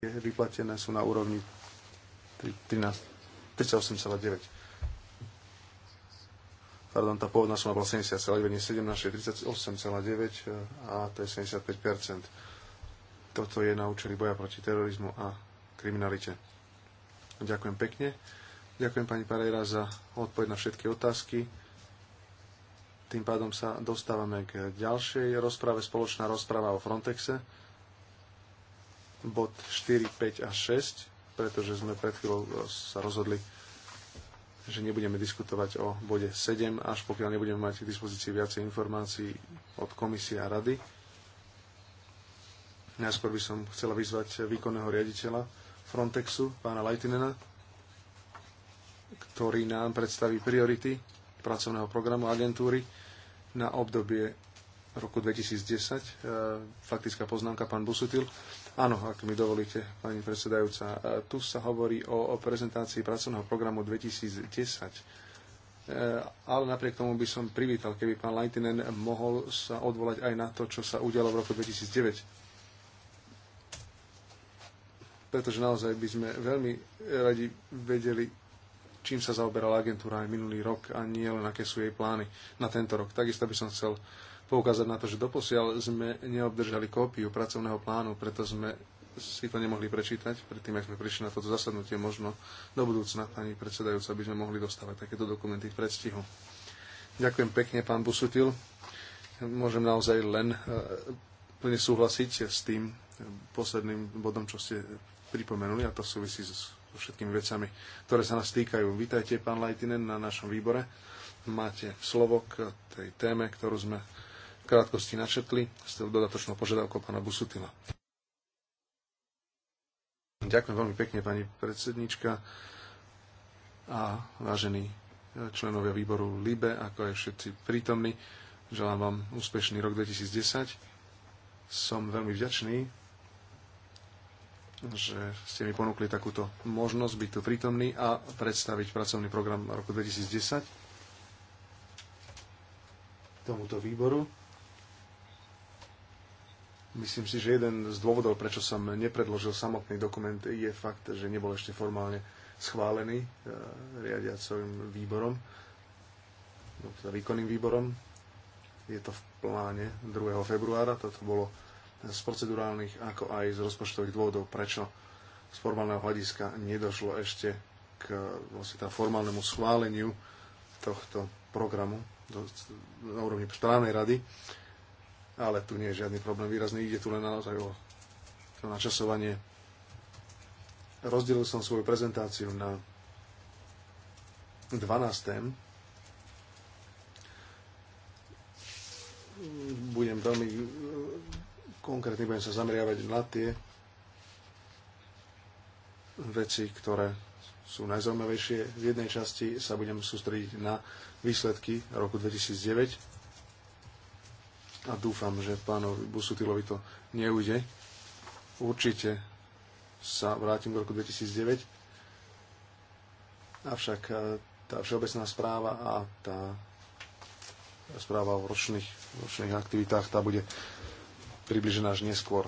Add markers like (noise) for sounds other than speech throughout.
vyplatené sú na úrovni 38,9. Pardon, tá pôvodná suma bola 70,9, nie 17, 38,9 e, a to je 75 Toto je na účely boja proti terorizmu a kriminalite. Ďakujem pekne. Ďakujem pani Parejra za odpoveď na všetky otázky. Tým pádom sa dostávame k ďalšej rozprave, spoločná rozpráva o Frontexe bod 4, 5 a 6, pretože sme pred chvíľou e, sa rozhodli, že nebudeme diskutovať o bode 7, až pokiaľ nebudeme mať k dispozícii viacej informácií od komisie a rady. Najskôr by som chcela vyzvať výkonného riaditeľa Frontexu, pána Lajtinena, ktorý nám predstaví priority pracovného programu agentúry na obdobie roku 2010. E, faktická poznámka, pán Busutil. Áno, ak mi dovolíte, pani predsedajúca. E, tu sa hovorí o, o prezentácii pracovného programu 2010. E, ale napriek tomu by som privítal, keby pán Leitinen mohol sa odvolať aj na to, čo sa udialo v roku 2009 pretože naozaj by sme veľmi radi vedeli, čím sa zaoberala agentúra aj minulý rok a nie len aké sú jej plány na tento rok. Takisto by som chcel poukázať na to, že doposiaľ sme neobdržali kópiu pracovného plánu, preto sme si to nemohli prečítať, predtým, ak sme prišli na toto zasadnutie, možno do budúcna, pani predsedajúca, by sme mohli dostávať takéto dokumenty v predstihu. Ďakujem pekne, pán Busutil. Môžem naozaj len e, plne súhlasiť s tým e, posledným bodom, čo ste pripomenuli, a to súvisí so všetkými vecami, ktoré sa nás týkajú. Vítajte, pán Lajtinen, na našom výbore máte slovo k tej téme, ktorú sme krátkosti načetli s tou dodatočnou požiadavkou pána Busutina. Ďakujem veľmi pekne, pani predsednička a vážení členovia výboru LIBE, ako aj všetci prítomní. Želám vám úspešný rok 2010. Som veľmi vďačný, že ste mi ponúkli takúto možnosť byť tu prítomný a predstaviť pracovný program roku 2010 tomuto výboru. Myslím si, že jeden z dôvodov, prečo som nepredložil samotný dokument, je fakt, že nebol ešte formálne schválený e, riadiacovým výborom, no, teda výkonným výborom. Je to v pláne 2. februára. Toto bolo z procedurálnych, ako aj z rozpočtových dôvodov, prečo z formálneho hľadiska nedošlo ešte k vlastne teda formálnemu schváleniu tohto programu na úrovni správnej rady ale tu nie je žiadny problém výrazný. Ide tu len naozaj o to načasovanie. Rozdielil som svoju prezentáciu na 12 tém. Budem veľmi e, konkrétny, budem sa zameriavať na tie veci, ktoré sú najzaujímavejšie. V jednej časti sa budem sústrediť na výsledky roku 2009 a dúfam, že pánovi Busutilovi to neujde. Určite sa vrátim do roku 2009. Avšak eh, tá všeobecná správa a tá správa o ročných, ročných aktivitách, tá bude približená až neskôr.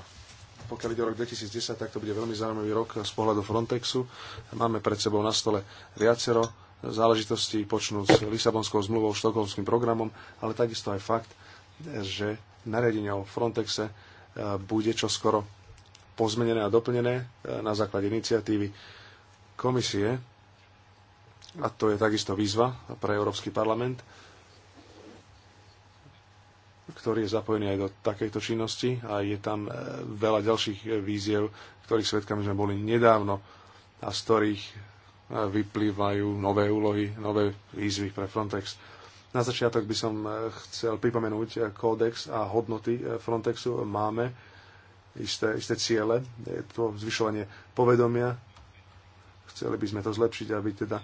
Pokiaľ ide o rok 2010, tak to bude veľmi zaujímavý rok z pohľadu Frontexu. Máme pred sebou na stole viacero záležitostí, počnúť s Lisabonskou zmluvou, štokholmským programom, ale takisto aj fakt, že nariadenie o Frontexe e, bude čoskoro pozmenené a doplnené e, na základe iniciatívy komisie, a to je takisto výzva pre Európsky parlament, ktorý je zapojený aj do takejto činnosti a je tam e, veľa ďalších víziev, ktorých svetkami sme boli nedávno a z ktorých vyplývajú nové úlohy, nové výzvy pre Frontex. Na začiatok by som eh, chcel pripomenúť eh, kódex a hodnoty eh, Frontexu. Máme isté, isté ciele, je to zvyšovanie povedomia. Chceli by sme to zlepšiť, aby teda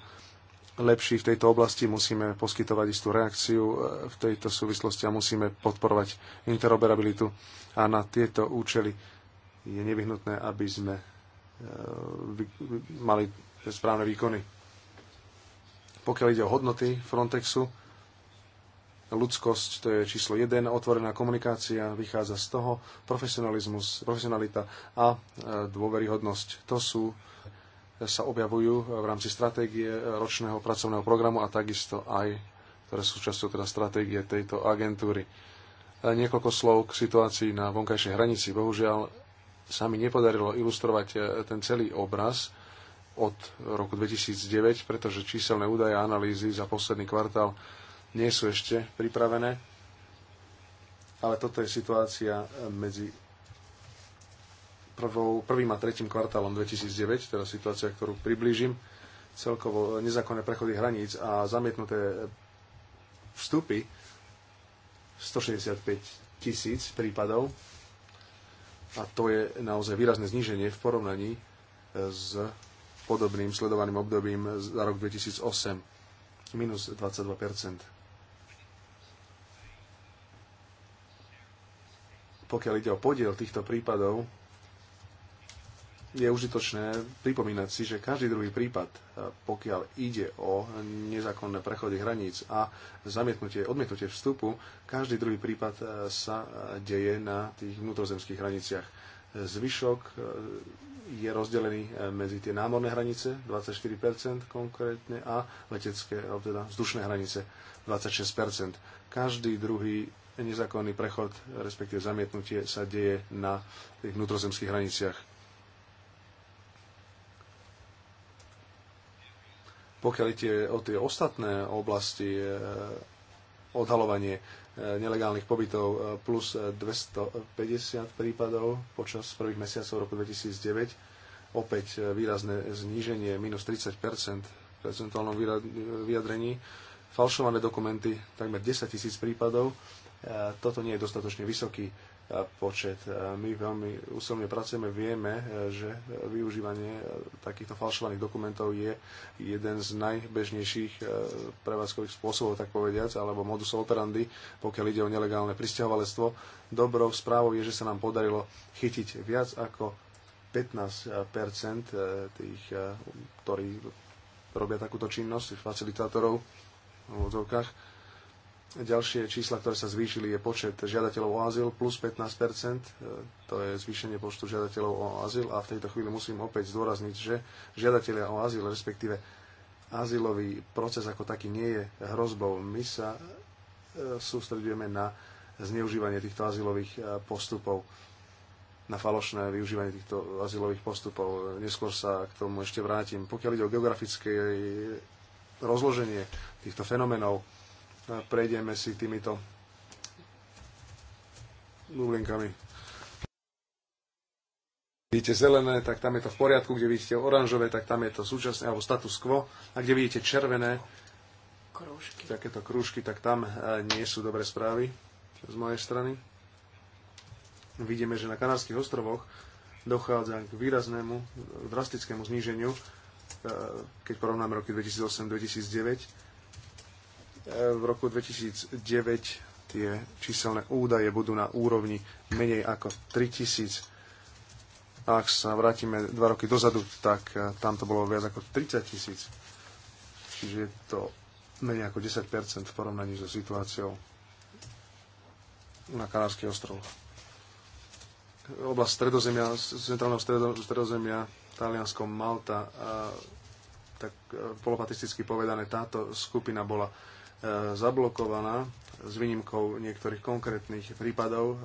lepší v tejto oblasti, musíme poskytovať istú reakciu v tejto súvislosti a musíme podporovať interoperabilitu. A na tieto účely je nevyhnutné, aby sme mali správne výkony. Pokiaľ ide o hodnoty Frontexu, ľudskosť, to je číslo 1, otvorená komunikácia vychádza z toho, profesionalizmus, profesionalita a e, dôveryhodnosť. To sú e, sa objavujú v rámci stratégie e, ročného pracovného programu a takisto aj, ktoré sú súčasťou teda stratégie tejto agentúry. Niekoľko slov k situácii na vonkajšej hranici. Bohužiaľ sa mi nepodarilo ilustrovať ten celý obraz od roku 2009, pretože číselné údaje a analýzy za posledný kvartál nie sú ešte pripravené. Ale toto je situácia eh, medzi prvou, prvým a tretím kvartálom 2009, teda situácia, ktorú priblížim, celkovo nezákonné prechody hraníc a zamietnuté vstupy 165 tisíc prípadov a to je naozaj výrazné zníženie v porovnaní eh, s podobným sledovaným obdobím za rok 2008 minus 22 pokiaľ ide o podiel týchto prípadov, je užitočné pripomínať si, že každý druhý prípad, e, pokiaľ ide o nezákonné prechody hraníc a zamietnutie, odmietnutie vstupu, každý druhý prípad e, sa e, deje na tých vnútrozemských hraniciach. Zvyšok je rozdelený medzi tie námorné hranice, 24% konkrétne, a letecké, teda vzdušné hranice, 26%. Každý druhý nezákonný prechod, respektíve zamietnutie sa deje na tých vnútrozemských hraniciach. Pokiaľ ide o tie ostatné oblasti, e, odhalovanie e, nelegálnych pobytov e, plus 250 prípadov počas prvých mesiacov roku 2009, opäť výrazné zníženie, minus 30 v percentuálnom vyjadrení, falšované dokumenty, takmer 10 tisíc prípadov, E, toto nie je dostatočne vysoký e, počet. E, my veľmi úsilne pracujeme, vieme, že využívanie takýchto falšovaných dokumentov je jeden z najbežnejších prevádzkových spôsobov, tak povediac, alebo modus operandi, pokiaľ ide o nelegálne pristahovalectvo. Dobrou správou je, že sa nám podarilo chytiť viac ako 15 tých, ktorí robia takúto činnosť, facilitátorov v odzovkách, Ďalšie čísla, ktoré sa zvýšili, je počet žiadateľov o azyl plus 15 e, to je zvýšenie počtu žiadateľov o azyl a v tejto chvíli musím opäť zdôrazniť, že žiadatelia o azyl, respektíve azylový proces ako taký nie je hrozbou. My sa e, sústredujeme na zneužívanie týchto azylových e, postupov na falošné využívanie týchto azylových postupov. Neskôr sa k tomu ešte vrátim. Pokiaľ ide o geografické rozloženie týchto fenomenov, prejdeme si týmito bublinkami. Vidíte zelené, tak tam je to v poriadku, kde vidíte oranžové, tak tam je to súčasné alebo status quo. A kde vidíte červené, krúžky. takéto krúžky, tak tam eh, nie sú dobré správy z mojej strany. Vidíme, že na Kanárských ostrovoch dochádza k výraznému, drastickému zníženiu, eh, keď porovnáme roky 2008-2009 v roku 2009 tie číselné údaje budú na úrovni menej ako 3000. ak sa vrátime dva roky dozadu, tak e, tam to bolo viac ako 30 tisíc. Čiže je to menej ako 10 v porovnaní so situáciou na Kanárskej ostrovoch. Oblasť stredozemia, centrálneho stredozemia, Taliansko, Malta, a, e, tak e, polopatisticky povedané, táto skupina bola zablokovaná s výnimkou niektorých konkrétnych prípadov, e,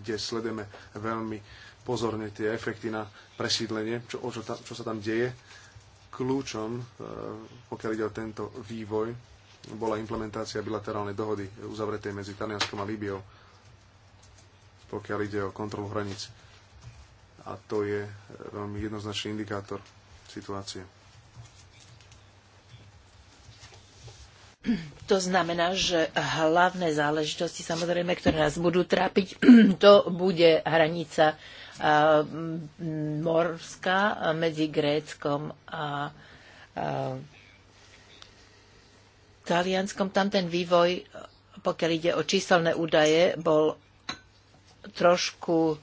kde sledujeme veľmi pozorne tie efekty na presídlenie, čo, čo, čo sa tam deje. Kľúčom, e, pokiaľ ide o tento vývoj, bola implementácia bilaterálnej dohody uzavretej medzi Talianskom a Líbiou, pokiaľ ide o kontrolu hraníc. A to je e, veľmi jednoznačný indikátor situácie. To znamená, že hlavné záležitosti, samozrejme, ktoré nás budú trápiť, (clears throat) to bude hranica morská medzi Gréckom a, Talianskom. Tam ten vývoj, pokiaľ ide o číselné údaje, bol trošku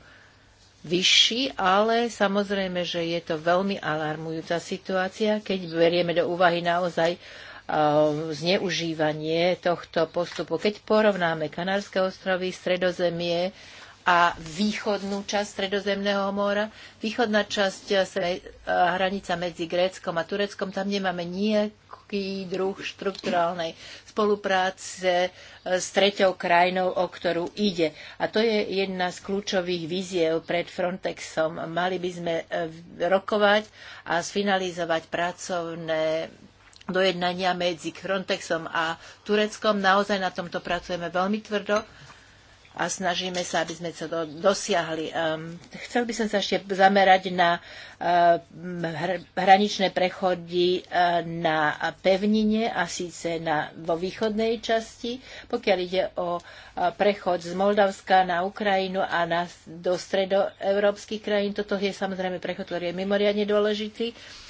vyšší, ale samozrejme, že je to veľmi alarmujúca situácia, keď berieme do úvahy naozaj Eh, zneužívanie tohto postupu. Keď porovnáme Kanárske ostrovy, Stredozemie a východnú časť Stredozemného mora, východná časť eh, eh, hranica medzi Gréckom a Tureckom, tam nemáme nejaký druh štrukturálnej spolupráce s treťou krajinou, o ktorú ide. A to je jedna z kľúčových víziev pred Frontexom. Mali by sme rokovať a sfinalizovať pracovné dojednania medzi Frontexom a Tureckom. Naozaj na tomto pracujeme veľmi tvrdo a snažíme sa, aby sme sa do, dosiahli. Um, chcel by som sa ešte zamerať na ehm, hraničné prechody uh, na pevnine a síce na, vo východnej časti, pokiaľ ide o uh, prechod z Moldavska na Ukrajinu a na, do stredoeurópskych krajín. Toto je samozrejme prechod, ktorý je mimoriadne dôležitý. Uh,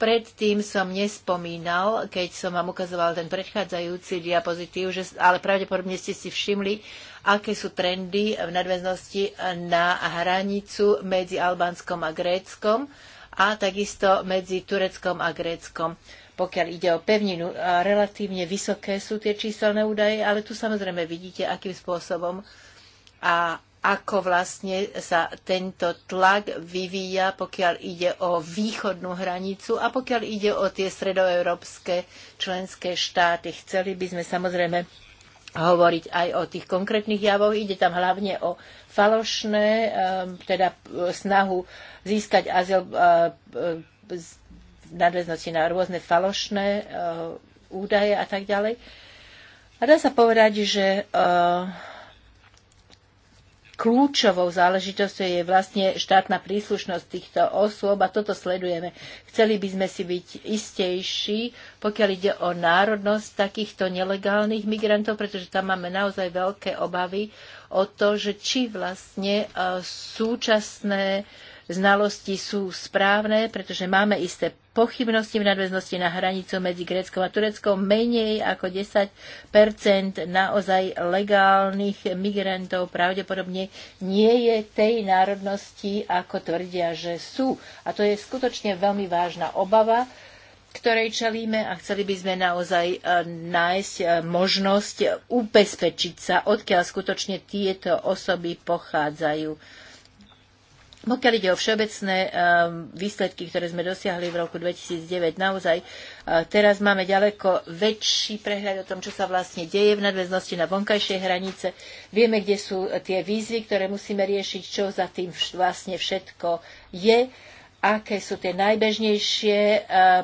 predtým som nespomínal, keď som vám ukazoval ten predchádzajúci diapozitív, že, ale pravdepodobne ste si všimli, aké sú trendy v nadväznosti na hranicu medzi Albánskom a Gréckom a takisto medzi Tureckom a Gréckom. Pokiaľ ide o pevninu, relatívne vysoké sú tie číselné údaje, ale tu samozrejme vidíte, akým spôsobom a ako vlastne sa tento tlak vyvíja, pokiaľ ide o východnú hranicu a pokiaľ ide o tie stredoeurópske členské štáty. Chceli by sme samozrejme hovoriť aj o tých konkrétnych javoch. Ide tam hlavne o falošné, ehm, teda e, snahu získať azyl v e, e, nadväznosti na rôzne falošné údaje a tak ďalej. A dá sa povedať, že kľúčovou záležitosťou je vlastne štátna príslušnosť týchto osôb a toto sledujeme. Chceli by sme si byť istejší, pokiaľ ide o národnosť takýchto nelegálnych migrantov, pretože tam máme naozaj veľké obavy o to, že či vlastne e, súčasné znalosti sú správne, pretože máme isté pochybnosti v nadväznosti na hranicu medzi Gréckom a Tureckom. Menej ako 10 naozaj legálnych migrantov pravdepodobne nie je tej národnosti, ako tvrdia, že sú. A to je skutočne veľmi vážna obava, ktorej čelíme a chceli by sme naozaj e, nájsť e, možnosť ubezpečiť sa, odkiaľ skutočne tieto osoby pochádzajú pokiaľ ide o všeobecné eh, výsledky, ktoré sme dosiahli v roku 2009, naozaj eh, teraz máme ďaleko väčší prehľad o tom, čo sa vlastne deje v nadväznosti na vonkajšie hranice. Vieme, kde sú eh, tie výzvy, ktoré musíme riešiť, čo za tým vlastne všetko je aké sú tie najbežnejšie e,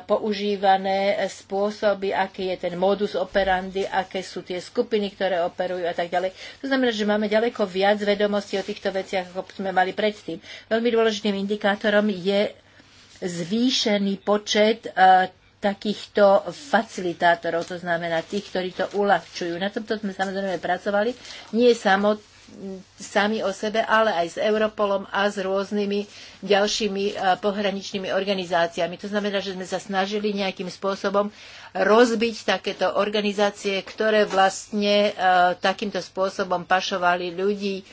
používané spôsoby, aký je ten modus operandi, aké sú tie skupiny, ktoré operujú a tak ďalej. To znamená, že máme ďaleko viac vedomostí o týchto veciach, ako sme mali predtým. Veľmi dôležitým indikátorom je zvýšený počet e, takýchto facilitátorov, to znamená tých, ktorí to uľahčujú. Na tomto sme samozrejme pracovali. Nie samotné sami o sebe, ale aj s Europolom a s rôznymi ďalšími e, pohraničnými organizáciami. To znamená, že sme sa snažili nejakým spôsobom rozbiť takéto organizácie, ktoré vlastne e, takýmto spôsobom pašovali ľudí.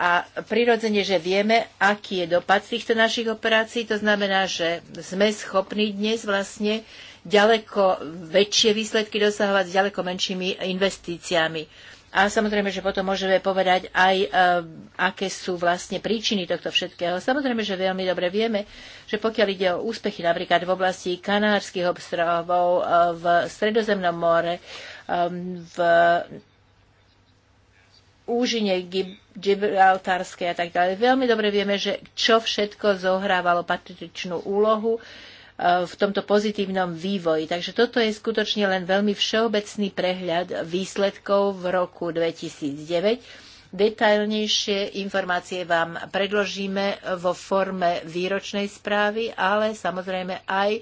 A prirodzene, že vieme, aký je dopad týchto našich operácií, to znamená, že sme schopní dnes vlastne ďaleko väčšie výsledky dosahovať s ďaleko menšími investíciami. A samozrejme, že potom môžeme povedať aj, e, aké sú vlastne príčiny tohto všetkého. Samozrejme, že veľmi dobre vieme, že pokiaľ ide o úspechy napríklad v oblasti Kanárskych obstrovov, e, v Stredozemnom more, e, v úžine Gibraltárskej a tak ďalej. Veľmi dobre vieme, že čo všetko zohrávalo patričnú úlohu Eh, v tomto pozitívnom vývoji. Takže toto je skutočne len veľmi všeobecný prehľad výsledkov v roku 2009. Detailnejšie informácie vám predložíme vo forme výročnej správy, ale samozrejme aj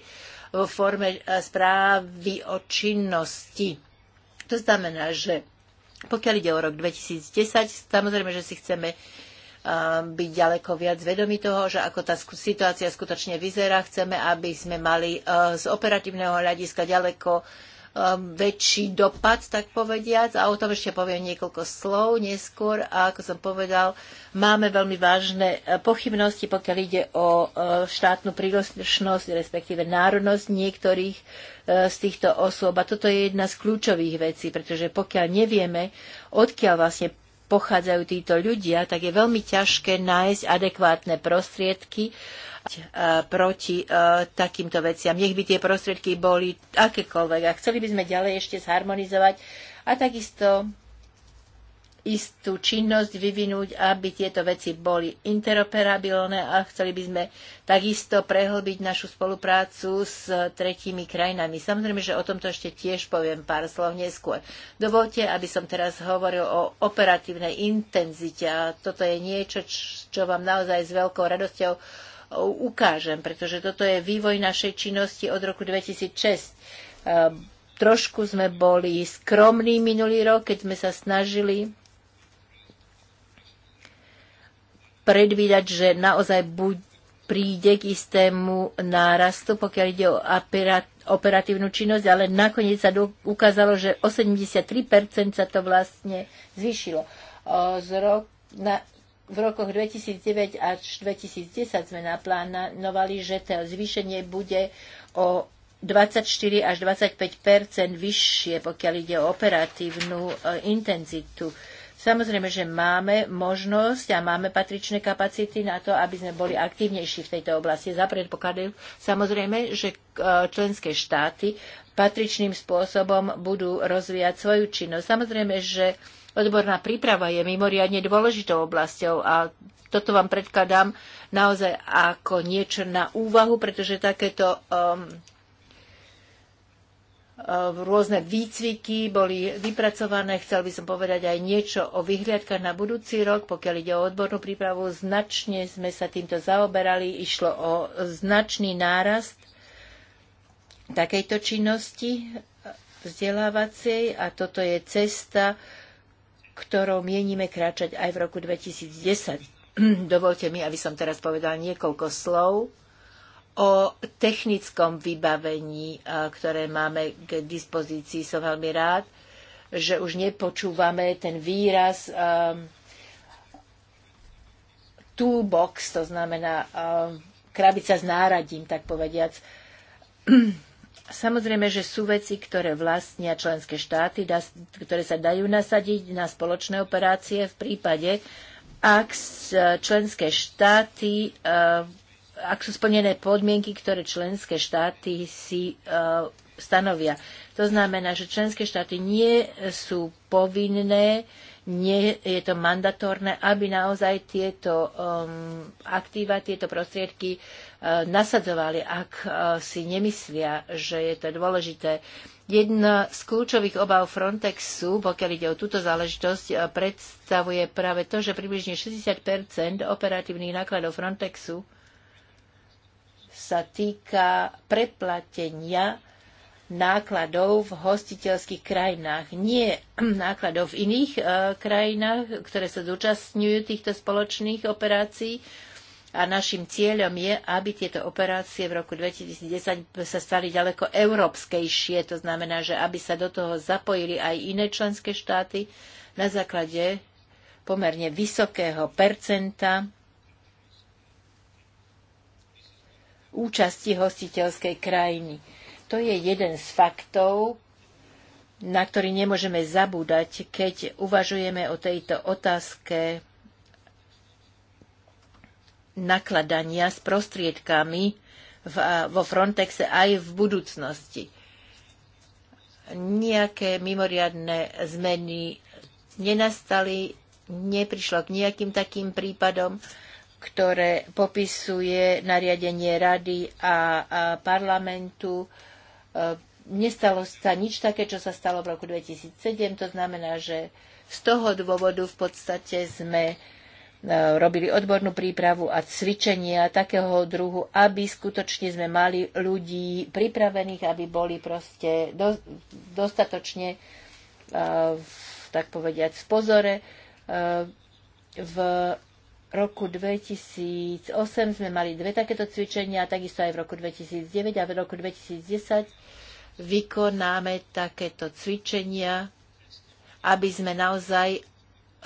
vo forme eh, správy o činnosti. To znamená, že pokiaľ ide o rok 2010, samozrejme, že si chceme byť ďaleko viac vedomi toho, že ako tá situácia skutočne vyzerá. Chceme, aby sme mali z operatívneho hľadiska ďaleko väčší dopad, tak povediac. A o tom ešte poviem niekoľko slov neskôr. A ako som povedal, máme veľmi vážne e, pochybnosti, pokiaľ ide o e, štátnu príslušnosť, respektíve národnosť niektorých e, z týchto osôb. A toto je jedna z kľúčových vecí, pretože pokiaľ nevieme, odkiaľ vlastne pochádzajú títo ľudia, tak je veľmi ťažké nájsť adekvátne prostriedky proti e, takýmto veciam. Nech by tie prostriedky boli akékoľvek. A chceli by sme ďalej ešte zharmonizovať a takisto istú činnosť vyvinúť, aby tieto veci boli interoperabilné a chceli by sme takisto prehlbiť našu spoluprácu s tretími krajinami. Samozrejme, že o tomto ešte tiež poviem pár slov neskôr. Dovolte, aby som teraz hovoril o operatívnej intenzite a toto je niečo, čo vám naozaj s veľkou radosťou ukážem, pretože toto je vývoj našej činnosti od roku 2006 ehm, trošku sme boli skromní minulý rok, keď sme sa snažili predvídať, že naozaj buď príde k istému nárastu, pokiaľ ide o operatívnu činnosť, ale nakoniec sa ukázalo, že o 73% sa to vlastne zvyšilo. Z rok, na, v rokoch 2009 až 2010 sme naplánovali, že to zvýšenie bude o 24 až 25 vyššie, pokiaľ ide o operatívnu e, intenzitu. Samozrejme, že máme možnosť a máme patričné kapacity na to, aby sme boli aktívnejší v tejto oblasti. Za predpokladu samozrejme, že e, členské štáty patričným spôsobom budú rozvíjať svoju činnosť. Samozrejme, že odborná príprava je mimoriadne dôležitou oblasťou a toto vám predkladám naozaj ako niečo na úvahu, pretože takéto um, rôzne výcviky boli vypracované. Chcel by som povedať aj niečo o vyhliadkach na budúci rok, pokiaľ ide o odbornú prípravu. Značne sme sa týmto zaoberali. Išlo o značný nárast takejto činnosti vzdelávacej a toto je cesta, ktorou mienime kráčať aj v roku 2010. (clears throat) Dovolte mi, aby som teraz povedala niekoľko slov o technickom vybavení, e, ktoré máme k dispozícii. Som veľmi rád, že už nepočúvame ten výraz um, toolbox, to znamená um, krabica s náradím, tak povediac. (clears throat) Samozrejme, že sú veci, ktoré vlastnia členské štáty, ktoré sa dajú nasadiť na spoločné operácie v prípade, ak členské štáty ak sú splnené podmienky, ktoré členské štáty si uh, stanovia. To znamená, že členské štáty nie sú povinné, nie je to mandatórne, aby naozaj tieto um, aktíva, tieto prostriedky uh, nasadzovali, ak uh, si nemyslia, že je to dôležité. Jedna z kľúčových obav Frontexu, pokiaľ ide o túto záležitosť, predstavuje práve to, že približne 60 operatívnych nákladov Frontexu sa týka preplatenia nákladov v hostiteľských krajinách, nie (clears throat) nákladov v iných e, krajinách, ktoré sa zúčastňujú týchto spoločných operácií. A našim cieľom je, aby tieto operácie v roku 2010 sa stali ďaleko európskejšie. To znamená, že aby sa do toho zapojili aj iné členské štáty na základe pomerne vysokého percenta účasti hostiteľskej krajiny. To je jeden z faktov, na ktorý nemôžeme zabúdať, keď uvažujeme o tejto otázke nakladania s prostriedkami v, vo Frontexe aj v budúcnosti. Nejaké mimoriadne zmeny nenastali, neprišlo k nejakým takým prípadom ktoré popisuje nariadenie Rady a, a parlamentu. E, nestalo sa nič také, čo sa stalo v roku 2007. To znamená, že z toho dôvodu v podstate sme e, robili odbornú prípravu a cvičenia takého druhu, aby skutočne sme mali ľudí pripravených, aby boli proste dostatočne, e, tak povediať, v pozore v roku 2008 sme mali dve takéto cvičenia, takisto aj v roku 2009 a v roku 2010 vykonáme takéto cvičenia, aby sme naozaj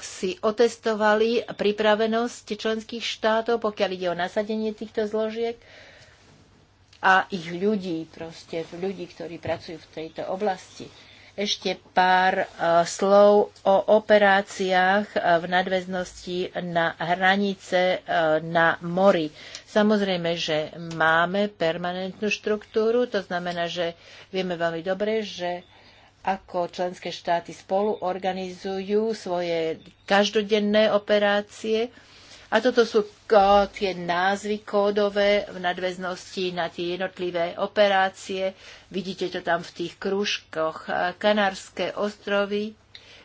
si otestovali pripravenosť členských štátov, pokiaľ ide o nasadenie týchto zložiek a ich ľudí, proste ľudí, ktorí pracujú v tejto oblasti ešte pár e, slov o operáciách e, v nadväznosti na hranice e, na mori. Samozrejme, že máme permanentnú štruktúru, to znamená, že vieme veľmi dobre, že ako členské štáty spolu organizujú svoje každodenné operácie, a toto sú tie názvy kódové v nadväznosti na tie jednotlivé operácie. Vidíte to tam v tých kružkoch. Kanárske ostrovy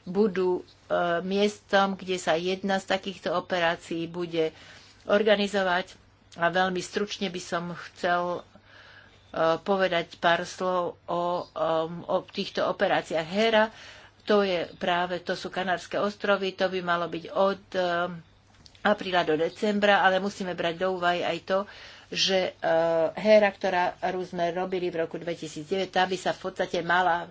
budú e, miestom, kde sa jedna z takýchto operácií bude organizovať. A veľmi stručne by som chcel e, povedať pár slov o, o týchto operáciách Hera. To, je práve, to sú Kanárske ostrovy, to by malo byť od e, apríla do decembra, ale musíme brať do úvahy aj to, že uh, e, héra, ktorá sme robili v roku 2009, tá by sa v podstate mala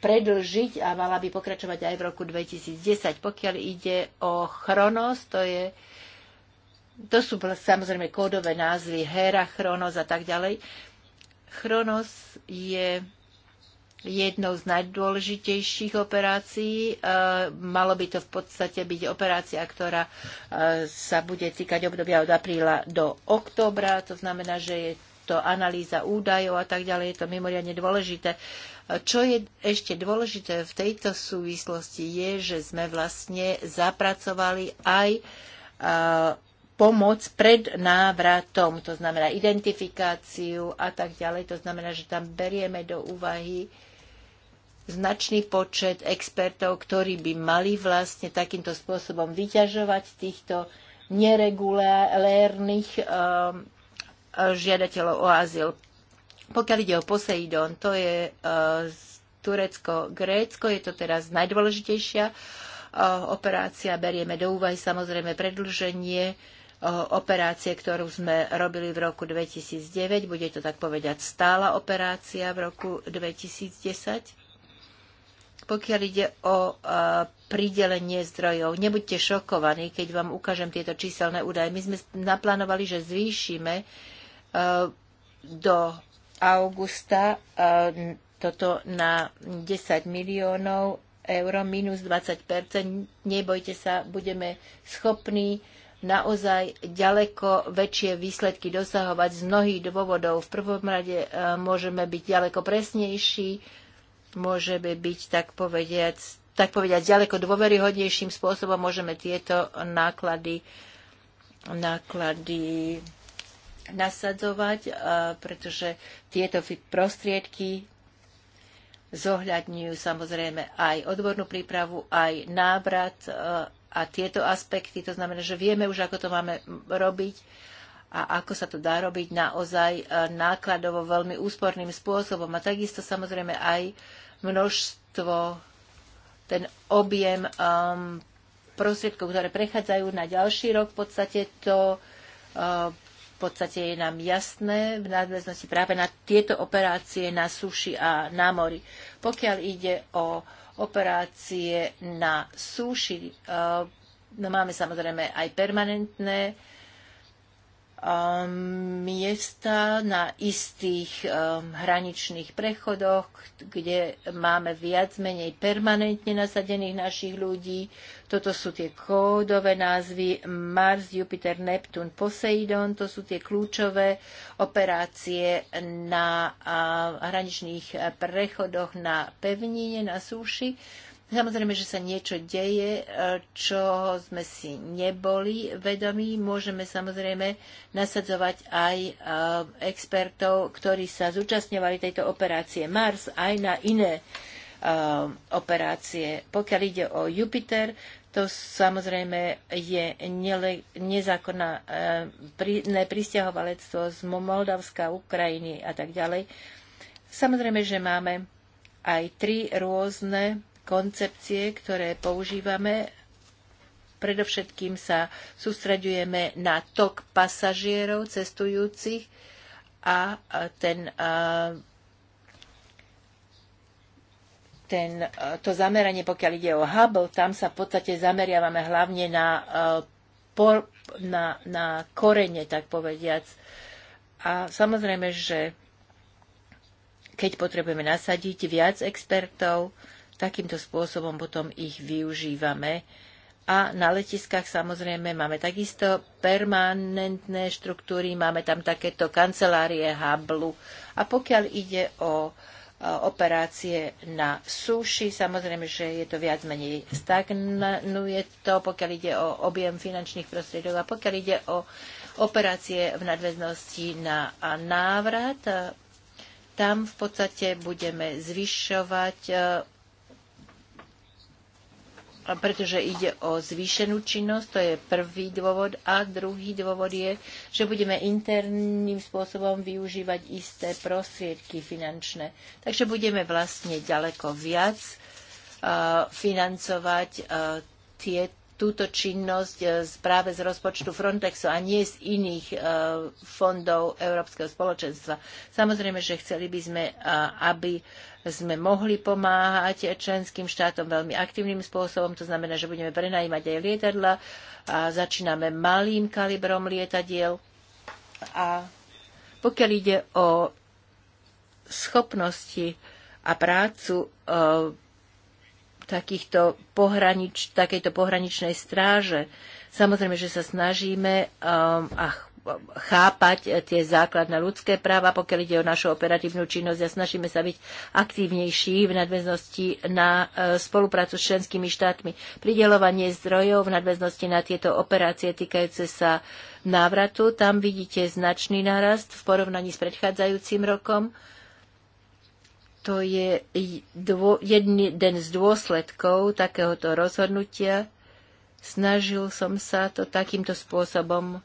predlžiť a mala by pokračovať aj v roku 2010. Pokiaľ ide o Chronos, to je to sú samozrejme kódové názvy Hera, Chronos a tak ďalej. Chronos je jednou z najdôležitejších operácií. E, malo by to v podstate byť operácia, ktorá e, sa bude týkať obdobia od apríla do októbra. To znamená, že je to analýza údajov a tak ďalej. Je to mimoriadne dôležité. E, čo je ešte dôležité v tejto súvislosti je, že sme vlastne zapracovali aj pomoc pred návratom, to znamená identifikáciu a tak ďalej. To znamená, že tam berieme do úvahy uh, značný počet expertov, ktorí by mali vlastne takýmto spôsobom vyťažovať týchto neregulérnych ehm, žiadateľov o azyl. Pokiaľ ide o Poseidon, to je eh, Turecko-Grécko, je to teraz najdôležitejšia eh, operácia. Berieme do úvahy samozrejme predlženie eh, operácie, ktorú sme robili v roku 2009. Bude to tak povedať stála operácia v roku 2010 pokiaľ ide o e, pridelenie zdrojov. Nebuďte šokovaní, keď vám ukážem tieto číselné údaje. My sme naplánovali, že zvýšime e, do augusta e, toto na 10 miliónov eur minus 20 Nebojte sa, budeme schopní naozaj ďaleko väčšie výsledky dosahovať z mnohých dôvodov. V prvom rade môžeme byť ďaleko presnejší, môžeme byť, tak povediať, tak povediať ďaleko dôveryhodnejším spôsobom môžeme tieto náklady, náklady nasadzovať, pretože tieto prostriedky zohľadňujú samozrejme aj odbornú prípravu, aj návrat a tieto aspekty. To znamená, že vieme už, ako to máme robiť a ako sa to dá robiť naozaj e, nákladovo veľmi úsporným spôsobom. A takisto samozrejme aj množstvo, ten objem um, prostriedkov, ktoré prechádzajú na ďalší rok, v podstate to uh, v podstate je nám jasné v nadväznosti práve na tieto operácie na suši a na mori. Pokiaľ ide o operácie na súši, uh, e, no máme samozrejme aj permanentné uh, Um, miesta na istých um, hraničných prechodoch, kde máme viac menej permanentne nasadených našich ľudí. Toto sú tie kódové názvy Mars, Jupiter, Neptun, Poseidon. To sú tie kľúčové operácie na hraničných prechodoch na pevnine, na súši Samozrejme, že sa niečo deje, e, čo sme si neboli vedomí. Môžeme samozrejme nasadzovať aj e, expertov, ktorí sa zúčastňovali tejto operácie Mars aj na iné e, operácie. Pokiaľ ide o Jupiter, to samozrejme je nele, nezákonné prí, pristahovalectvo z Moldavska, Ukrajiny a tak ďalej. Samozrejme, že máme aj tri rôzne koncepcie, ktoré používame, predovšetkým sa sústraďujeme na tok pasažierov, cestujúcich a ten ten, to zameranie, pokiaľ ide o Hubble, tam sa v podstate zameriavame hlavne na, na, na korene, tak povediac. A samozrejme, že keď potrebujeme nasadiť viac expertov, Takýmto spôsobom potom ich využívame. A na letiskách samozrejme máme takisto permanentné štruktúry, máme tam takéto kancelárie hablu. A pokiaľ ide o operácie na súši. Samozrejme, že je to viac menej stagnuje to, pokiaľ ide o objem finančných prostriedok a pokiaľ ide o operácie v nadväznosti na návrat. Tam v podstate budeme zvyšovať pretože ide o zvýšenú činnosť, to je prvý dôvod. A druhý dôvod je, že budeme interným spôsobom využívať isté prostriedky finančné. Takže budeme vlastne ďaleko viac financovať tie, túto činnosť e, práve z rozpočtu Frontexu a nie z iných e, fondov Európskeho spoločenstva. Samozrejme, že chceli by sme, aby sme mohli pomáhať členským štátom veľmi aktívnym spôsobom. To znamená, že budeme prenajímať aj lietadla a začíname malým kalibrom lietadiel. A pokiaľ ide o schopnosti a prácu e, takýchto pohranič, takejto pohraničnej stráže. Samozrejme, že sa snažíme um, a chápať tie základné ľudské práva, pokiaľ ide o našu operatívnu činnosť a snažíme sa byť aktívnejší v nadväznosti na e, spoluprácu s členskými štátmi. Pridelovanie zdrojov v nadväznosti na tieto operácie týkajúce sa návratu, tam vidíte značný nárast v porovnaní s predchádzajúcim rokom. To je jeden z dôsledkov takéhoto rozhodnutia. Snažil som sa to takýmto spôsobom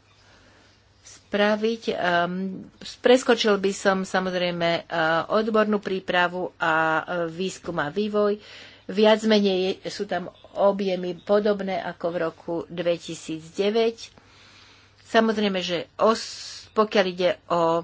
spraviť. Ehm, preskočil by som samozrejme eh, odbornú prípravu a eh, výskum a vývoj. Viac menej sú tam objemy podobné ako v roku 2009. Samozrejme, že os, pokiaľ ide o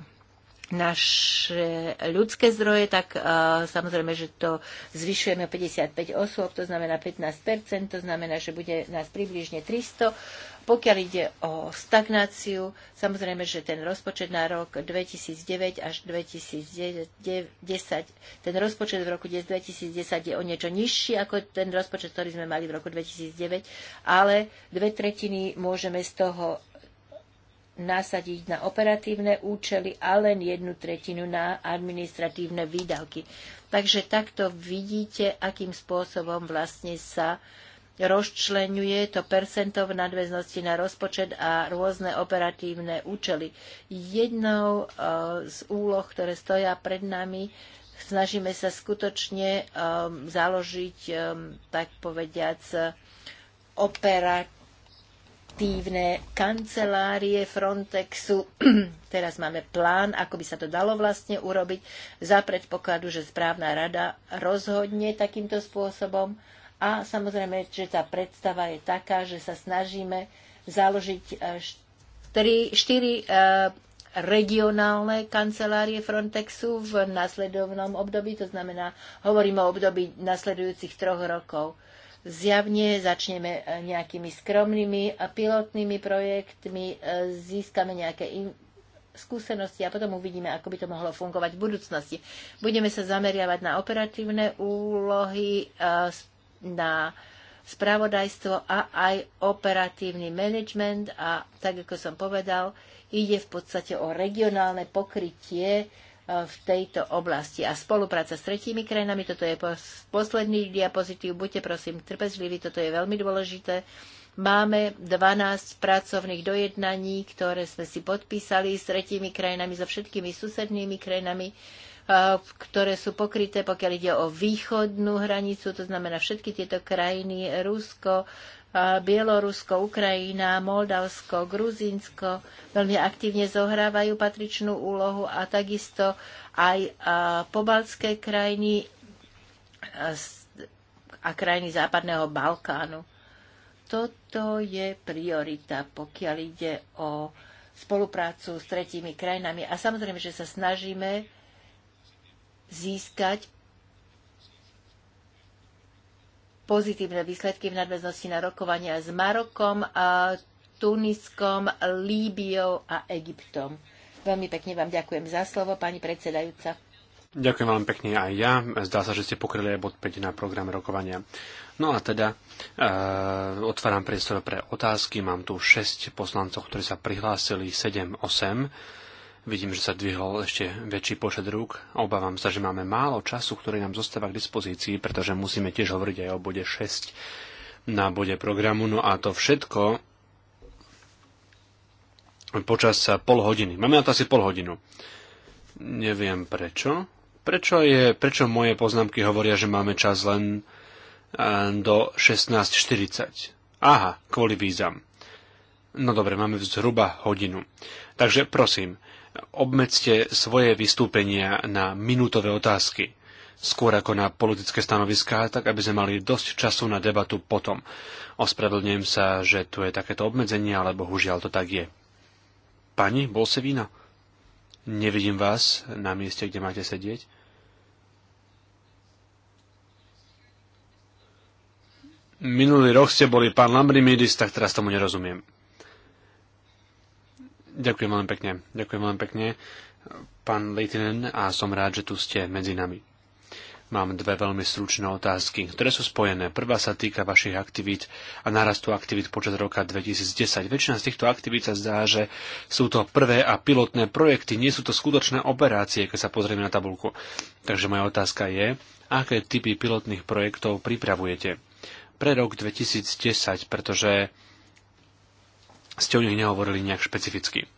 naše ľudské zdroje, tak uh, samozrejme, že to zvyšujeme o 55 osôb, to znamená 15%, to znamená, že bude nás približne 300. Pokiaľ ide o stagnáciu, samozrejme, že ten rozpočet na rok 2009 až 2010, ten rozpočet v roku 2010 je o niečo nižší ako ten rozpočet, ktorý sme mali v roku 2009, ale dve tretiny môžeme z toho nasadiť na operatívne účely a len jednu tretinu na administratívne výdavky. Takže takto vidíte, akým spôsobom vlastne sa rozčlenuje to percento v nadväznosti na rozpočet a rôzne operatívne účely. Jednou e, z úloh, ktoré stoja pred nami, snažíme sa skutočne e, založiť, e, tak povediac, operatívne aktívne kancelárie Frontexu. (clears throat) Teraz máme plán, ako by sa to dalo vlastne urobiť za predpokladu, že správna rada rozhodne takýmto spôsobom. A samozrejme, že tá predstava je taká, že sa snažíme založiť e, štyri štyri e, regionálne kancelárie Frontexu v nasledovnom období, to znamená, hovorím o období nasledujúcich troch rokov. Zjavne začneme e, nejakými skromnými e, pilotnými projektmi, e, získame nejaké in- skúsenosti a potom uvidíme, ako by to mohlo fungovať v budúcnosti. Budeme sa zameriavať na operatívne úlohy, na spravodajstvo a aj operatívny management a tak, ako som povedal, ide v podstate o regionálne pokrytie v tejto oblasti a spolupráca s tretími krajinami. Toto je posledný diapozitív. Buďte prosím trpezliví, toto je veľmi dôležité. Máme 12 pracovných dojednaní, ktoré sme si podpísali s tretími krajinami, so všetkými susednými krajinami ktoré sú pokryté, pokiaľ ide o východnú hranicu, to znamená všetky tieto krajiny, Rusko, Bielorusko, Ukrajina, Moldavsko, Gruzinsko veľmi aktívne zohrávajú patričnú úlohu a takisto aj pobaltské krajiny a krajiny západného Balkánu. Toto je priorita, pokiaľ ide o spoluprácu s tretími krajinami. A samozrejme, že sa snažíme získať pozitívne výsledky v nadväznosti na rokovania s Marokom, Tuniskom, Líbiou a Egyptom. Veľmi pekne vám ďakujem za slovo, pani predsedajúca. Ďakujem veľmi pekne aj ja. Zdá sa, že ste pokryli aj bod 5 na program rokovania. No a teda e, otváram priestor pre otázky. Mám tu 6 poslancov, ktorí sa prihlásili, 7, 8. Vidím, že sa dvihol ešte väčší počet rúk. Obávam sa, že máme málo času, ktorý nám zostáva k dispozícii, pretože musíme tiež hovoriť aj o bode 6 na bode programu. No a to všetko počas pol hodiny. Máme na to asi pol hodinu. Neviem prečo. Prečo, je, prečo moje poznámky hovoria, že máme čas len eh, do 16.40? Aha, kvôli vízam. No dobre, máme zhruba hodinu. Takže prosím, obmedzte svoje vystúpenia na minútové otázky, skôr ako na politické stanoviská, tak aby sme mali dosť času na debatu potom. Ospravedlňujem sa, že tu je takéto obmedzenie, ale bohužiaľ to tak je. Pani vína? nevidím vás na mieste, kde máte sedieť. Minulý rok ste boli pán Lambrimidis, tak teraz tomu nerozumiem. Ďakujem veľmi pekne. Ďakujem veľmi pekne, pán Leitinen, a som rád, že tu ste medzi nami. Mám dve veľmi stručné otázky, ktoré sú spojené. Prvá sa týka vašich aktivít a narastu aktivít počas roka 2010. Väčšina z týchto aktivít sa zdá, že sú to prvé a pilotné projekty, nie sú to skutočné operácie, keď sa pozrieme na tabulku. Takže moja otázka je, aké typy pilotných projektov pripravujete pre rok 2010, pretože ste o nich nehovorili nejak špecificky.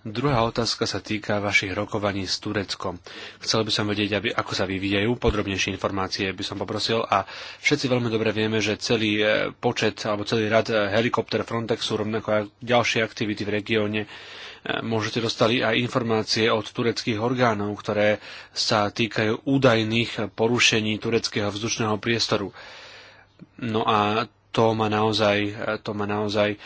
Druhá otázka sa týka vašich rokovaní s Tureckom. Chcel by som vedieť, aby, ako sa vyvíjajú, podrobnejšie informácie by som poprosil a všetci veľmi dobre vieme, že celý e, počet alebo celý rad e, helikopter Frontexu, rovnako aj ďalšie aktivity v regióne, e, môžete dostali aj informácie od tureckých orgánov, ktoré sa týkajú údajných porušení tureckého vzdušného priestoru. No a to ma naozaj, to ma naozaj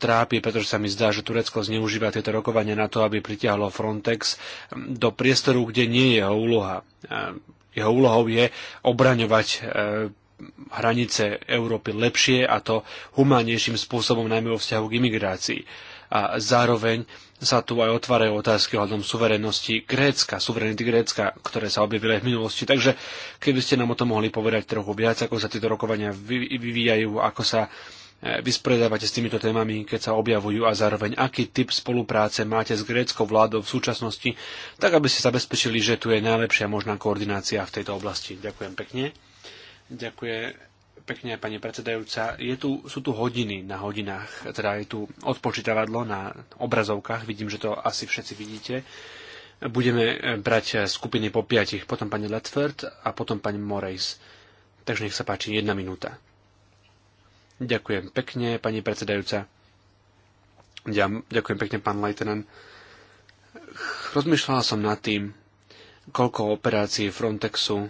trápi, pretože sa mi zdá, že Turecko zneužíva tieto rokovania na to, aby pritiahlo Frontex do priestoru, kde nie je jeho úloha. Jeho úlohou je obraňovať eh, hranice Európy lepšie a to humánnejším spôsobom, najmä vo vzťahu k imigrácii a zároveň sa tu aj otvárajú otázky ohľadom suverenosti Grécka, suverenity Grécka, ktoré sa objavili aj v minulosti. Takže keby ste nám o tom mohli povedať trochu viac, ako sa tieto rokovania vyvíjajú, ako sa e, vysporiadávate s týmito témami, keď sa objavujú a zároveň aký typ spolupráce máte s gréckou vládou v súčasnosti, tak aby ste zabezpečili, že tu je najlepšia možná koordinácia v tejto oblasti. Ďakujem pekne. Ďakujem pekne, pani predsedajúca. Je tu, sú tu hodiny na hodinách, teda je tu odpočítavadlo na obrazovkách, vidím, že to asi všetci vidíte. Budeme brať skupiny po piatich, potom pani Letford a potom pani Morejs. Takže nech sa páči, jedna minúta. Ďakujem pekne, pani predsedajúca. Ďakujem pekne, pán Leitenen. Rozmýšľala som nad tým, koľko operácií Frontexu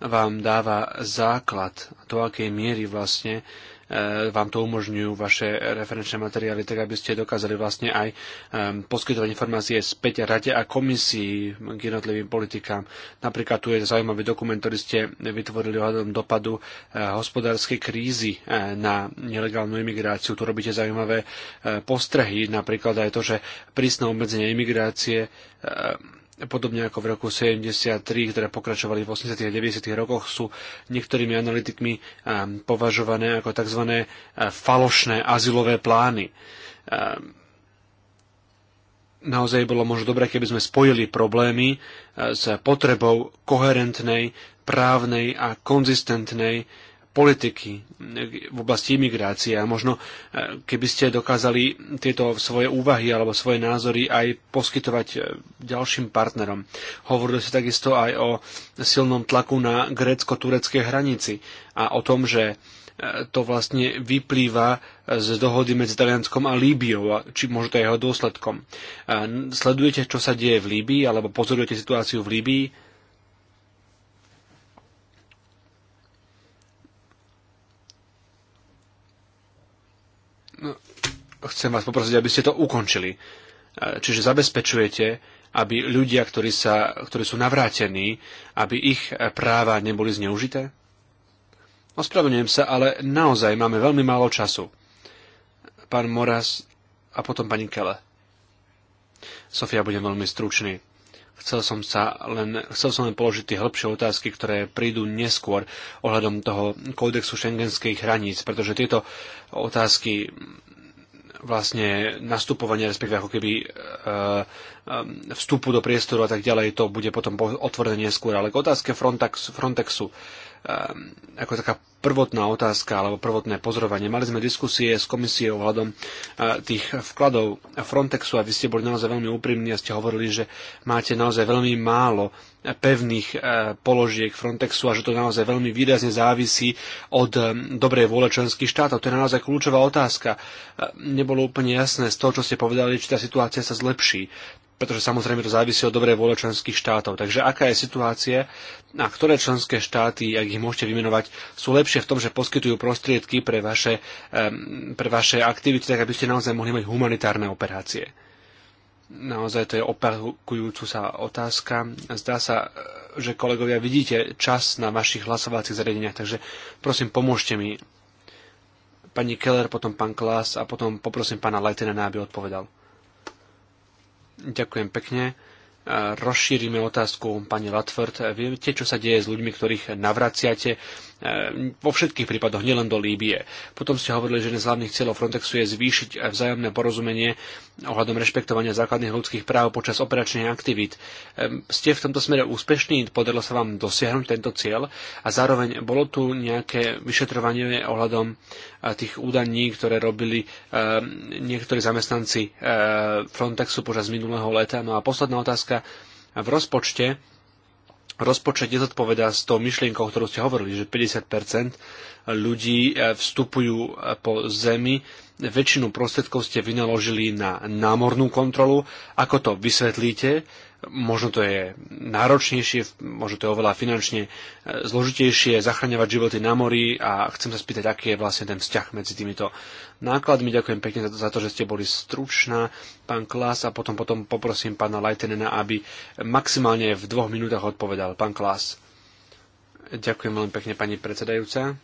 vám dáva základ, do akej miery vlastne e, vám to umožňujú vaše referenčné materiály, tak aby ste dokázali vlastne aj e, poskytovať informácie späť rade a komisii k jednotlivým politikám. Napríklad tu je zaujímavý dokument, ktorý ste vytvorili ohľadom dopadu e, hospodárskej krízy na nelegálnu imigráciu. Tu robíte zaujímavé postrehy, napríklad aj to, že prísne obmedzenie imigrácie podobne ako v roku 73, ktoré pokračovali v 80. a 90. rokoch, sú niektorými analytikmi ehm, považované ako tzv. Eh, falošné azylové plány. Ehm, naozaj bolo možno dobré, keby sme spojili problémy eh, s potrebou koherentnej, právnej a konzistentnej politiky eh, v oblasti imigrácie a možno eh, keby ste dokázali tieto svoje úvahy alebo svoje názory aj poskytovať eh, ďalším partnerom. Hovorili ste takisto aj o silnom tlaku na grécko-tureckej hranici a o tom, že to vlastne vyplýva z dohody medzi Talianskom a Líbiou, či možno to je jeho dôsledkom. Sledujete, čo sa deje v Líbii, alebo pozorujete situáciu v Líbii? No, chcem vás poprosiť, aby ste to ukončili. E, čiže zabezpečujete, aby ľudia, ktorí, sa, ktorí sú navrátení, aby ich práva neboli zneužité? Ospravedlňujem sa, ale naozaj máme veľmi málo času. Pán Moras a potom pani Kele. Sofia, budem veľmi stručný. Chcel som, sa len, chcel som len položiť tie hĺbšie otázky, ktoré prídu neskôr ohľadom toho kódexu šengenských hraníc, pretože tieto otázky vlastne nastupovania, respektíve ako keby e, e, vstupu do priestoru a tak ďalej, to bude potom otvorené neskôr. Ale k otázke Frontex, Frontexu. Ehm, ako taká prvotná otázka alebo prvotné pozorovanie. Mali sme diskusie s komisiou hľadom e, tých vkladov Frontexu a vy ste boli naozaj veľmi úprimní a ste hovorili, že máte naozaj veľmi málo pevných e, položiek Frontexu a že to naozaj veľmi výrazne závisí od e, dobrej vôle členských štátov. To je naozaj kľúčová otázka. Nebolo úplne jasné z toho, čo ste povedali, či tá situácia sa zlepší pretože samozrejme to závisí od dobrej vôle členských štátov. Takže aká je situácia a ktoré členské štáty, ak ich môžete vymenovať, sú lepšie v tom, že poskytujú prostriedky pre vaše, pre vaše aktivity, tak aby ste naozaj mohli mať humanitárne operácie? Naozaj to je opakujúcu sa otázka. Zdá sa, že kolegovia vidíte čas na vašich hlasovacích zariadeniach, takže prosím, pomôžte mi. Pani Keller, potom pán Klas a potom poprosím pána Lajtena, aby odpovedal. Ďakujem pekne. E, rozšírime otázku pani Latford. E, viete, čo sa deje s ľuďmi, ktorých navraciate? Ehm, vo všetkých prípadoch, nielen do Líbie. Potom ste hovorili, že jeden z hlavných cieľov Frontexu je zvýšiť vzájomné porozumenie ohľadom rešpektovania základných ľudských práv počas operačných aktivít. Ehm, ste v tomto smere úspešní, podarilo sa vám dosiahnuť tento cieľ a zároveň bolo tu nejaké vyšetrovanie ohľadom e, tých údaní, ktoré robili e, niektorí zamestnanci e, Frontexu počas minulého leta. No a posledná otázka. V rozpočte rozpočet nezodpovedá s tou myšlienkou, ktorú ste hovorili, že 50% ľudí e, vstupujú e, po zemi, väčšinu prostriedkov ste vynaložili na námornú kontrolu. Ako to vysvetlíte? Možno to je náročnejšie, možno to je oveľa finančne e, zložitejšie zachraňovať životy na mori a chcem sa spýtať, aký je vlastne ten vzťah medzi týmito nákladmi. Ďakujem pekne za to, za to že ste boli stručná, pán Klas, a potom, potom poprosím pána Lajtenena, aby maximálne v dvoch minútach odpovedal. Pán Klas. Ďakujem veľmi pekne, pani predsedajúca.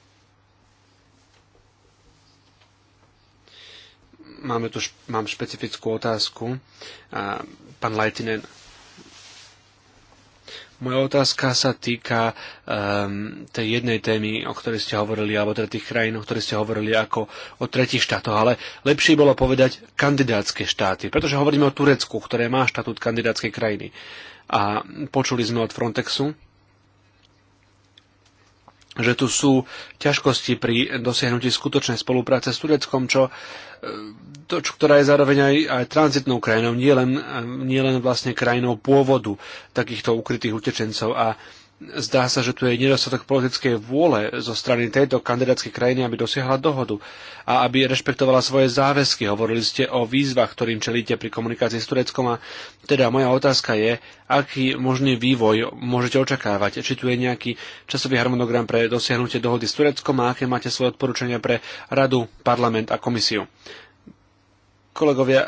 máme tu, mám špecifickú otázku. Pán Lajtinen, moja otázka sa týka um, tej jednej témy, o ktorej ste hovorili, alebo teda tých krajín, o ktorých ste hovorili ako o tretich štátoch, ale lepšie bolo povedať kandidátske štáty, pretože hovoríme o Turecku, ktoré má štatút kandidátskej krajiny. A počuli sme od Frontexu, že tu sú ťažkosti pri dosiahnutí skutočnej spolupráce s Tureckom, čo, e, to, čo ktorá je zároveň aj, aj tranzitnou krajinou, nie len, e, nie len vlastne krajinou pôvodu takýchto ukrytých utečencov. A Zdá sa, že tu je nedostatok politickej vôle zo strany tejto kandidátskej krajiny, aby dosiahla dohodu a aby rešpektovala svoje záväzky. Hovorili ste o výzvach, ktorým čelíte pri komunikácii s Tureckom a teda moja otázka je, aký možný vývoj môžete očakávať. Či tu je nejaký časový harmonogram pre dosiahnutie dohody s Tureckom a aké máte svoje odporúčania pre Radu, parlament a komisiu. Kolegovia,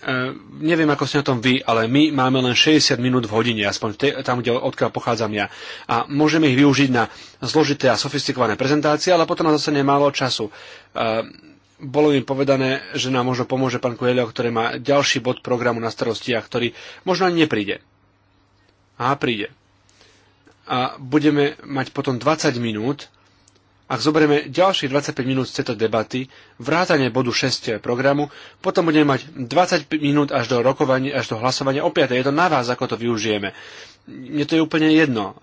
Ehm, neviem, ako ste na tom vy, ale my máme len 60 minút v hodine, aspoň te, tam, kde, odkiaľ pochádzam ja. A môžeme ich využiť na zložité a sofistikované prezentácie, ale potom na zase nemálo času. Uh, bolo im povedané, že nám možno pomôže pán Kujelio, ktorý má ďalší bod programu na starosti a ktorý možno ani nepríde. A príde. A budeme mať potom 20 minút ak zoberieme ďalších 25 minút z tejto debaty, vrátane bodu 6 programu, potom budeme mať 20 minút až do rokovania, až do hlasovania opäť. Je to na vás, ako to využijeme. Mne to je úplne jedno,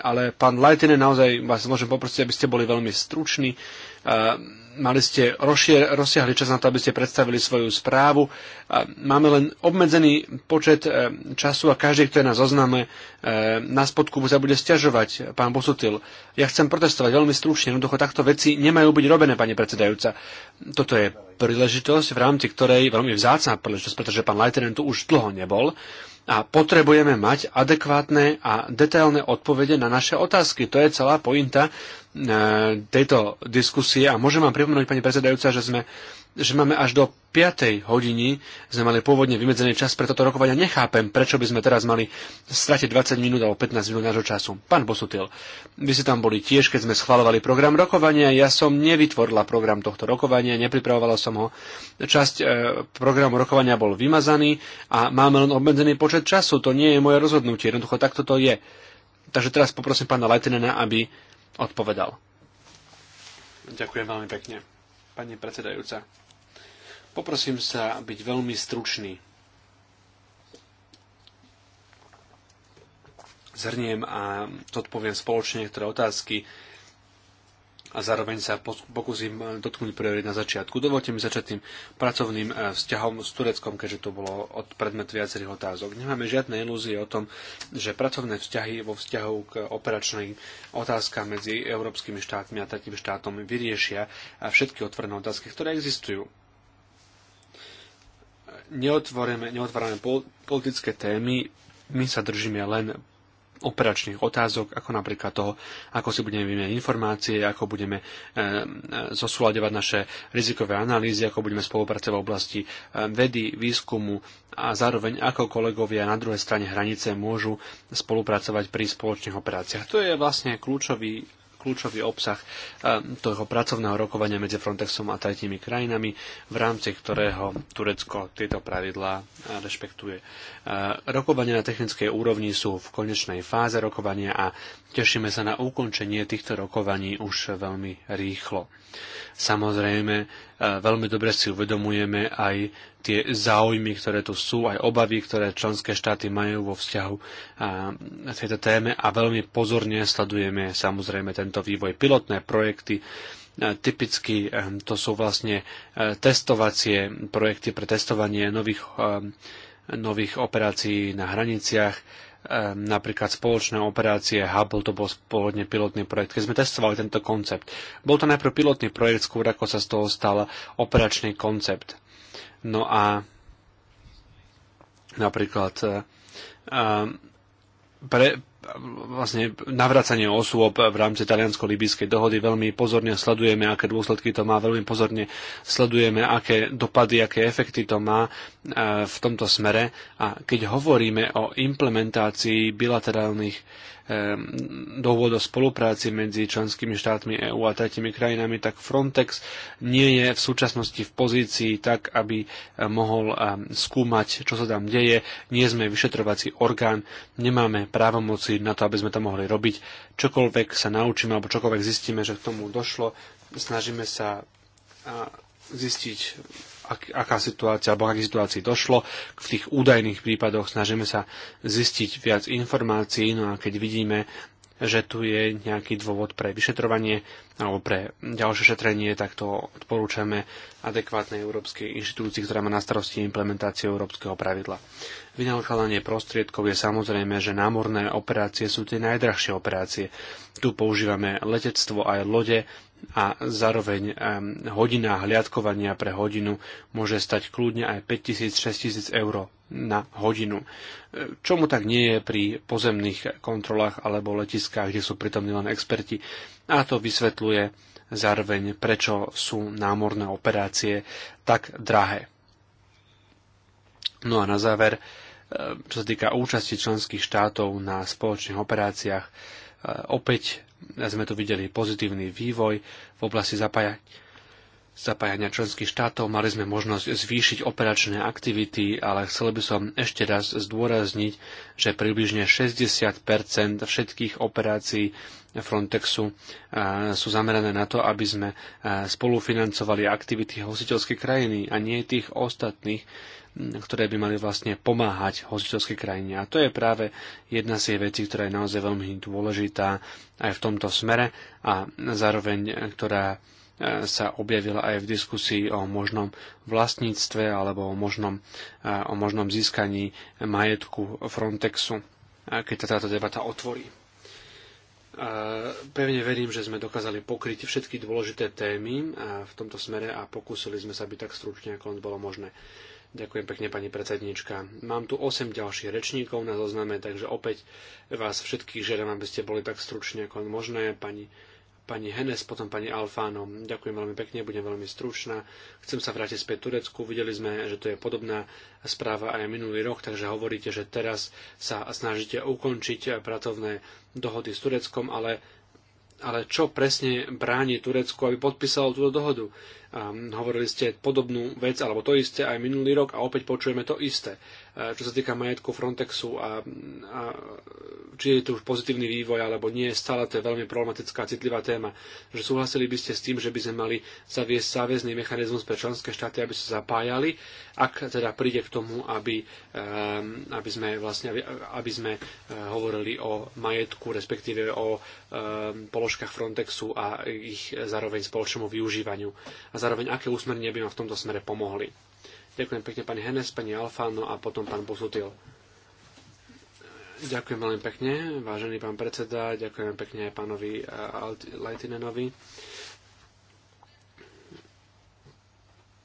ale pán Lajtine, naozaj vás môžem poprosiť, aby ste boli veľmi struční mali ste rozšier, rozsiahli čas na to, aby ste predstavili svoju správu. Máme len obmedzený počet e, času a každý, kto je na zozname, e, na spodku sa bude stiažovať, pán Bosutil. Ja chcem protestovať veľmi stručne, jednoducho takto veci nemajú byť robené, pani predsedajúca. Toto je príležitosť, v rámci ktorej, veľmi vzácná príležitosť, pretože pán Leiteren tu už dlho nebol, a potrebujeme mať adekvátne a detailné odpovede na naše otázky. To je celá pointa E, tejto diskusie a môžem vám pripomenúť, pani predsedajúca, že sme že máme až do 5. hodiny, sme mali pôvodne vymedzený čas pre toto rokovania. Nechápem, prečo by sme teraz mali stratiť 20 minút alebo 15 minút nášho času. Pán Bosutil, vy ste tam boli tiež, keď sme schvalovali program rokovania. Ja som nevytvorila program tohto rokovania, nepripravovala som ho. Časť e, programu rokovania bol vymazaný a máme len obmedzený počet času. To nie je moje rozhodnutie, jednoducho takto to je. Takže teraz poprosím pána Lajtenena, aby odpovedal. Ďakujem veľmi pekne, pani predsedajúca. Poprosím sa byť veľmi stručný. Zhrniem a zodpoviem spoločne niektoré otázky, a zároveň sa pokúsim eh, dotknúť priorit na začiatku. Dovolte mi začať tým pracovným eh, vzťahom s Tureckom, keďže to bolo od predmet viacerých otázok. Nemáme žiadne ilúzie o tom, že pracovné vzťahy vo vzťahu k operačnej otázka medzi európskymi štátmi a tretím štátom vyriešia eh, všetky otvorené otázky, ktoré existujú neotvárame, neotvárame politické témy, my sa držíme len operačných otázok, ako napríklad toho, ako si budeme vymieňať informácie, ako budeme eh, eh, zosúľadevať naše rizikové analýzy, ako budeme spolupracovať v oblasti eh, vedy, výskumu a zároveň ako kolegovia na druhej strane hranice môžu spolupracovať pri spoločných operáciách. To je vlastne kľúčový kľúčový obsah eh, toho pracovného rokovania medzi Frontexom a tretími krajinami, v rámci ktorého Turecko tieto pravidlá eh, rešpektuje. Eh, rokovania na technickej úrovni sú v konečnej fáze rokovania a tešíme sa na ukončenie týchto rokovaní už veľmi rýchlo. Samozrejme, veľmi dobre si uvedomujeme aj tie záujmy, ktoré tu sú, aj obavy, ktoré členské štáty majú vo vzťahu na tejto téme a veľmi pozorne sledujeme samozrejme tento vývoj. Pilotné projekty, typicky ehm, to sú vlastne e, testovacie projekty pre testovanie nových, ehm, nových operácií na hraniciach, Ehm, napríklad spoločné operácie Hubble, to bol pôvodne pilotný projekt, keď sme testovali tento koncept. Bol to najprv pilotný projekt, skôr ako sa z toho stal operačný koncept. No a napríklad ehm, pre, vlastne navracanie osôb v rámci taliansko-libijskej dohody. Veľmi pozorne sledujeme, aké dôsledky to má, veľmi pozorne sledujeme, aké dopady, aké efekty to má e, v tomto smere. A keď hovoríme o implementácii bilaterálnych Ehm, dohôd o spolupráci medzi členskými štátmi EÚ a tretimi krajinami, tak Frontex nie je v súčasnosti v pozícii tak, aby e, mohol e, skúmať, čo sa tam deje. Nie sme vyšetrovací orgán, nemáme právomoci na to, aby sme to mohli robiť. Čokoľvek sa naučíme alebo čokoľvek zistíme, že k tomu došlo, snažíme sa zistiť ak, aká situácia alebo aké situácii došlo. V tých údajných prípadoch snažíme sa zistiť viac informácií, no a keď vidíme, že tu je nejaký dôvod pre vyšetrovanie, alebo pre ďalšie šetrenie, tak to odporúčame adekvátnej európskej inštitúcii, ktorá má na starosti implementáciu európskeho pravidla. Vynakladanie prostriedkov je samozrejme, že námorné operácie sú tie najdrahšie operácie. Tu používame letectvo aj lode a zároveň hodina hliadkovania pre hodinu môže stať kľudne aj 5000-6000 eur na hodinu. Čomu tak nie je pri pozemných kontrolách alebo letiskách, kde sú pritomní len experti a to vysvetľuje zároveň, prečo sú námorné operácie tak drahé. No a na záver, e, čo sa týka účasti členských štátov na spoločných operáciách, e, opäť sme tu videli pozitívny vývoj v oblasti zapájania zapájania členských štátov, mali sme možnosť zvýšiť operačné aktivity, ale chcel by som ešte raz zdôrazniť, že približne 60 všetkých operácií Frontexu eh, sú zamerané na to, aby sme eh, spolufinancovali aktivity hostiteľskej krajiny a nie tých ostatných, mm, ktoré by mali vlastne pomáhať hostiteľskej krajine. A to je práve jedna z jej vecí, ktorá je naozaj veľmi dôležitá aj v tomto smere a zároveň, eh, ktorá sa objavila aj v diskusii o možnom vlastníctve alebo o možnom, o možnom získaní majetku Frontexu, keď sa táto debata otvorí. Pevne verím, že sme dokázali pokryť všetky dôležité témy v tomto smere a pokúsili sme sa byť tak stručne, ako len bolo možné. Ďakujem pekne, pani predsednička. Mám tu 8 ďalších rečníkov na zozname, takže opäť vás všetkých žiadam, aby ste boli tak stručne, ako možné. Pani pani Henes, potom pani Alfáno. Ďakujem veľmi pekne, budem veľmi stručná. Chcem sa vrátiť späť Turecku. Videli sme, že to je podobná správa aj minulý rok, takže hovoríte, že teraz sa snažíte ukončiť pracovné dohody s Tureckom, ale ale čo presne bráni Turecku, aby podpísalo túto dohodu? hovorili ste podobnú vec, alebo to isté aj minulý rok a opäť počujeme to isté. E, čo sa týka majetku Frontexu a, a či je to už pozitívny vývoj alebo nie, stále to je veľmi problematická citlivá téma. Že súhlasili by ste s tým, že by sme mali zaviesť záväzný mechanizmus pre členské štáty, aby sa zapájali, ak teda príde k tomu, aby, e, aby sme, vlastne, aby, aby sme e, hovorili o majetku, respektíve o položkách Frontexu a ich zároveň spoločnému využívaniu. A zároveň aké úsmernie by vám v tomto smere pomohli. Ďakujem pekne pani Henes, pani Alfáno a potom pán Bosutil. Ďakujem veľmi pekne, vážený pán predseda, ďakujem pekne aj pánovi eh, Lajtinenovi.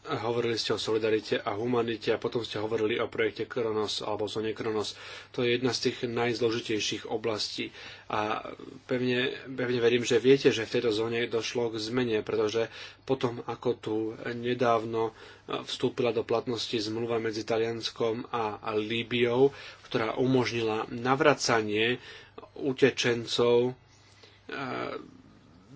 hovorili ste o solidarite a humanite a potom ste hovorili o projekte Kronos alebo zóne Kronos. To je jedna z tých najzložitejších oblastí a pevne, pevne verím, že viete, že v tejto zóne došlo k zmene, pretože potom, ako tu nedávno vstúpila do platnosti zmluva medzi Talianskom a Líbiou, ktorá umožnila navracanie utečencov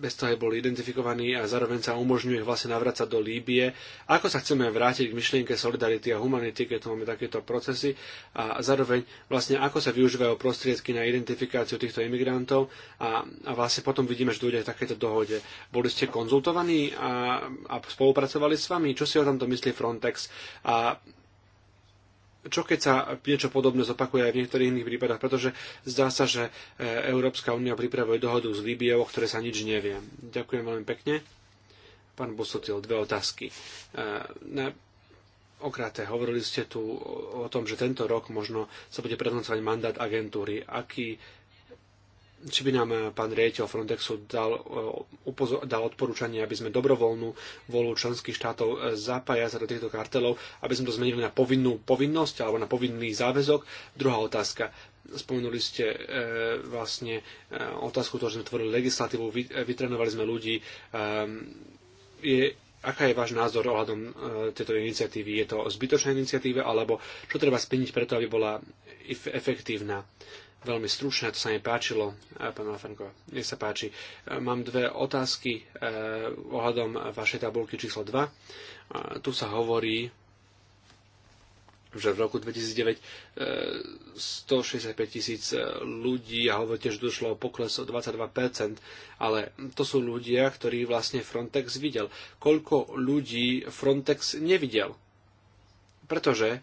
bez toho aj boli identifikovaní a zároveň sa umožňuje vlastne navrácať do Líbie. Ako sa chceme vrátiť k myšlienke solidarity a humanity, keď tu máme takéto procesy a zároveň vlastne ako sa využívajú prostriedky na identifikáciu týchto imigrantov a, a vlastne potom vidíme, že dojde aj takéto dohode. Boli ste konzultovaní a, a spolupracovali s vami? Čo si o tomto myslí Frontex? A čo keď sa niečo podobné zopakuje aj v niektorých iných prípadoch, pretože zdá sa, že e, Európska únia pripravuje dohodu s Líbiou, o ktorej sa nič nevie. Ďakujem veľmi pekne. Pán Bosotil, dve otázky. E, Na okraté, hovorili ste tu o tom, že tento rok možno sa bude prednocovať mandát agentúry. Aký či by nám eh, pán riaditeľ Frontexu dal, eh, upozor, dal odporúčanie, aby sme dobrovoľnú volu členských štátov eh, zapájať sa do týchto kartelov, aby sme to zmenili na povinnú povinnosť alebo na povinný záväzok. Druhá otázka. Spomenuli ste e, vlastne e, otázku toho, že sme tvorili legislatívu, vy, e, vytrenovali sme ľudí. E, je, Aká je váš názor ohľadom e, tejto iniciatívy? Je to zbytočná iniciatíva, alebo čo treba splniť preto, aby bola efektívna? veľmi stručné, to sa mi páčilo, e, pán Lafenko, nech sa páči. E, mám dve otázky e, ohľadom vašej tabulky číslo 2. Tu sa hovorí, že v roku 2009 165 tisíc ľudí a hovoríte, že došlo o pokles o 22%, ale to sú ľudia, ktorí vlastne Frontex videl. Koľko ľudí Frontex nevidel? Pretože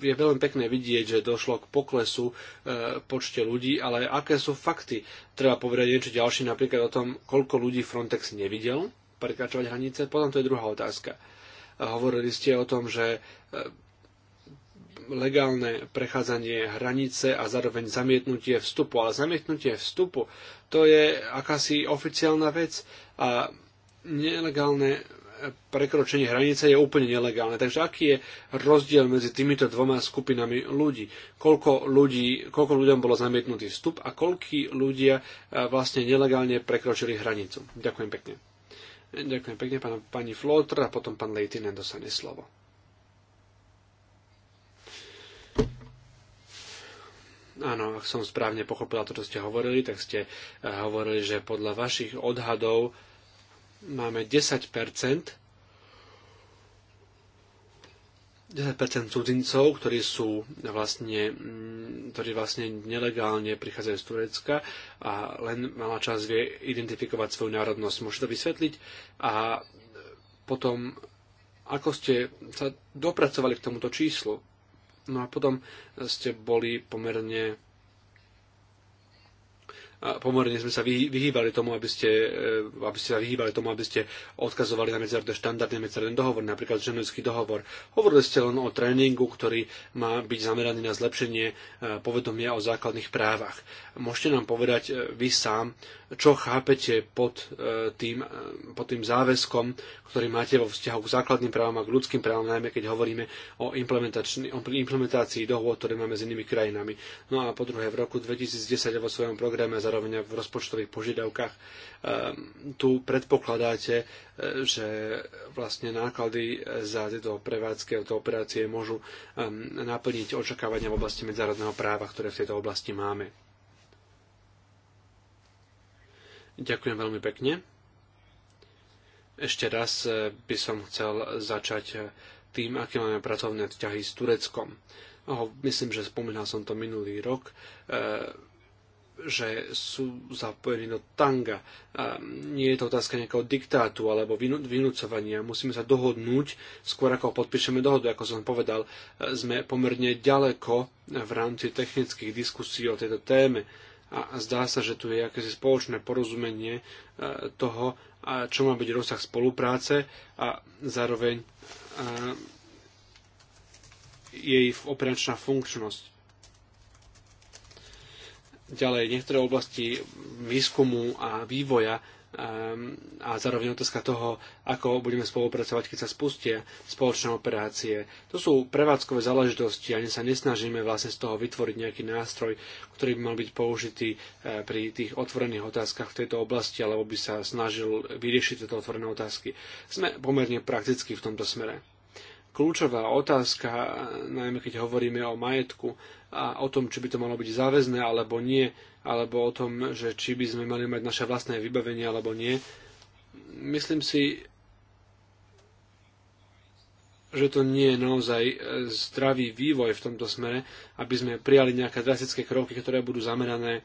je veľmi pekné vidieť, že došlo k poklesu e, počte ľudí, ale aké sú fakty? Treba povedať niečo ďalšie, napríklad o tom, koľko ľudí Frontex nevidel prekračovať hranice. Potom to je druhá otázka. Hovorili ste o tom, že e, legálne prechádzanie hranice a zároveň zamietnutie vstupu. Ale zamietnutie vstupu to je akási oficiálna vec a nelegálne prekročenie hranice je úplne nelegálne. Takže aký je rozdiel medzi týmito dvoma skupinami ľudí? Koľko, ľudí, koľko ľuďom bolo zamietnutý vstup a koľkí ľudia e, vlastne nelegálne prekročili hranicu? Ďakujem pekne. Ďakujem pekne pána, pani Flotr a potom pán Lejtinen dostane slovo. Áno, ak som správne pochopila to, čo ste hovorili, tak ste e, hovorili, že podľa vašich odhadov máme 10 10% cudzincov, ktorí sú vlastne, mm, ktorí vlastne nelegálne prichádzajú z Turecka a len malá časť vie identifikovať svoju národnosť. Môžete to vysvetliť? A potom, ako ste sa dopracovali k tomuto číslu? No a potom ste boli pomerne pomerne sme sa vyhýbali tomu, aby ste, e, aby ste sa vyhýbali tomu, aby ste odkazovali na medzinárodné štandardy, na medzinárodný dohovor, napríklad ženevský dohovor. Hovorili ste len o tréningu, ktorý má byť zameraný na zlepšenie e, povedomia o základných právach. Môžete nám povedať e, vy sám, čo chápete pod tým, pod tým záväzkom, ktorý máte vo vzťahu k základným právam a k ľudským právam, najmä keď hovoríme o, o implementácii dohôd, ktoré máme s inými krajinami. No a po druhé, v roku 2010 vo svojom programe zároveň v rozpočtových požiadavkách ehm, tu predpokladáte, e, že vlastne náklady za tieto prevádzky, a operácie môžu ehm, naplniť očakávania v oblasti medzárodného práva, ktoré v tejto oblasti máme. Ďakujem veľmi pekne. Ešte raz e, by som chcel začať e, tým, aké máme pracovné vzťahy s Tureckom. Myslím, že spomínal som to minulý rok že sú zapojení do tanga. A nie je to otázka nejakého diktátu alebo vynúcovania. Musíme sa dohodnúť, skôr ako podpíšeme dohodu. Ako som povedal, sme pomerne ďaleko v rámci technických diskusí o tejto téme. A zdá sa, že tu je akési spoločné porozumenie e, toho, čo má byť rozsah spolupráce a zároveň e, jej operačná funkčnosť Ďalej, niektoré oblasti výskumu a vývoja ehm, a zároveň otázka toho, ako budeme spolupracovať, keď sa spustia spoločné operácie. To sú prevádzkové záležitosti, ani sa nesnažíme vlastne z toho vytvoriť nejaký nástroj, ktorý by mal byť použitý eh, pri tých otvorených otázkach v tejto oblasti, alebo by sa snažil vyriešiť tieto otvorené otázky. Sme pomerne prakticky v tomto smere kľúčová otázka, najmä keď hovoríme o majetku a o tom, či by to malo byť záväzné alebo nie, alebo o tom, že či by sme mali mať naše vlastné vybavenie alebo nie. Myslím si, že to nie je naozaj e, zdravý vývoj v tomto smere, aby sme prijali nejaké drastické kroky, ktoré budú zamerané e,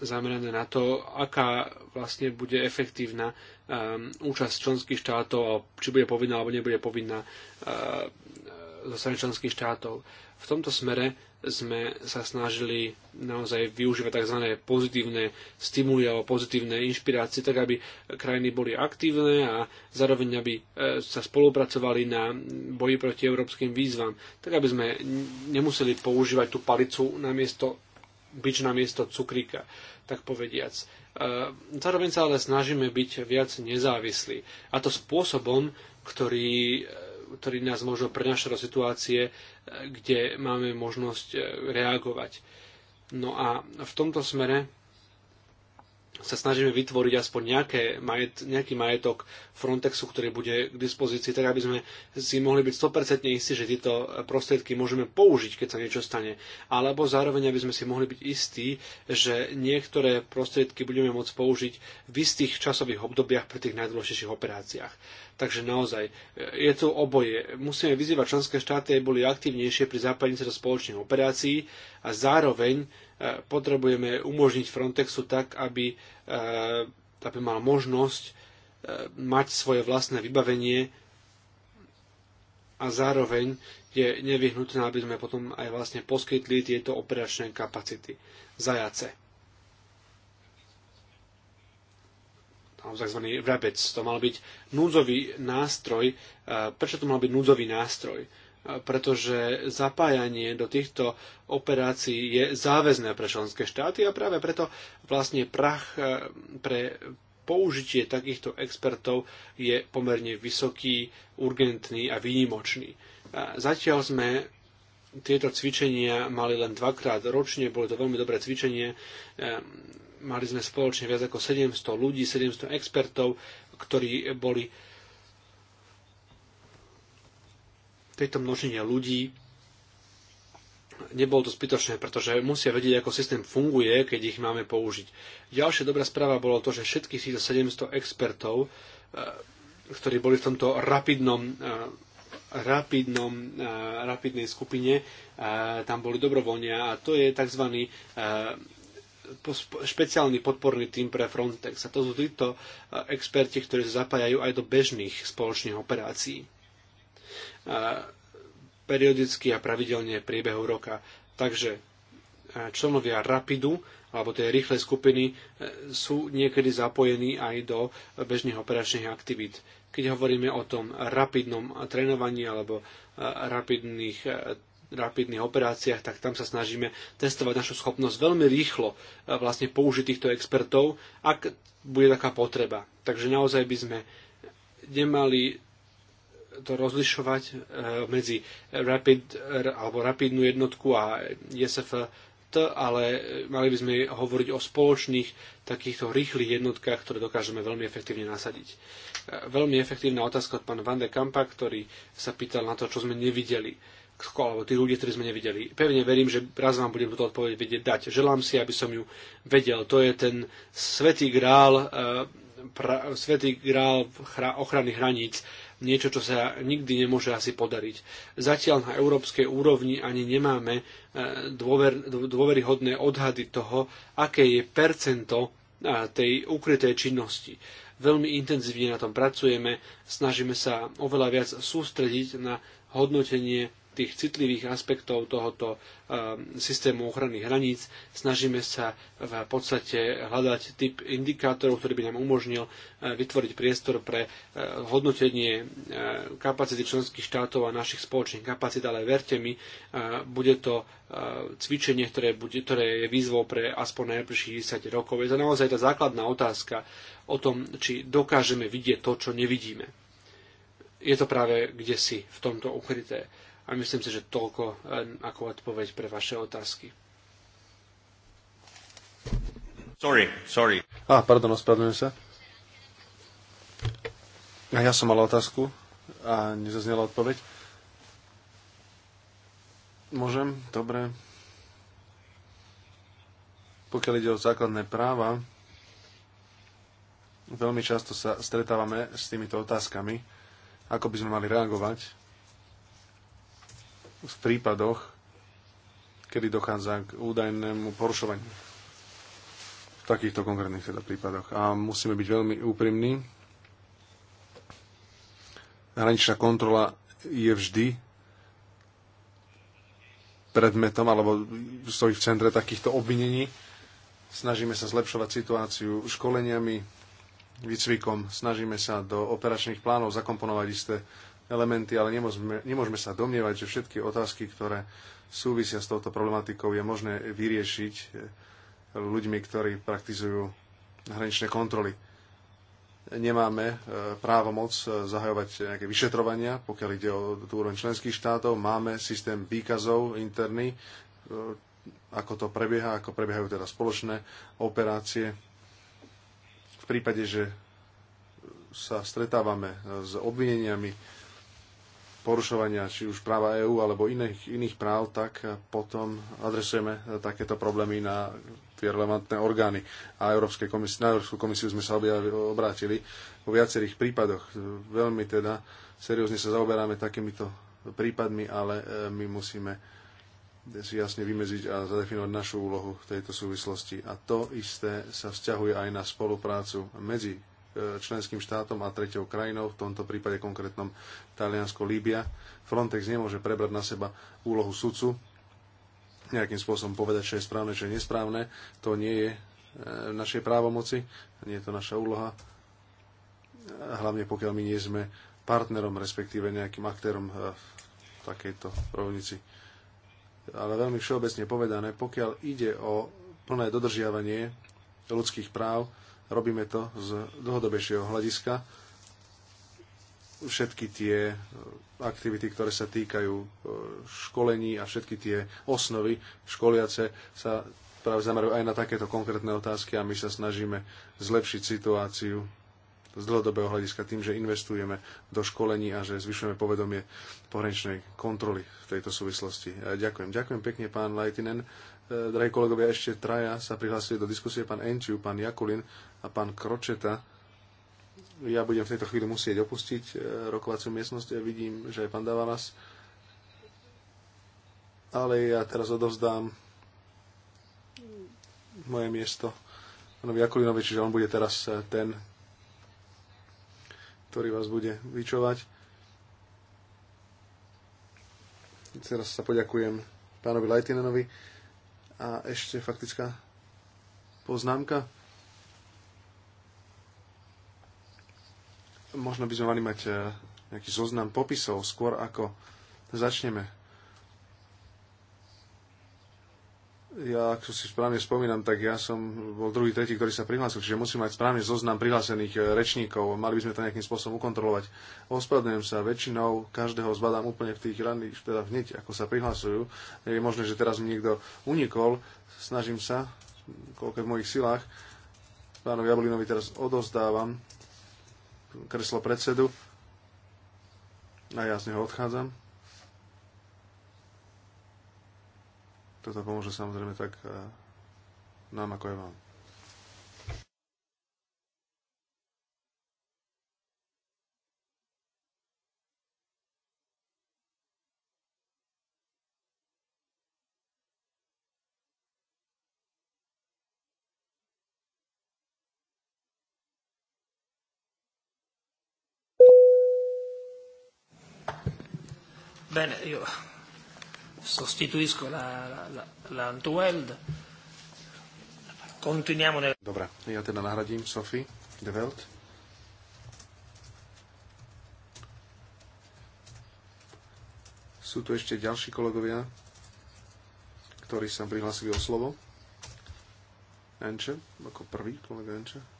zamerané na to, aká vlastne bude efektívna um, účasť členských štátov a či bude povinná alebo nebude povinná uh, zo strany členských štátov. V tomto smere sme sa snažili naozaj využívať tzv. pozitívne stimuly alebo pozitívne inšpirácie, tak aby krajiny boli aktívne a zároveň aby uh, sa spolupracovali na boji proti európskym výzvam, tak aby sme nemuseli používať tú palicu namiesto bič na miesto cukríka, tak povediac. E, zároveň sa ale snažíme byť viac nezávislí. A to spôsobom, ktorý, e, ktorý nás možno prenaša do situácie, e, kde máme možnosť reagovať. No a v tomto smere sa snažíme vytvoriť aspoň nejaké majet, nejaký majetok Frontexu, ktorý bude k dispozícii, tak aby sme si mohli byť 100% istí, že tieto prostriedky môžeme použiť, keď sa niečo stane. Alebo zároveň, aby sme si mohli byť istí, že niektoré prostriedky budeme môcť použiť v istých časových obdobiach pri tých najdôležitejších operáciách. Takže naozaj, je tu oboje. Musíme vyzývať členské štáty, aby boli aktívnejšie pri zapojení sa do spoločných operácií a zároveň potrebujeme umožniť Frontexu tak, aby, e, aby mal možnosť e, mať svoje vlastné vybavenie a zároveň je nevyhnutné, aby sme potom aj vlastne poskytli tieto operačné kapacity zajace. tzv. rabec. To mal byť núdzový nástroj. E, prečo to mal byť núdzový nástroj? pretože zapájanie do týchto operácií je záväzné pre členské štáty a práve preto vlastne prach e, pre použitie takýchto expertov je pomerne vysoký, urgentný a výnimočný. Zatiaľ sme tieto cvičenia mali len dvakrát ročne, boli to veľmi dobré cvičenie. E, mali sme spoločne viac ako 700 ľudí, 700 expertov, ktorí boli tejto množine ľudí. Nebolo to zbytočné, pretože musia vedieť, ako systém funguje, keď ich máme použiť. Ďalšia dobrá správa bolo to, že všetkých týchto 700 expertov, e, ktorí boli v tomto rapidnom e, rapidnom, e, rapidnej skupine, tam boli dobrovoľnia a to je tzv. špeciálny podporný tým pre Frontex. A to sú títo experti, ktorí sa zapájajú aj do bežných spoločných operácií periodicky a pravidelne priebehu roka. Takže e, členovia Rapidu alebo tej rýchlej skupiny e, sú niekedy zapojení aj do bežných operačných aktivít. Keď hovoríme o tom rapidnom trénovaní alebo e, rapidných rapidných operáciách, tak tam sa snažíme testovať našu schopnosť veľmi rýchlo vlastne použiť týchto expertov, ak bude taká potreba. Takže naozaj by sme nemali to rozlišovať e, medzi rapid, alebo rapidnú jednotku a JSFT, ale mali by sme hovoriť o spoločných takýchto rýchlych jednotkách, ktoré dokážeme veľmi efektívne nasadiť. E, veľmi efektívna otázka od pána Van de Kampa, ktorý sa pýtal na to, čo sme nevideli alebo tí ľudia, ktorí sme nevideli. Pevne verím, že raz vám budem túto odpoveď vedieť dať. Želám si, aby som ju vedel. To je ten svetý grál, e, pra, svetý grál ochrany hraníc niečo, čo sa nikdy nemôže asi podariť. Zatiaľ na európskej úrovni ani nemáme e, dôver, dôveryhodné odhady toho, aké je percento e, tej ukrytej činnosti. Veľmi intenzívne na tom pracujeme, snažíme sa oveľa viac sústrediť na hodnotenie tých citlivých aspektov tohoto um, systému ochrany hraníc. Snažíme sa v podstate hľadať typ indikátorov, ktorý by nám umožnil uh, vytvoriť priestor pre uh, hodnotenie uh, kapacity členských štátov a našich spoločných kapacít, ale verte mi, bude to cvičenie, ktoré, bude, ktoré je výzvou pre aspoň najbližších 10 rokov. Je to naozaj tá základná otázka o tom, či dokážeme vidieť to, čo nevidíme. Je to práve kde si v tomto ukryté a myslím si, že toľko e, ako odpoveď pre vaše otázky. Sorry, sorry. Á, ah, pardon, ospravedlňujem sa. A ja som mal otázku a nezaznela odpoveď. Môžem? Dobre. Pokiaľ ide o základné práva, veľmi často sa stretávame s týmito otázkami, ako by sme mali reagovať v prípadoch, kedy dochádza k údajnému porušovaniu. V takýchto konkrétnych teda prípadoch. A musíme byť veľmi úprimní. Hraničná kontrola je vždy predmetom alebo stojí v centre takýchto obvinení. Snažíme sa zlepšovať situáciu školeniami, výcvikom, snažíme sa do operačných plánov zakomponovať isté elementy, ale nemôžeme, nemôžeme sa domnievať, že všetky otázky, ktoré súvisia s touto problematikou, je možné vyriešiť eh, ľuďmi, ktorí praktizujú hraničné kontroly. Nemáme eh, moc eh, zahajovať nejaké vyšetrovania, pokiaľ ide o tú úroveň členských štátov. Máme systém výkazov interný, ako to prebieha, ako prebiehajú teda spoločné operácie. V prípade, že sa stretávame s obvineniami porušovania či už práva EÚ alebo iných, iných práv, tak potom adresujeme takéto problémy na tie relevantné orgány. A Európskej komisi- na Európsku komisiu sme sa obrátili vo viacerých prípadoch. Veľmi teda seriózne sa zaoberáme takýmito prípadmi, ale e, my musíme si jasne vymeziť a zadefinovať našu úlohu v tejto súvislosti. A to isté sa vzťahuje aj na spoluprácu medzi členským štátom a treťou krajinou, v tomto prípade konkrétnom Taliansko, Líbia. Frontex nemôže prebrať na seba úlohu sudcu, nejakým spôsobom povedať, čo je správne, čo je nesprávne. To nie je e, v našej právomoci, nie je to naša úloha. Hlavne pokiaľ my nie sme partnerom, respektíve nejakým aktérom e, v takejto rovnici. Ale veľmi všeobecne povedané, pokiaľ ide o plné dodržiavanie ľudských práv, Robíme to z dlhodobejšieho hľadiska. Všetky tie aktivity, ktoré sa týkajú e, školení a všetky tie osnovy školiace sa práve zamerajú aj na takéto konkrétne otázky a my sa snažíme zlepšiť situáciu z dlhodobého hľadiska tým, že investujeme do školení a že zvyšujeme povedomie pohraničnej kontroly v tejto súvislosti. E, ďakujem. Ďakujem pekne, pán Lajtinen. E, drahí kolegovia, ešte traja sa prihlásili do diskusie, pán Enčiu, pán Jakulin a pán Kročeta. Ja budem v tejto chvíli musieť opustiť e, rokovaciu miestnosť. Ja vidím, že aj pán Davalas. Ale ja teraz odovzdám moje miesto pánovi Jakulinovi, čiže on bude teraz e, ten, ktorý vás bude vyčovať. Teraz sa poďakujem pánovi Lajtinenovi. A ešte faktická poznámka. Možno by sme mali mať eh, nejaký zoznam popisov skôr ako začneme ja, ak si správne spomínam, tak ja som bol druhý, tretí, ktorý sa prihlásil, čiže musím mať správne zoznam prihlásených e, rečníkov. Mali by sme to nejakým spôsobom ukontrolovať. Ospravedlňujem sa, väčšinou každého zbadám úplne v tých ranných, teda hneď, ako sa prihlasujú. Je možné, že teraz mi niekto unikol. Snažím sa, koľko v mojich silách. Pánovi Jablinovi teraz odozdávam kreslo predsedu a ja z neho odchádzam. Toto pomôže samozrejme tak eh, nám ako aj vám. Bene, io sostituisco la, la, la la Antweld. Continuiamo nel... Dobre, ja teda nahradím Sophie de Welt. Sú tu ešte ďalší kolegovia, ktorí sa prihlásili o slovo. Enče, ako prvý kolega Enče.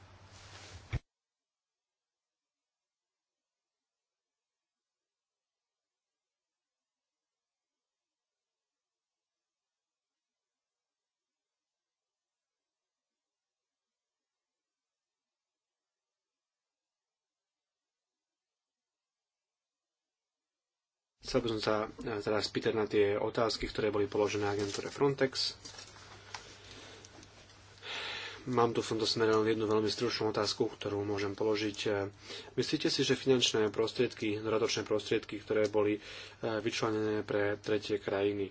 Chcel by som sa e, teraz spýtať na tie otázky, ktoré boli položené agentúre Frontex. Mám tu v tomto smere len jednu veľmi stručnú otázku, ktorú môžem položiť. E, Myslíte si, že finančné prostriedky, dodatočné prostriedky, ktoré boli e, vyčlenené pre tretie krajiny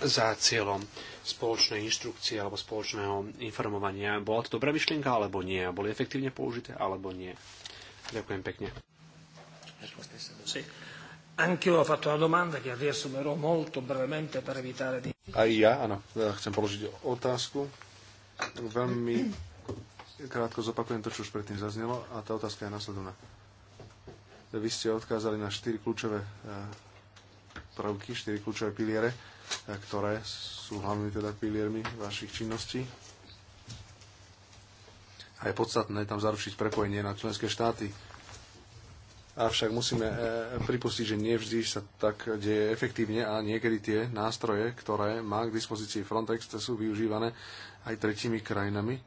za cieľom spoločnej inštrukcie alebo spoločného informovania, bola to dobrá myšlienka alebo nie? Boli efektívne použité alebo nie? Ďakujem pekne. Aj ja, áno, chcem položiť otázku. Veľmi krátko zopakujem to, čo už predtým zaznelo a tá otázka je nasledovná. Vy ste odkázali na štyri kľúčové eh, prvky, štyri kľúčové piliere, eh, ktoré sú hlavnými teda piliermi vašich činností. A je podstatné tam zaručiť prepojenie na členské štáty Avšak musíme e, pripustiť, že nevždy sa tak deje efektívne a niekedy tie nástroje, ktoré má k dispozícii Frontex, sú využívané aj tretími krajinami.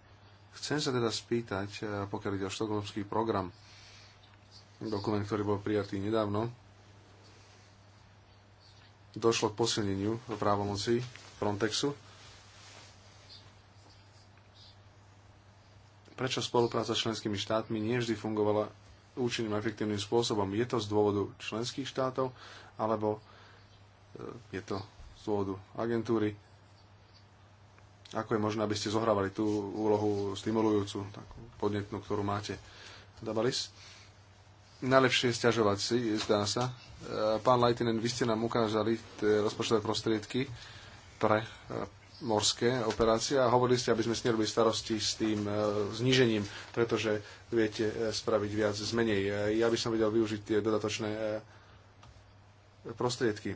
Chcem sa teda spýtať, e, pokiaľ ide o štokholmský program, dokument, ktorý bol prijatý nedávno, došlo k posilneniu právomocí Frontexu. Prečo spolupráca s členskými štátmi nie vždy fungovala účinným a efektívnym spôsobom. Je to z dôvodu členských štátov, alebo e, je to z dôvodu agentúry? Ako je možné, aby ste zohrávali tú úlohu stimulujúcu, takú podnetnú, ktorú máte? Dabalis? Najlepšie je stiažovať si, zdá sa. E, pán Lajtinen, vy ste nám ukázali rozpočtové prostriedky pre e, morské operácie a hovorili ste, aby sme si nerobili starosti s tým e, znížením, pretože viete e, spraviť viac z menej. E, ja by som vedel využiť tie dodatočné prostriedky.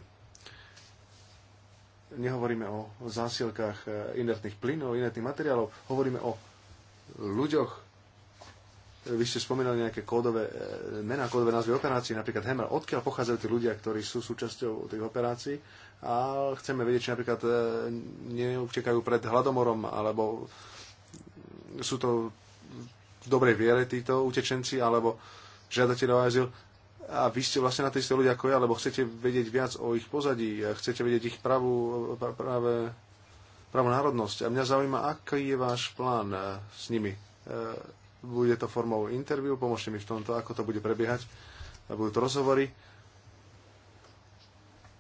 Nehovoríme o zásielkách inertných plynov, inertných materiálov, hovoríme o ľuďoch. Vy ste spomínali nejaké kódové mená, kódové názvy operácií, napríklad Hemer. Odkiaľ pochádzajú tí ľudia, ktorí sú súčasťou tých operácií? a chceme vedieť, či napríklad e, neutekajú pred hladomorom, alebo sú to v dobrej viere títo utečenci, alebo žiadateľ o azyl. A vy ste vlastne na tej ste ľudia ako ja, lebo chcete vedieť viac o ich pozadí, a chcete vedieť ich pravú, práve, pravú národnosť. A mňa zaujíma, aký je váš plán e, s nimi. E, bude to formou interviu, pomôžte mi v tomto, ako to bude prebiehať. Budú to rozhovory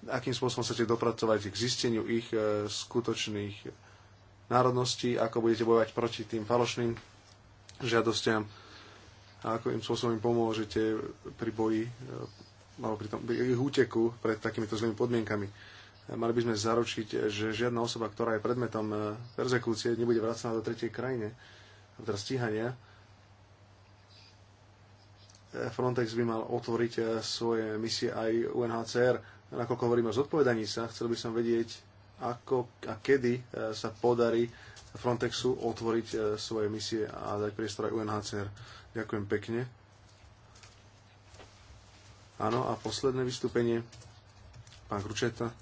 akým spôsobom chcete dopracovať k zisteniu ich e, skutočných národností, ako budete bojovať proti tým falošným žiadostiam a ako im spôsobom im pomôžete pri boji e, alebo pri, tom, pri ich úteku pred takýmito zlými podmienkami. E, mali by sme zaručiť, že žiadna osoba, ktorá je predmetom persekúcie, nebude vracená do tretej krajine, teda stíhania, Frontex by mal otvoriť svoje misie aj UNHCR. Ako hovoríme o zodpovedaní sa, chcel by som vedieť, ako a kedy e, sa podarí Frontexu otvoriť e, svoje misie a dať priestor aj UNHCR. Ďakujem pekne. Áno, a posledné vystúpenie, pán Kručeta.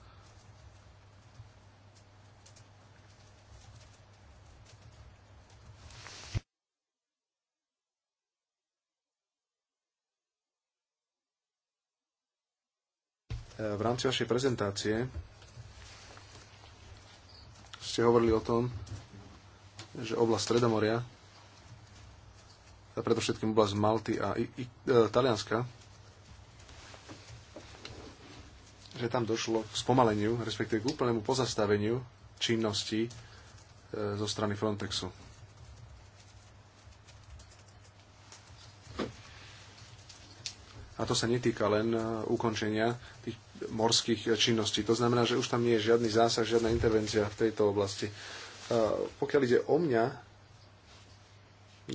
v rámci vašej prezentácie ste hovorili o tom, že oblasť Stredomoria, a predovšetkým oblasť Malty a I- I- e, Talianska, že tam došlo k spomaleniu, respektíve k úplnému pozastaveniu činnosti e, zo strany Frontexu. A to sa netýka len e, ukončenia tých morských e, činností. To znamená, že už tam nie je žiadny zásah, žiadna intervencia v tejto oblasti. E, pokiaľ ide o mňa,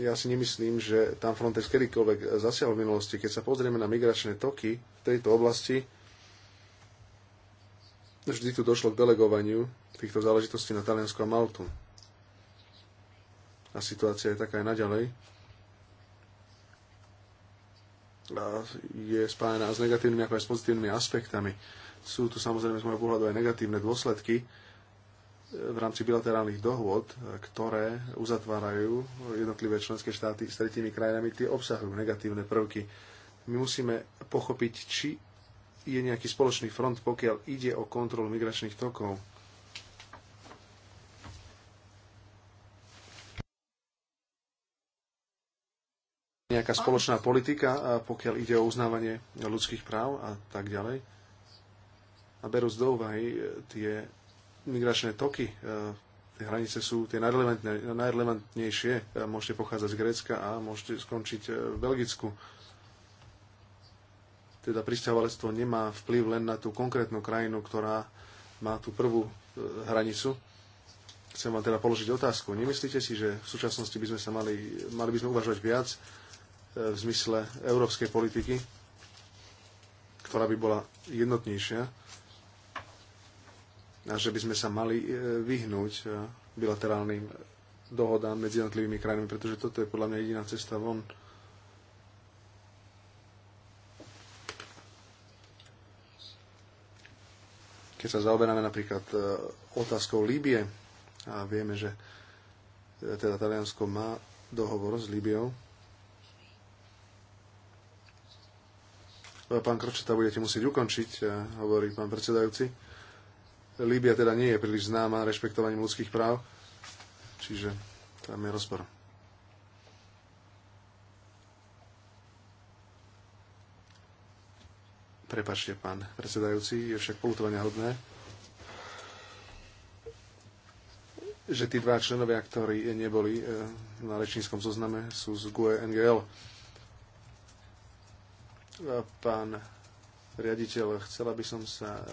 ja si nemyslím, že tam Frontex kedykoľvek zasiahol v minulosti. Keď sa pozrieme na migračné toky v tejto oblasti, vždy tu došlo k delegovaniu týchto záležitostí na Taliansko a Maltu. A situácia je taká aj naďalej je spájana s negatívnymi ako aj s pozitívnymi aspektami. Sú tu samozrejme z môjho pohľadu aj negatívne dôsledky e, v rámci bilaterálnych dohôd, e, ktoré uzatvárajú jednotlivé členské štáty s tretími krajinami, tie obsahujú negatívne prvky. My musíme pochopiť, či je nejaký spoločný front, pokiaľ ide o kontrolu migračných tokov nejaká spoločná politika, pokiaľ ide o uznávanie ľudských práv a tak ďalej. A berú z úvahy e, tie migračné toky, e, tie hranice sú tie najrelevantnejšie. E, môžete pochádzať z Grécka a môžete skončiť v Belgicku. Teda pristahovalectvo nemá vplyv len na tú konkrétnu krajinu, ktorá má tú prvú hranicu, chcem vám teda položiť otázku. Nemyslíte si, že v súčasnosti by sme sa mali, mali by sme uvažovať viac E, v zmysle európskej politiky, ktorá by bola jednotnejšia a že by sme sa mali e, vyhnúť e, bilaterálnym dohodám medzi jednotlivými krajinami, pretože toto je podľa mňa jediná cesta von. Keď sa zaoberáme napríklad otázkou Líbie a vieme, že teda Taliansko má dohovor s Líbiou, Pán Krčeta, budete musieť ukončiť, e, hovorí pán predsedajúci. Líbia teda nie je príliš známa rešpektovaním ľudských práv, čiže tam je rozpor. Prepačte, pán predsedajúci, je však polutovania hodné, že tí dva členovia, ktorí neboli e, na rečníckom zozname, sú z GUE NGL. Pán riaditeľ, chcela by som sa e,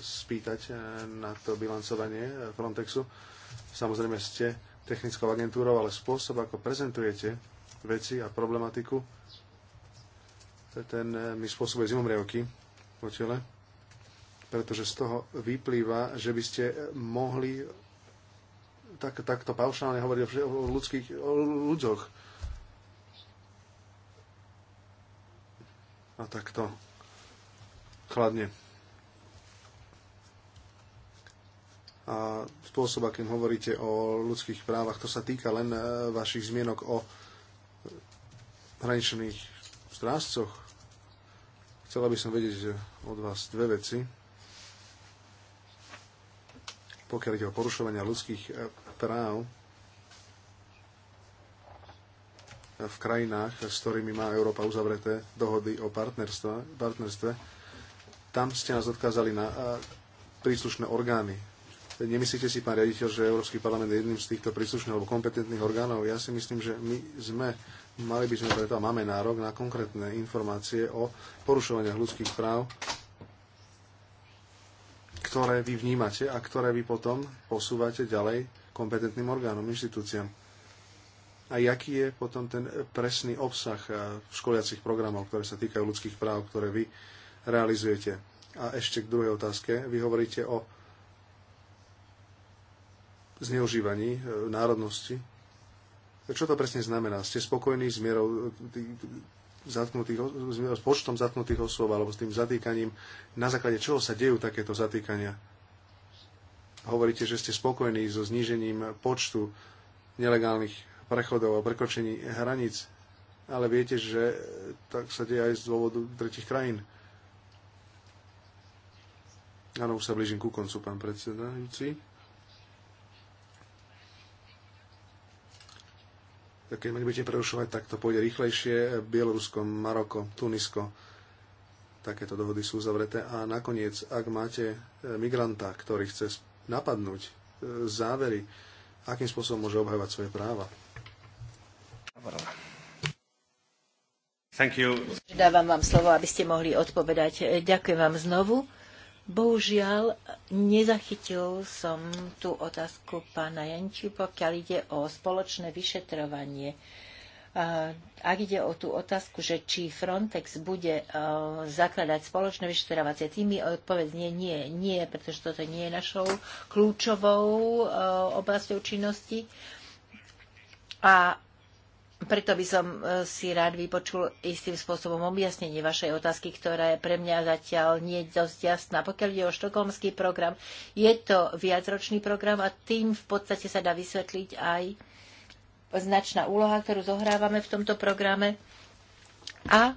spýtať e, na to bilancovanie Frontexu. Samozrejme ste technickou agentúrou, ale spôsob, ako prezentujete veci a problematiku, ten e, mi spôsobuje zimomrievky po tele, pretože z toho vyplýva, že by ste mohli tak, takto paušálne hovoriť o, ľudských, o ľuďoch, a takto chladne. A spôsob, akým hovoríte o ľudských právach, to sa týka len e, vašich zmienok o hraničných strážcoch. Chcela by som vedieť e, od vás dve veci. Pokiaľ ide o porušovania ľudských e, práv, v krajinách, s ktorými má Európa uzavreté dohody o partnerstve, tam ste nás odkázali na príslušné orgány. Nemyslíte si, pán riaditeľ, že Európsky parlament je jedným z týchto príslušných alebo kompetentných orgánov? Ja si myslím, že my sme, mali by sme preto a máme nárok na konkrétne informácie o porušovaniach ľudských práv, ktoré vy vnímate a ktoré vy potom posúvate ďalej kompetentným orgánom, inštitúciám a jaký je potom ten presný obsah eh, školiacich programov, ktoré sa týkajú ľudských práv, ktoré vy realizujete. A ešte k druhej otázke. Vy hovoríte o zneužívaní eh, národnosti. Čo to presne znamená? Ste spokojní s mierou eh, zatknutých, s počtom zatknutých osôb alebo s tým zatýkaním? Na základe čoho sa dejú takéto zatýkania? Hovoríte, že ste spokojní so znížením počtu nelegálnych prechodov a prekročení hraníc. Ale viete, že tak sa deje aj z dôvodu tretich krajín. Áno, už sa blížim ku koncu, pán predsedajúci. Keď ma nebudete prerušovať, tak to pôjde rýchlejšie. Bielorusko, Maroko, Tunisko, takéto dohody sú zavreté. A nakoniec, ak máte e, migranta, ktorý chce napadnúť e, závery, akým spôsobom môže obhajovať svoje práva. Dávam vám slovo, aby ste mohli odpovedať. Ďakujem vám znovu. Bohužiaľ, nezachytil som tú otázku pána Jančiu, pokiaľ ide o spoločné vyšetrovanie. Ak ide o tú otázku, že či Frontex bude e, zakladať spoločné vyšetrovacie týmy, odpoveď nie, nie, nie, pretože toto nie je našou kľúčovou e, oblasťou činnosti. A preto by som e, si rád vypočul istým spôsobom objasnenie vašej otázky, ktorá je pre mňa zatiaľ nie dosť jasná. Pokiaľ ide o štokholmský program, je to viacročný program a tým v podstate sa dá vysvetliť aj značná úloha, ktorú zohrávame v tomto programe. A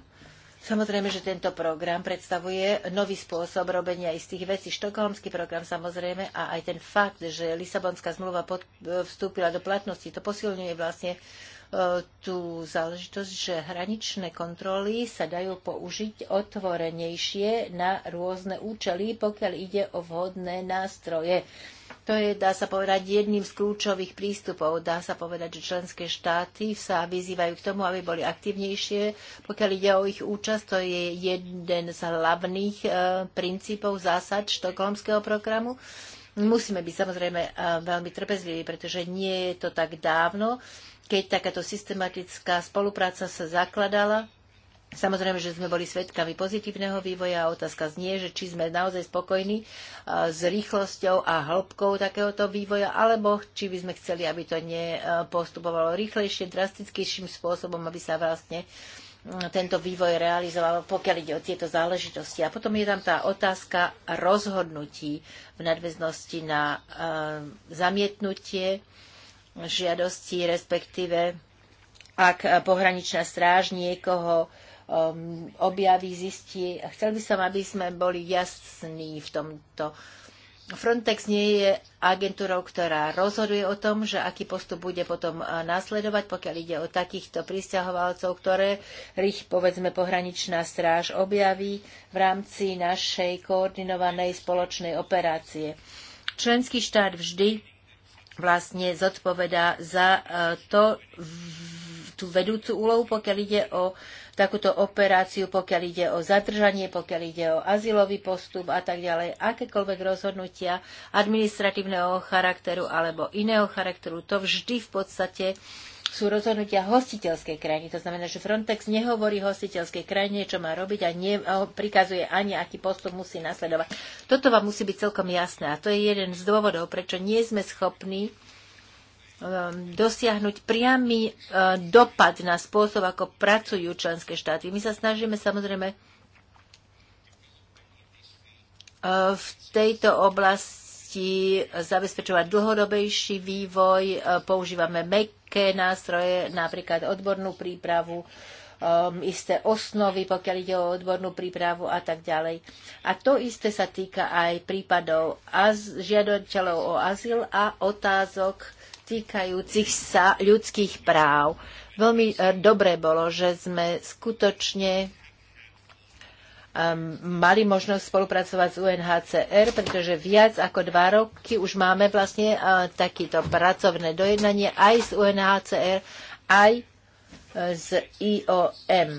Samozrejme, že tento program predstavuje nový spôsob robenia istých vecí. Štokholmský program samozrejme a aj ten fakt, že Lisabonská zmluva e, vstúpila do platnosti, to posilňuje vlastne tú záležitosť, že hraničné kontroly sa dajú použiť otvorenejšie na rôzne účely, pokiaľ ide o vhodné nástroje. To je, dá sa povedať, jedným z kľúčových prístupov. Dá sa povedať, že členské štáty sa vyzývajú k tomu, aby boli aktívnejšie. Pokiaľ ide o ich účasť, to je jeden z hlavných e, princípov zásad štokholmského programu. Musíme byť samozrejme e, veľmi trpezliví, pretože nie je to tak dávno, keď takáto systematická spolupráca sa zakladala. Samozrejme, že sme boli svedkami pozitívneho vývoja a otázka znie, že či sme naozaj spokojní e, s rýchlosťou a hĺbkou takéhoto vývoja, alebo či by sme chceli, aby to nepostupovalo e, rýchlejšie, drastickejším spôsobom, aby sa vlastne e, tento vývoj realizoval, pokiaľ ide o tieto záležitosti. A potom je tam tá otázka rozhodnutí v nadväznosti na zamietnutie žiadosti, respektíve ak pohraničná stráž niekoho um, objaví, zistí. Chcel by som, aby sme boli jasní v tomto. Frontex nie je agentúrou, ktorá rozhoduje o tom, že aký postup bude potom uh, nasledovať, pokiaľ ide o takýchto pristahovalcov, ktoré rých, povedzme, pohraničná stráž objaví v rámci našej koordinovanej spoločnej operácie. Členský štát vždy vlastne zodpovedá za e, to, tú vedúcu úlohu, pokiaľ ide o takúto operáciu, pokiaľ ide o zadržanie, pokiaľ ide o azylový postup a tak ďalej. Akékoľvek rozhodnutia administratívneho charakteru alebo iného charakteru, to vždy v podstate uh, sú rozhodnutia hostiteľskej krajiny. To znamená, že Frontex nehovorí hostiteľskej krajine, čo má robiť a ne, prikazuje ani, aký postup musí nasledovať. Toto vám musí byť celkom jasné a to je jeden z dôvodov, prečo nie sme schopní um, dosiahnuť priamy uh, dopad na spôsob, ako pracujú členské štáty. My sa snažíme samozrejme uh, v tejto oblasti možnosti zabezpečovať dlhodobejší vývoj. E, používame mekké nástroje, napríklad odbornú prípravu, um, isté osnovy, pokiaľ ide o odbornú prípravu a tak ďalej. A to isté sa týka aj prípadov az- žiadateľov o azyl a otázok týkajúcich sa ľudských práv. Veľmi e, dobre bolo, že sme skutočne Um, mali možnosť spolupracovať s UNHCR, pretože viac ako dva roky už máme vlastne uh, takýto pracovné dojednanie aj s UNHCR, aj uh, s IOM.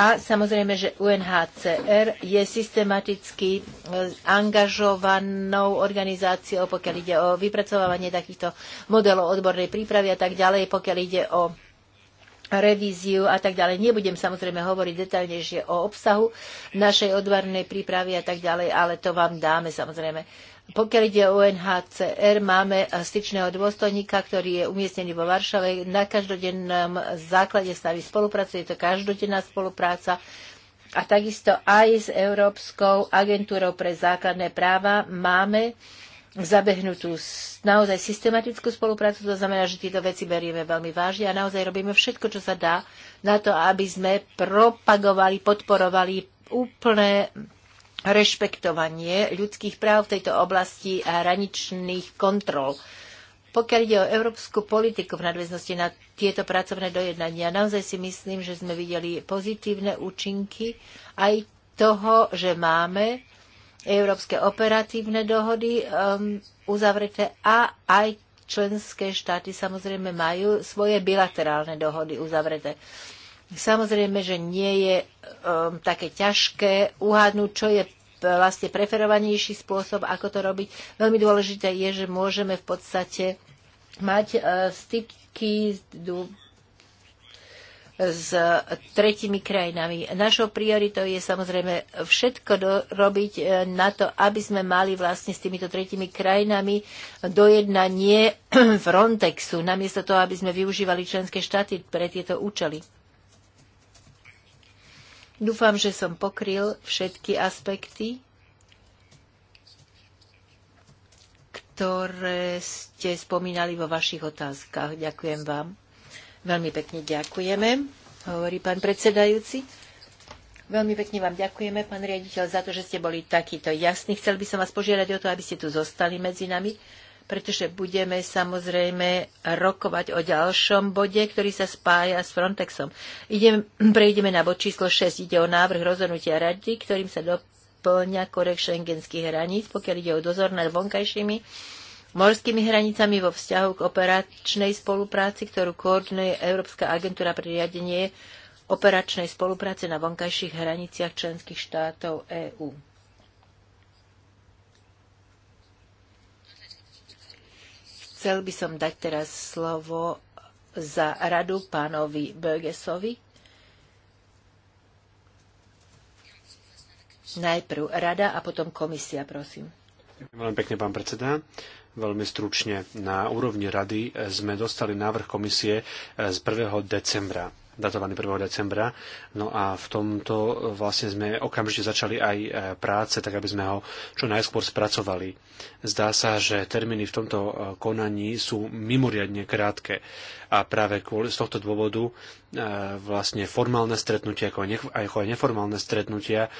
A samozrejme, že UNHCR je systematicky uh, angažovanou organizáciou, pokiaľ ide o vypracovávanie takýchto modelov odbornej prípravy a tak ďalej, pokiaľ ide o revíziu a tak ďalej. Nebudem samozrejme hovoriť detaľnejšie o obsahu našej odvarnej prípravy a tak ďalej, ale to vám dáme samozrejme. Pokiaľ ide o UNHCR, máme styčného dôstojníka, ktorý je umiestnený vo Varšave. Na každodennom základe s nami spolupracuje, je to každodenná spolupráca. A takisto aj s Európskou agentúrou pre základné práva máme uh, zabehnutú naozaj systematickú spoluprácu. To znamená, že tieto veci berieme veľmi vážne a naozaj robíme všetko, čo sa dá na to, aby sme propagovali, podporovali úplné rešpektovanie ľudských práv v tejto oblasti a hraničných kontrol. Pokiaľ ide o európsku politiku v nadväznosti na tieto pracovné dojednania, naozaj si myslím, že sme videli pozitívne účinky aj toho, že máme európske operatívne dohody um, uzavreté a aj členské štáty samozrejme majú svoje bilaterálne dohody uzavreté. Samozrejme, že nie je um, také ťažké uhádnuť, čo je vlastne preferovanejší spôsob, ako to robiť. Veľmi dôležité je, že môžeme v podstate mať uh, styky s tretimi krajinami. Našou prioritou je samozrejme všetko robiť e, na to, aby sme mali vlastne s týmito tretimi krajinami dojednanie (clears throat) Frontexu, namiesto toho, aby sme využívali členské štáty pre tieto účely. Dúfam, že som pokryl všetky aspekty ktoré ste spomínali vo vašich otázkach. Ďakujem vám. Veľmi pekne ďakujeme, hovorí pán predsedajúci. Veľmi pekne vám ďakujeme, pán riaditeľ, za to, že ste boli takýto jasný. Chcel by som vás požiadať o to, aby ste tu zostali medzi nami, pretože budeme samozrejme rokovať o ďalšom bode, ktorý sa spája s Frontexom. Idem, prejdeme na bod číslo 6. Ide o návrh rozhodnutia rady, ktorým sa doplňa korek šengenských hraníc, pokiaľ ide o dozor nad vonkajšími morskými hranicami vo vzťahu k operačnej spolupráci, ktorú koordinuje Európska agentúra pre riadenie operačnej spolupráce na vonkajších hraniciach členských štátov EÚ. Chcel by som dať teraz slovo za radu pánovi Bögesovi. Najprv rada a potom komisia, prosím. Veľmi pekne, pán predseda veľmi stručne. Na úrovni rady e, sme dostali návrh komisie e, z 1. decembra datovaný 1. decembra. No a v tomto e, vlastne sme okamžite začali aj práce, tak aby sme ho čo najskôr spracovali. Zdá sa, že termíny v tomto konaní sú mimoriadne krátke a práve kvôli, z tohto dôvodu e, vlastne formálne stretnutia ako aj, ne, ako aj neformálne stretnutia e,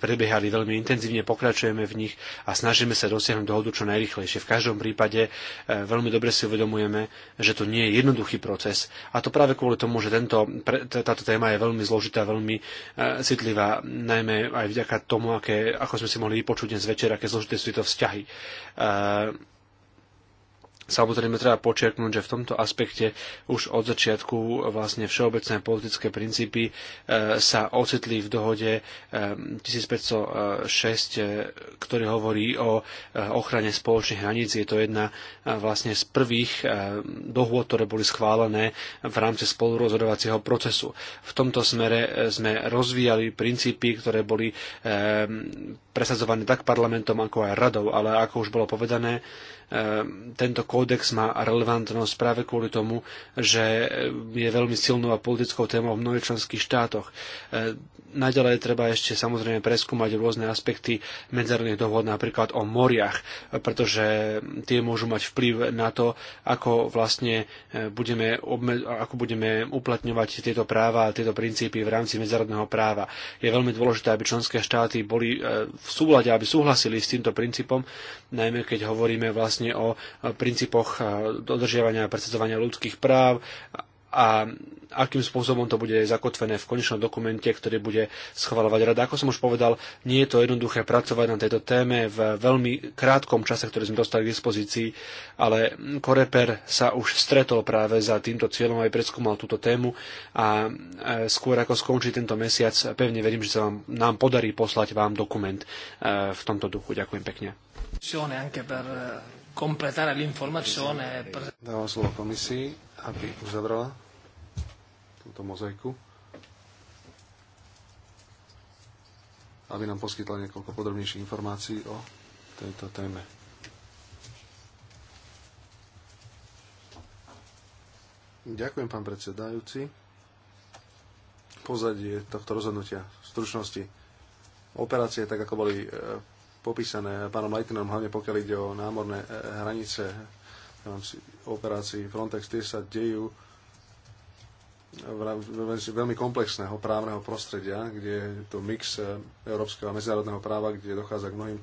prebiehali veľmi intenzívne, pokračujeme v nich a snažíme sa dosiahnuť dohodu čo najrychlejšie. V každom prípade e, veľmi dobre si uvedomujeme, že to nie je jednoduchý proces a to práve kvôli tomu, že tento, táto téma je veľmi zložitá, veľmi citlivá, najmä aj vďaka tomu, aké, ako sme si mohli vypočuť dnes večer, aké zložité sú tieto vzťahy Samozrejme treba počiarknúť, že v tomto aspekte už od začiatku vlastne všeobecné politické princípy e, sa ocitli v dohode 1506, e, e, ktorý hovorí o ochrane spoločných hraníc. Je to jedna vlastne z prvých dohôd, ktoré boli schválené v rámci spolurozhodovacieho procesu. V tomto smere sme rozvíjali princípy, ktoré boli presadzované tak parlamentom ako aj radou, ale ako už bolo povedané, Ehm, tento kódex má relevantnosť práve kvôli tomu, že je veľmi silnou a politickou témou v mnohých členských štátoch. Ehm, naďalej treba ešte samozrejme preskúmať rôzne aspekty medzerných dohod, napríklad o moriach, pretože tie môžu mať vplyv na to, ako vlastne ehm, budeme, obme- ako budeme uplatňovať tieto práva a tieto princípy v rámci medzerodného práva. Je veľmi dôležité, aby členské štáty boli v súlade, aby súhlasili s týmto princípom, najmä keď hovoríme vlastne vlastne o princípoch dodržiavania a presadzovania ľudských práv a akým spôsobom to bude zakotvené v konečnom dokumente, ktorý bude schvalovať rada. Ako som už povedal, nie je to jednoduché pracovať na tejto téme v veľmi krátkom čase, ktorý sme dostali k dispozícii, ale Koreper sa už stretol práve za týmto cieľom aj preskúmal túto tému a e, skôr ako skončí tento mesiac, pevne verím, že sa vám, nám podarí poslať vám dokument e, v tomto duchu. Ďakujem pekne completare l'informazione. Dávam slovo komisii, aby uzavrala túto mozaiku. Aby nám poskytla niekoľko podrobnejších informácií o tejto téme. Ďakujem, pán predsedajúci. Pozadie tohto rozhodnutia v stručnosti. Operácie, tak ako boli e, popísané pánom Leitnerom, hlavne pokiaľ ide o námorné e, hranice v rámci operácií Frontex, tie sa dejú v rámci veľmi komplexného právneho prostredia, kde je to mix e, európskeho a medzinárodného práva, kde dochádza k mnohým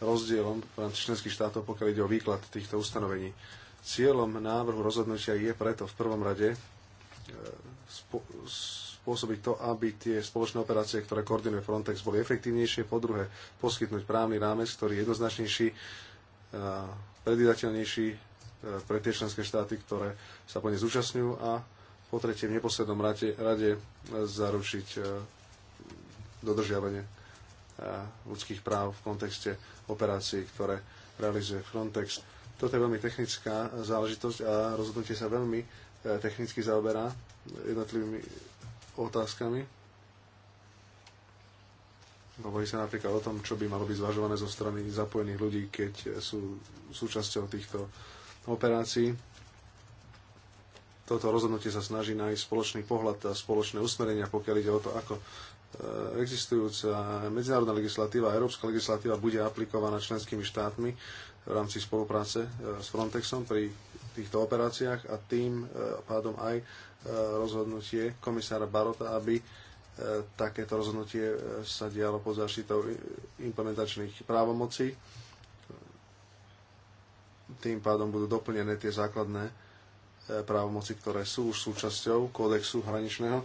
rozdielom v rámci členských štátov, pokiaľ ide o výklad týchto ustanovení. Cieľom návrhu rozhodnutia je preto v prvom rade e, spôsobiť to, aby tie spoločné operácie, ktoré koordinuje Frontex, boli efektívnejšie. Po druhé, poskytnúť právny rámec, ktorý je jednoznačnejší, e, predvydateľnejší e, pre tie členské štáty, ktoré sa po zúčastňujú a po tretie v neposlednom rade, rade zaručiť e, dodržiavanie ľudských práv v kontexte operácií, ktoré realizuje Frontex. Toto je veľmi technická záležitosť a rozhodnutie sa veľmi technicky zaoberá jednotlivými otázkami. Hovorí sa napríklad o tom, čo by malo byť zvažované zo strany zapojených ľudí, keď sú súčasťou týchto operácií. Toto rozhodnutie sa snaží nájsť spoločný pohľad a spoločné usmerenia, pokiaľ ide o to, ako e, existujúca medzinárodná legislatíva a európska legislatíva bude aplikovaná členskými štátmi v rámci spolupráce e, s Frontexom pri týchto operáciách a tým e, pádom aj e, rozhodnutie komisára Barota, aby takéto rozhodnutie sa dialo pod zaštitou implementačných právomocí. Tým pádom budú doplnené tie základné právomoci, ktoré sú už súčasťou kódexu hraničného.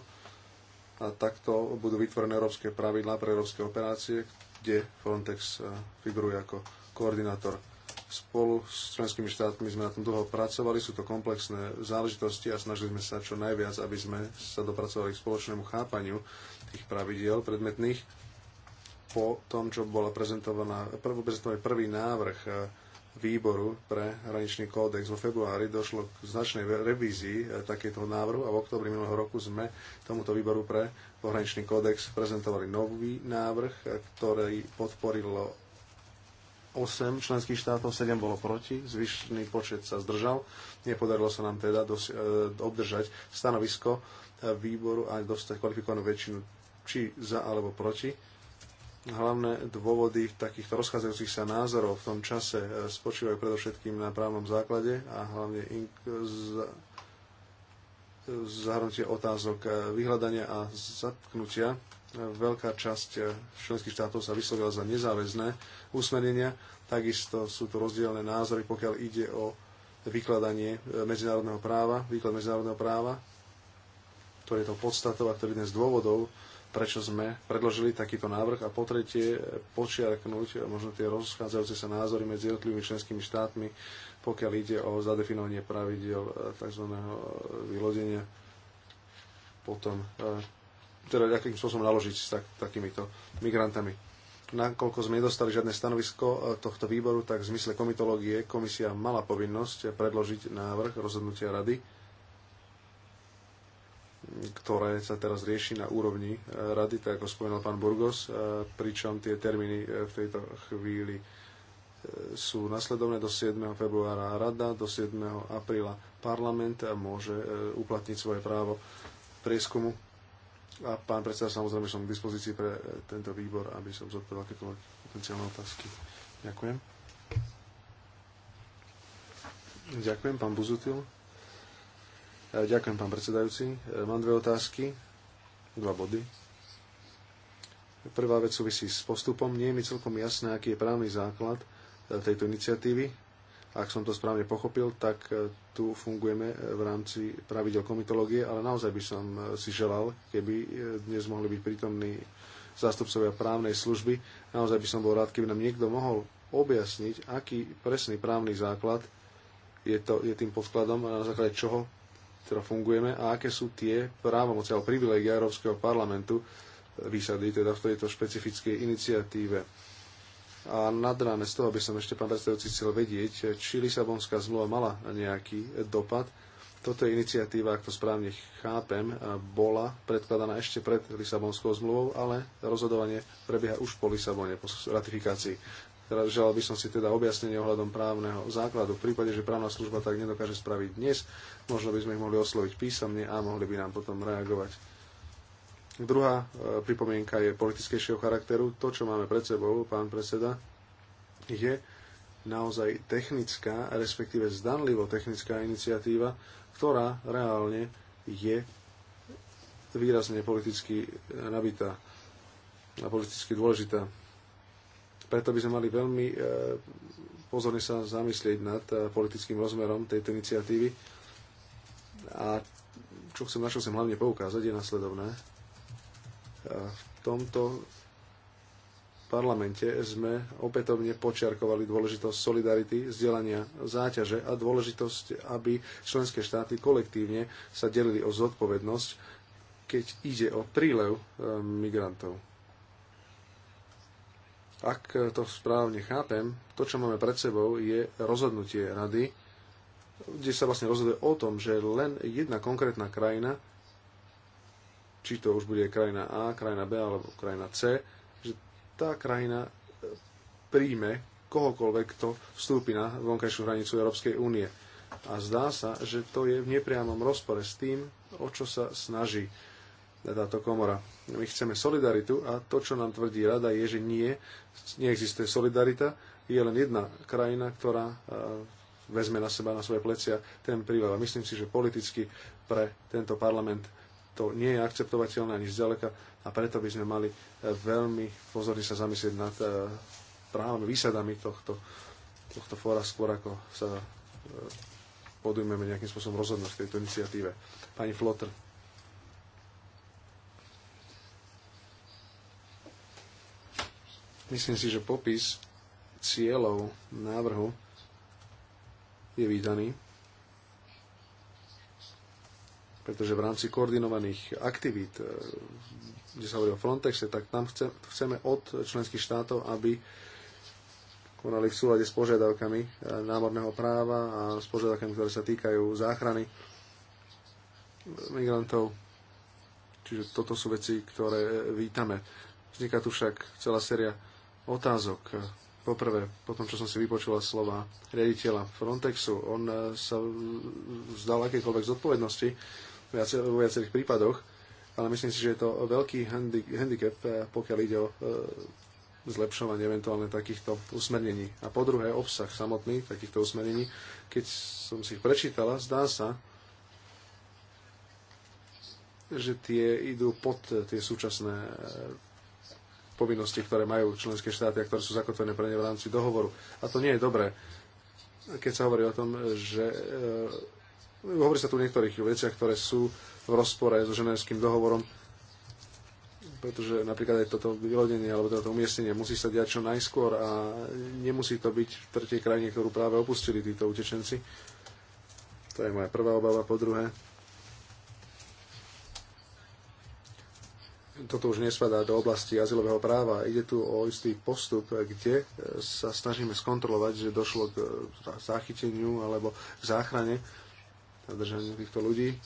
A takto budú vytvorené európske pravidlá pre európske operácie, kde Frontex figuruje ako koordinátor Spolu s členskými štátmi sme na tom dlho pracovali, sú to komplexné záležitosti a snažili sme sa čo najviac, aby sme sa dopracovali k spoločnému chápaniu tých pravidiel predmetných. Po tom, čo bola prezentovaná, prezentovaný prvý návrh e, výboru pre hraničný kódex vo februári došlo k značnej revízii e, takéto návrhu a v oktobri minulého roku sme tomuto výboru pre pohraničný kódex prezentovali nový návrh, e, ktorý podporilo 8 členských štátov, 7 bolo proti, zvyšný počet sa zdržal. Nepodarilo sa nám teda dos- e, obdržať stanovisko e, výboru a dostať kvalifikovanú väčšinu či za alebo proti. Hlavné dôvody takýchto rozchádzajúcich sa názorov v tom čase e, spočívajú predovšetkým na právnom základe a hlavne zahrnutie otázok vyhľadania a zatknutia. Veľká časť členských štátov sa vyslovila za nezáväzné usmernenia. Takisto sú tu rozdielne názory, pokiaľ ide o vykladanie e, medzinárodného práva, výklad medzinárodného práva, ktorý je to podstatou a ktorý je jeden z dôvodov, prečo sme predložili takýto návrh a po tretie e, počiarknúť e, možno tie rozchádzajúce sa názory medzi jednotlivými členskými štátmi, pokiaľ ide o zadefinovanie pravidel tzv. vylodenia, potom teda akým spôsobom naložiť s tak, takýmito migrantami nakoľko sme nedostali žiadne stanovisko e, tohto výboru, tak v zmysle komitológie komisia mala povinnosť predložiť návrh rozhodnutia rady, ktoré sa teraz rieši na úrovni e, rady, tak ako spomenul pán Burgos, e, pričom tie termíny v tejto chvíli sú nasledovné do 7. februára rada, do 7. apríla parlament a môže uplatniť svoje právo prieskumu a pán predseda, samozrejme, som k dispozícii pre e, tento výbor, aby som zodpovedal akékoľvek potenciálne otázky. Ďakujem. Ďakujem, pán Buzutil. E, ďakujem, pán predsedajúci. E, mám dve otázky, dva body. Prvá vec súvisí s postupom. Nie je mi celkom jasné, aký je právny základ tejto iniciatívy ak som to správne pochopil, tak e, tu fungujeme e, v rámci pravidel komitológie, ale naozaj by som e, si želal, keby dnes mohli byť prítomní zástupcovia právnej služby. Naozaj by som bol rád, keby nám niekto mohol objasniť, aký presný právny základ je, to, je tým podkladom a na základe čoho teda fungujeme a aké sú tie právomoci alebo privilegia Európskeho parlamentu výsady teda v tejto špecifickej iniciatíve a nad rámec toho by som ešte, pán predsedajúci, chcel vedieť, či Lisabonská zmluva mala nejaký dopad. Toto je iniciatíva, ak to správne chápem, bola predkladaná ešte pred Lisabonskou zmluvou, ale rozhodovanie prebieha už po Lisabone, po ratifikácii. Teraz želal by som si teda objasnenie ohľadom právneho základu. V prípade, že právna služba tak nedokáže spraviť dnes, možno by sme ich mohli osloviť písomne a mohli by nám potom reagovať Druhá e, pripomienka je politickejšieho charakteru. To, čo máme pred sebou, pán predseda, je naozaj technická, respektíve zdanlivo technická iniciatíva, ktorá reálne je výrazne politicky e, nabitá a politicky dôležitá. Preto by sme mali veľmi e, pozorne sa zamyslieť nad politickým rozmerom tejto iniciatívy. A čo chcem, na čo chcem hlavne poukázať, je nasledovné v tomto parlamente sme opätovne počiarkovali dôležitosť solidarity, vzdelania záťaže a dôležitosť, aby členské štáty kolektívne sa delili o zodpovednosť, keď ide o prílev e, migrantov. Ak to správne chápem, to, čo máme pred sebou, je rozhodnutie rady, kde sa vlastne rozhoduje o tom, že len jedna konkrétna krajina či to už bude krajina A, krajina B alebo krajina C, že tá krajina e, príjme kohokoľvek, kto vstúpi na vonkajšiu hranicu Európskej únie. A zdá sa, že to je v nepriamom rozpore s tým, o čo sa snaží táto komora. My chceme solidaritu a to, čo nám tvrdí rada, je, že nie, neexistuje solidarita. Je len jedna krajina, ktorá e, vezme na seba, na svoje plecia ten príval. A myslím si, že politicky pre tento parlament to nie je akceptovateľné ani zďaleka a preto by sme mali eh, veľmi pozorne sa zamyslieť nad eh, právami, výsadami tohto, tohto fóra skôr, ako sa eh, podujmeme nejakým spôsobom rozhodnúť v tejto iniciatíve. Pani Flotr. Myslím si, že popis cieľov návrhu je vydaný pretože v rámci koordinovaných aktivít, e, kde sa hovorí o Frontexe, tak tam chceme od členských štátov, aby konali v súlade s požiadavkami e, námorného práva a s požiadavkami, ktoré sa týkajú záchrany migrantov. Čiže toto sú veci, ktoré vítame. Vzniká tu však celá séria otázok. Poprvé, po tom, čo som si vypočula slova riaditeľa Frontexu, on e, sa vzdal akékoľvek zodpovednosti vo viacerých prípadoch, ale myslím si, že je to veľký handicap, eh, pokiaľ ide o eh, zlepšovanie eventuálne takýchto usmernení. A po druhé, obsah samotný takýchto usmernení, keď som si ich prečítala, zdá sa, že tie idú pod eh, tie súčasné povinnosti, ktoré majú členské štáty a ktoré sú zakotvené pre ne v rámci dohovoru. A to nie je dobré. Keď sa hovorí o tom, že Hovorí sa tu o niektorých veciach, ktoré sú v rozpore so ženevským dohovorom, pretože napríklad aj toto vylodenie alebo toto umiestnenie musí sa diať čo najskôr a nemusí to byť v tretej krajine, ktorú práve opustili títo utečenci. To je moja prvá obava. Po druhé, toto už nespadá do oblasti azylového práva. Ide tu o istý postup, kde sa snažíme skontrolovať, že došlo k zachyteniu alebo k záchrane zadržanie týchto ľudí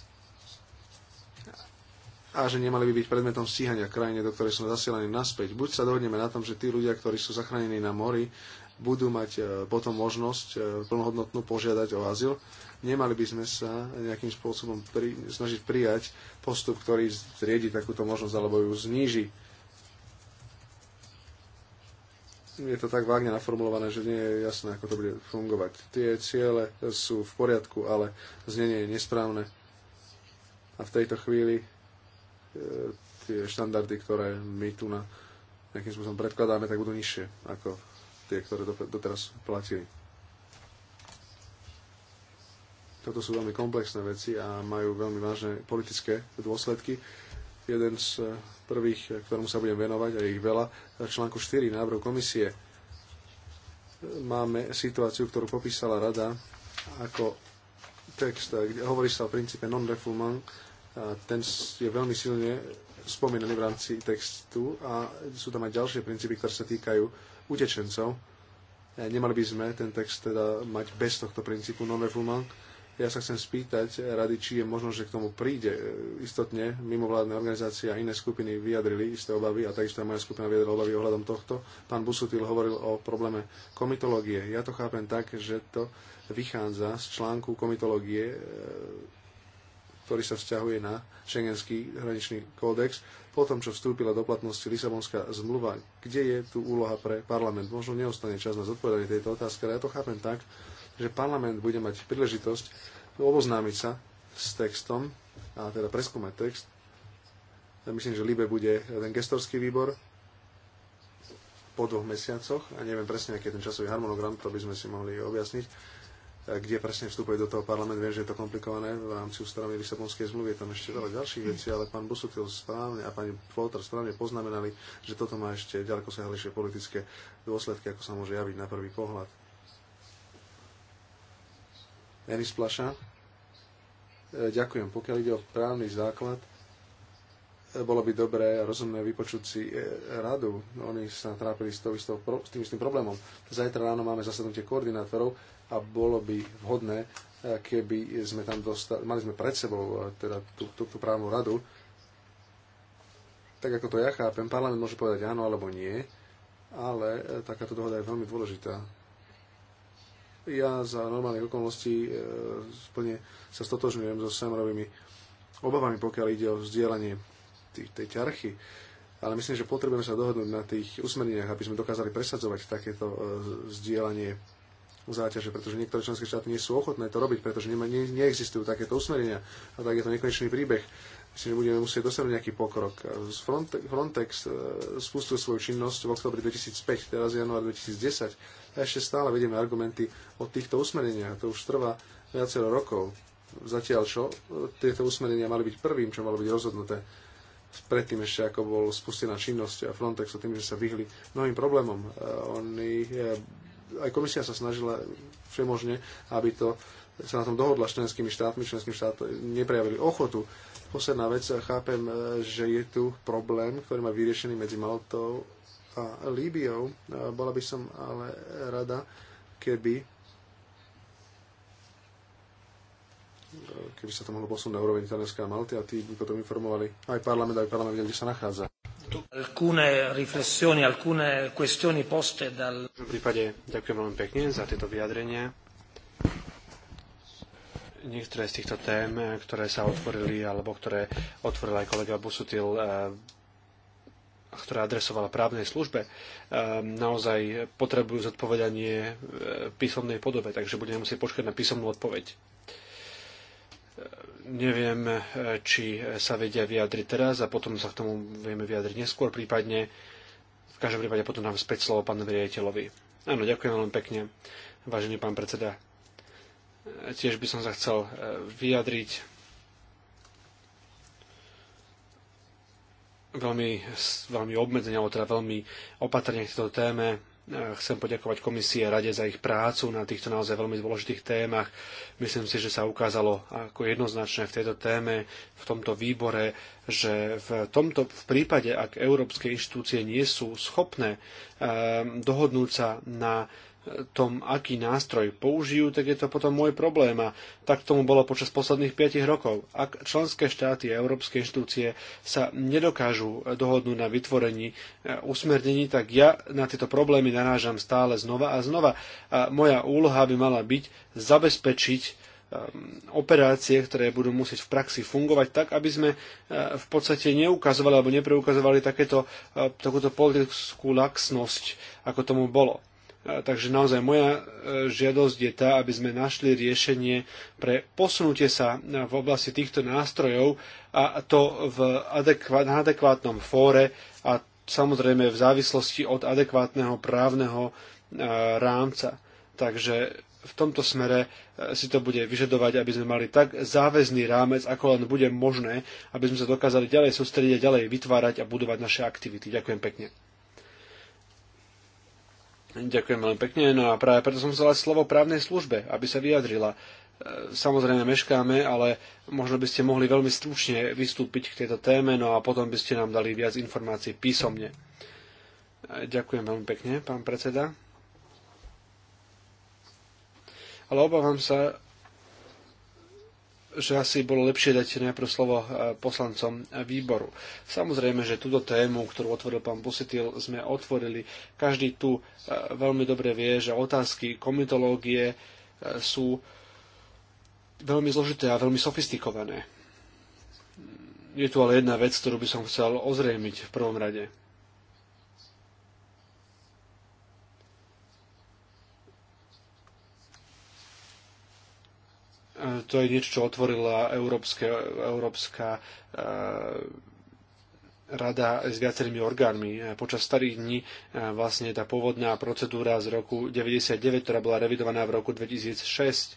a že nemali by byť predmetom stíhania krajine, do ktorej sme zasielaní naspäť. Buď sa dohodneme na tom, že tí ľudia, ktorí sú zachránení na mori, budú mať e, potom možnosť e, plnohodnotnú požiadať o azyl. Nemali by sme sa nejakým spôsobom pri, snažiť prijať postup, ktorý zriedi takúto možnosť alebo ju zníži je to tak vágne naformulované, že nie je jasné, ako to bude fungovať. Tie ciele sú v poriadku, ale znenie je nesprávne. A v tejto chvíli e, tie štandardy, ktoré my tu na nejakým spôsobom predkladáme, tak budú nižšie ako tie, ktoré doteraz platili. Toto sú veľmi komplexné veci a majú veľmi vážne politické dôsledky jeden z eh, prvých, eh, ktorom sa budem venovať, a ich veľa, eh, článku 4 návrhu komisie. Máme situáciu, ktorú popísala rada ako text, kde hovorí sa o princípe non-refoulement, ten je veľmi silne spomínaný v rámci textu a sú tam aj ďalšie princípy, ktoré sa týkajú utečencov. Nemali by sme ten text teda mať bez tohto princípu non-refoulement, ja sa chcem spýtať rady, či je možno, že k tomu príde. Istotne, mimovládne organizácie a iné skupiny vyjadrili isté obavy a takisto aj moja skupina vyjadrila obavy ohľadom tohto. Pán Busutil hovoril o probléme komitológie. Ja to chápem tak, že to vychádza z článku komitológie, e, ktorý sa vzťahuje na šengenský hraničný kódex, po tom, čo vstúpila do platnosti Lisabonská zmluva, kde je tu úloha pre parlament. Možno neostane čas na zodpovedanie tejto otázky, ale ja to chápem tak, že parlament bude mať príležitosť oboznámiť sa s textom, a teda preskúmať text. Ja myslím, že Libe bude ten gestorský výbor po dvoch mesiacoch a neviem presne, aký je ten časový harmonogram, to by sme si mohli objasniť, kde presne vstupuje do toho parlamentu. Viem, že je to komplikované v rámci ústavy Lisabonskej zmluvy, je tam ešte veľa ďalších vecí, ale pán Busutil správne a pani Flotter správne poznamenali, že toto má ešte ďaleko siahlejšie politické dôsledky, ako sa môže javiť na prvý pohľad. Enis Plaša. E, ďakujem. Pokiaľ ide o právny základ, e, bolo by dobré a rozumné vypočuť si e, radu. Oni sa trápili s, to, s, tým istým problémom. Zajtra ráno máme zasadnutie koordinátorov a bolo by vhodné, keby sme tam dostali, mali sme pred sebou teda tú, tú, tú právnu radu. Tak ako to ja chápem, parlament môže povedať áno alebo nie, ale takáto dohoda je veľmi dôležitá ja za normálnych okolností e, plne sa stotožňujem so Samrovými obavami, pokiaľ ide o vzdielanie tých, tej ťarchy. Ale myslím, že potrebujeme sa dohodnúť na tých usmerneniach, aby sme dokázali presadzovať takéto e, vzdielanie záťaže, pretože niektoré členské štáty nie sú ochotné to robiť, pretože nema, ne, neexistujú takéto usmerenia. A tak je to nekonečný príbeh. Myslím, že budeme musieť dosiahnuť nejaký pokrok. Frontex, Frontex spustil svoju činnosť v oktobri 2005, teraz január 2010 ešte stále vidíme argumenty o týchto usmereniach. To už trvá viacero rokov. Zatiaľ čo e, tieto usmerenia mali byť prvým, čo malo byť rozhodnuté predtým ešte ako bol spustená činnosť a Frontexu tým, že sa vyhli mnohým problémom. E, oni, e, aj komisia sa snažila všemožne, aby to sa na tom dohodla s členskými štátmi, členským štátom neprejavili ochotu. Posledná vec, chápem, že je tu problém, ktorý má vyriešený medzi Maltou a Líbiou. Bola by som ale rada, keby keby sa to mohlo posunúť na úroveň Talianska a Malty a tí by potom informovali aj parlament, aj parlament, kde sa nachádza. Alcune riflessioni, alcune questioni poste dal... V prípade ďakujem veľmi pekne za tieto vyjadrenia. Niektoré z týchto tém, ktoré sa otvorili, alebo ktoré otvoril aj kolega Busutil, eh, ktorá adresovala právnej službe, eh, naozaj potrebujú zodpovedanie eh, v písomnej podobe, takže budeme musieť počkať na písomnú odpoveď. Eh, neviem, či sa vedia vyjadriť teraz a potom sa k tomu vieme vyjadriť neskôr, prípadne v každom prípade potom nám späť slovo pánovi riaditeľovi. Áno, ďakujem veľmi pekne, vážený pán predseda. Tiež by som sa chcel vyjadriť veľmi, veľmi obmedzene, alebo teda veľmi opatrne k tejto téme. E, chcem poďakovať komisie a rade za ich prácu na týchto naozaj veľmi dôležitých témach. Myslím si, že sa ukázalo ako jednoznačné v tejto téme, v tomto výbore, že v tomto v prípade, ak európske inštitúcie nie sú schopné e, dohodnúť sa na tom, aký nástroj použijú, tak je to potom môj problém a tak tomu bolo počas posledných 5 rokov. Ak členské štáty a európske inštitúcie sa nedokážu dohodnúť na vytvorení e, usmernení, tak ja na tieto problémy narážam stále znova a znova. A moja úloha by mala byť zabezpečiť e, operácie, ktoré budú musieť v praxi fungovať tak, aby sme e, v podstate neukazovali alebo nepreukazovali takéto, takúto politickú laxnosť, ako tomu bolo. Takže naozaj moja e, žiadosť je tá, aby sme našli riešenie pre posunutie sa v oblasti týchto nástrojov a to v adekvát, na adekvátnom fóre a samozrejme v závislosti od adekvátneho právneho e, rámca. Takže v tomto smere e, si to bude vyžadovať, aby sme mali tak záväzný rámec, ako len bude možné, aby sme sa dokázali ďalej sústrediť, ďalej vytvárať a budovať naše aktivity. Ďakujem pekne. Ďakujem veľmi pekne. No a práve preto som chcela slovo právnej službe, aby sa vyjadrila. E, samozrejme meškáme, ale možno by ste mohli veľmi stručne vystúpiť k tejto téme, no a potom by ste nám dali viac informácií písomne. E, ďakujem veľmi pekne, pán predseda. Ale obávam sa, že asi bolo lepšie dať najprv slovo e, poslancom e, výboru. Samozrejme, že túto tému, ktorú otvoril pán Busitil, sme otvorili. Každý tu e, veľmi dobre vie, že otázky komitológie sú veľmi zložité a veľmi sofistikované. Je tu ale jedna vec, ktorú by som chcel ozrejmiť v prvom rade. E, to je niečo, čo otvorila Európske, Európska e, rada s viacerými orgánmi. E, počas starých dní vlastne tá pôvodná procedúra z roku 99, ktorá bola revidovaná v roku 2006,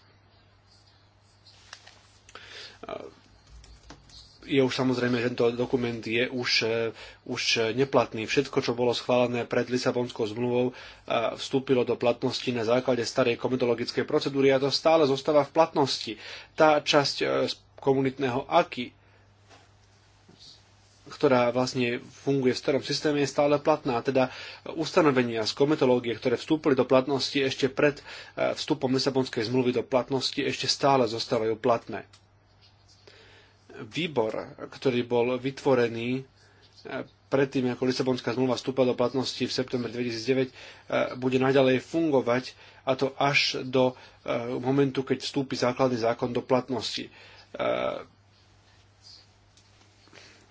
je už samozrejme, že tento dokument je už, e, už neplatný. Všetko, čo bolo schválené pred Lisabonskou zmluvou, e, vstúpilo do platnosti na základe starej komitologickej procedúry a to stále zostáva v platnosti. Tá časť e, komunitného AKI, ktorá vlastne funguje v starom systéme, je stále platná. Teda ustanovenia z kometológie, ktoré vstúpili do platnosti ešte pred vstupom Lisabonskej zmluvy do platnosti, ešte stále zostávajú platné výbor, ktorý bol vytvorený e, predtým, ako Lisabonská zmluva vstúpa do platnosti v septembri 2009, e, bude naďalej fungovať a to až do e, momentu, keď vstúpi základný zákon do platnosti.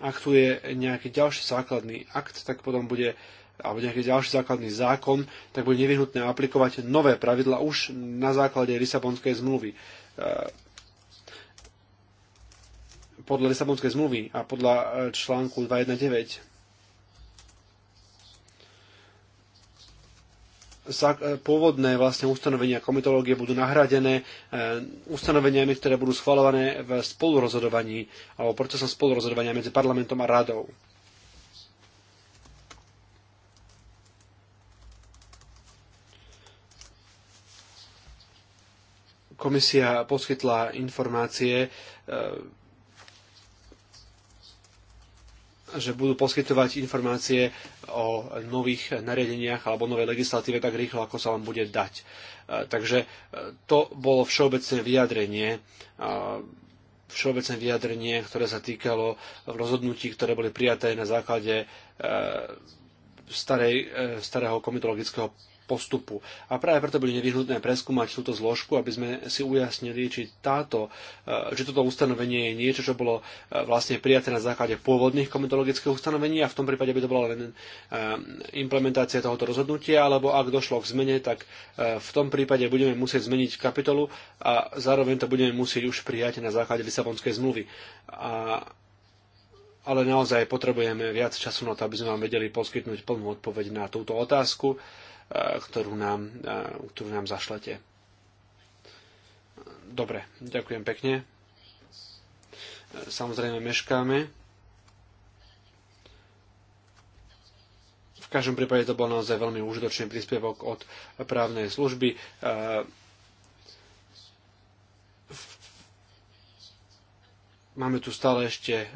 Ak tu je nejaký ďalší základný akt, tak potom bude alebo nejaký ďalší základný zákon, tak bude nevyhnutné aplikovať nové pravidla už na základe Lisabonskej zmluvy podľa Lisabonskej zmluvy a podľa e, článku 219 e, pôvodné vlastne ustanovenia komitológie budú nahradené e, ustanoveniami, ktoré budú schvalované v spolurozhodovaní alebo procesom spolurozhodovania medzi parlamentom a radou. Komisia poskytla informácie že budú poskytovať informácie o nových nariadeniach alebo novej legislatíve tak rýchlo, ako sa vám bude dať. E, takže e, to bolo všeobecné vyjadrenie e, všeobecné vyjadrenie, ktoré sa týkalo rozhodnutí, ktoré boli prijaté na základe starej, starého komitologického postupu. A práve preto boli nevyhnutné preskúmať túto zložku, aby sme si ujasnili, či, táto, eh, či toto ustanovenie je niečo, čo bolo eh, vlastne prijaté na základe pôvodných komitologických ustanovení a v tom prípade by to bola len eh, implementácia tohoto rozhodnutia, alebo ak došlo k zmene, tak v tom prípade budeme musieť zmeniť kapitolu a zároveň to budeme musieť už prijať na základe Lisabonskej zmluvy. A ale naozaj potrebujeme viac času na to, aby sme vám vedeli poskytnúť plnú odpoveď na túto otázku ktorú nám, e, ktorú nám zašlete. Dobre, ďakujem pekne. Samozrejme meškáme. V každom prípade to bol naozaj veľmi užitočný príspevok od právnej služby. E, Máme tu stále ešte e,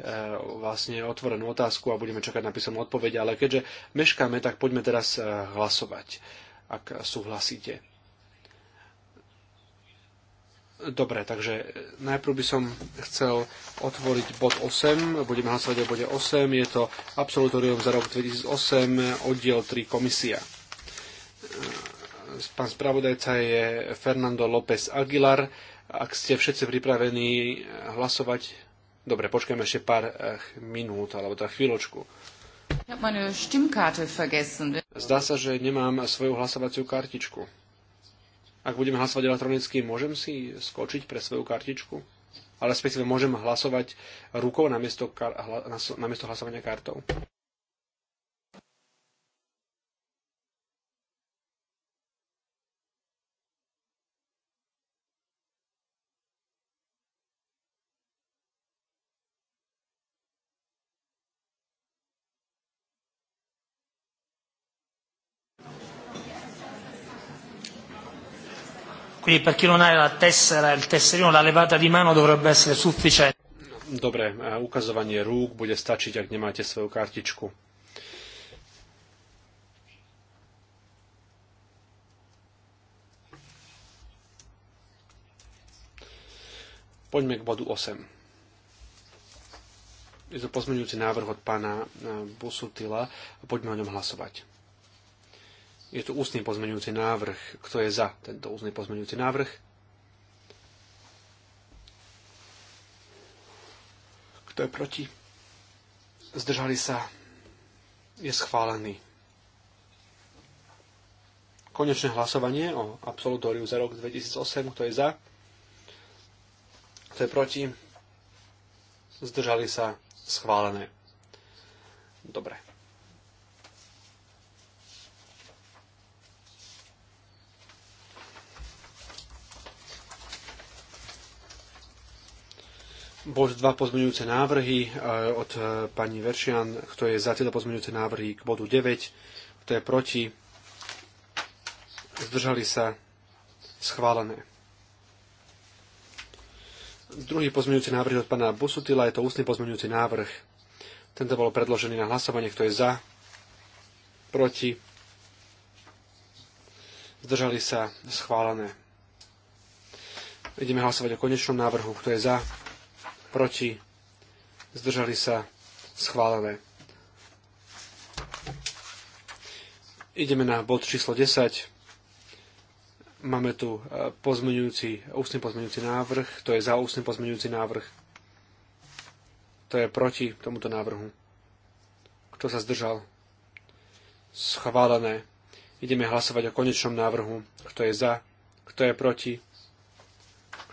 vlastne otvorenú otázku a budeme čakať na písomnú odpoveď, ale keďže meškáme, tak poďme teraz e, hlasovať, ak súhlasíte. Dobre, takže e, najprv by som chcel otvoriť bod 8. Budeme hlasovať o bode 8. Je to absolutorium za rok 2008, oddiel 3 komisia. E, pán spravodajca je Fernando López Aguilar. Ak ste všetci pripravení hlasovať, Dobre, počkajme ešte pár eh, minút, alebo teda chvíľočku. Zdá sa, že nemám svoju hlasovaciu kartičku. Ak budem hlasovať elektronicky, môžem si skočiť pre svoju kartičku? Ale respektíve môžem hlasovať rukou namiesto, kar- namiesto hlasovania kartou. Quindi per chi non ha la tessera, il tesserino, la levata di mano dovrebbe essere sufficiente. Dobre, ukazovanie rúk bude stačiť, ak nemáte svoju kartičku. Poďme k bodu 8 je to pozmeňujúci návrh od pána eh, Busutila. Poďme o ňom hlasovať. Je tu ústny pozmeňujúci návrh. Kto je za tento ústny pozmeňujúci návrh? Kto je proti? Zdržali sa. Je schválený. Konečné hlasovanie o absolutóriu za rok 2008. Kto je za? Kto je proti? Zdržali sa. Schválené. Dobre. bod 2 pozmeňujúce návrhy e, od e, pani Veršian, kto je za tieto pozmeňujúce návrhy k bodu 9, kto je proti, zdržali sa schválené. Druhý pozmeňujúci návrh od pána Busutila je to ústny pozmeňujúci návrh. Tento bol predložený na hlasovanie, kto je za, proti, zdržali sa schválené. Ideme hlasovať o konečnom návrhu, kto je za, proti, zdržali sa, schválené. Ideme na bod číslo 10. Máme tu e, pozmeňujúci, ústny pozmeňujúci návrh, to je za ústny pozmeňujúci návrh. To je proti tomuto návrhu. Kto sa zdržal? Schválené. Ideme hlasovať o konečnom návrhu. Kto je za? Kto je proti?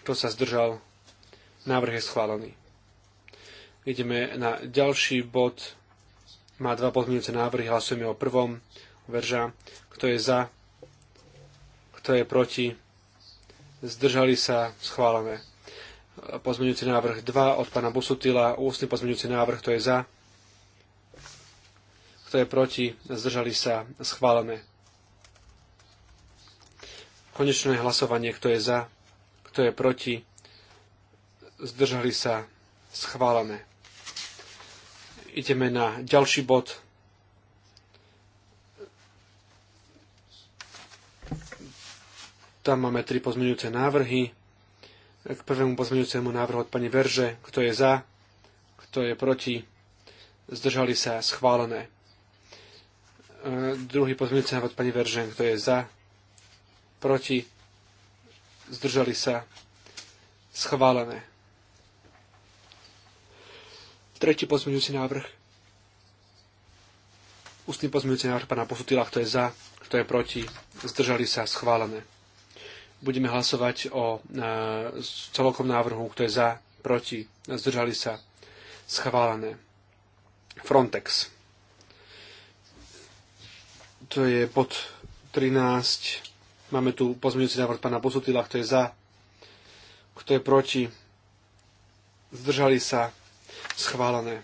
Kto sa zdržal? Návrh je schválený. Ideme na ďalší bod. Má dva pozmeňujúce návrhy. Hlasujeme o prvom verža. Kto je za? Kto je proti? Zdržali sa? Schválené. Pozmeňujúci návrh 2 od pána Busutila. Ústny pozmeňujúci návrh. Kto je za? Kto je proti? Zdržali sa? Schválené. Konečné hlasovanie. Kto je za? Kto je proti? zdržali sa, schválame. Ideme na ďalší bod. Tam máme tri pozmeňujúce návrhy. K prvému pozmeňujúcemu návrhu od pani Verže, kto je za, kto je proti, zdržali sa, schválené. E, druhý pozmeňujúci návrh od pani Verže, kto je za, proti, zdržali sa, schválené. Tretí pozmeňujúci návrh. Ústny pozmeňujúci návrh pána Posutila, kto je za, kto je proti, zdržali sa, schválené. Budeme hlasovať o e, návrhu, kto je za, proti, zdržali sa, schválené. Frontex. To je pod 13. Máme tu pozmeňujúci návrh pána Posutila, kto je za, kto je proti, zdržali sa, Schválené.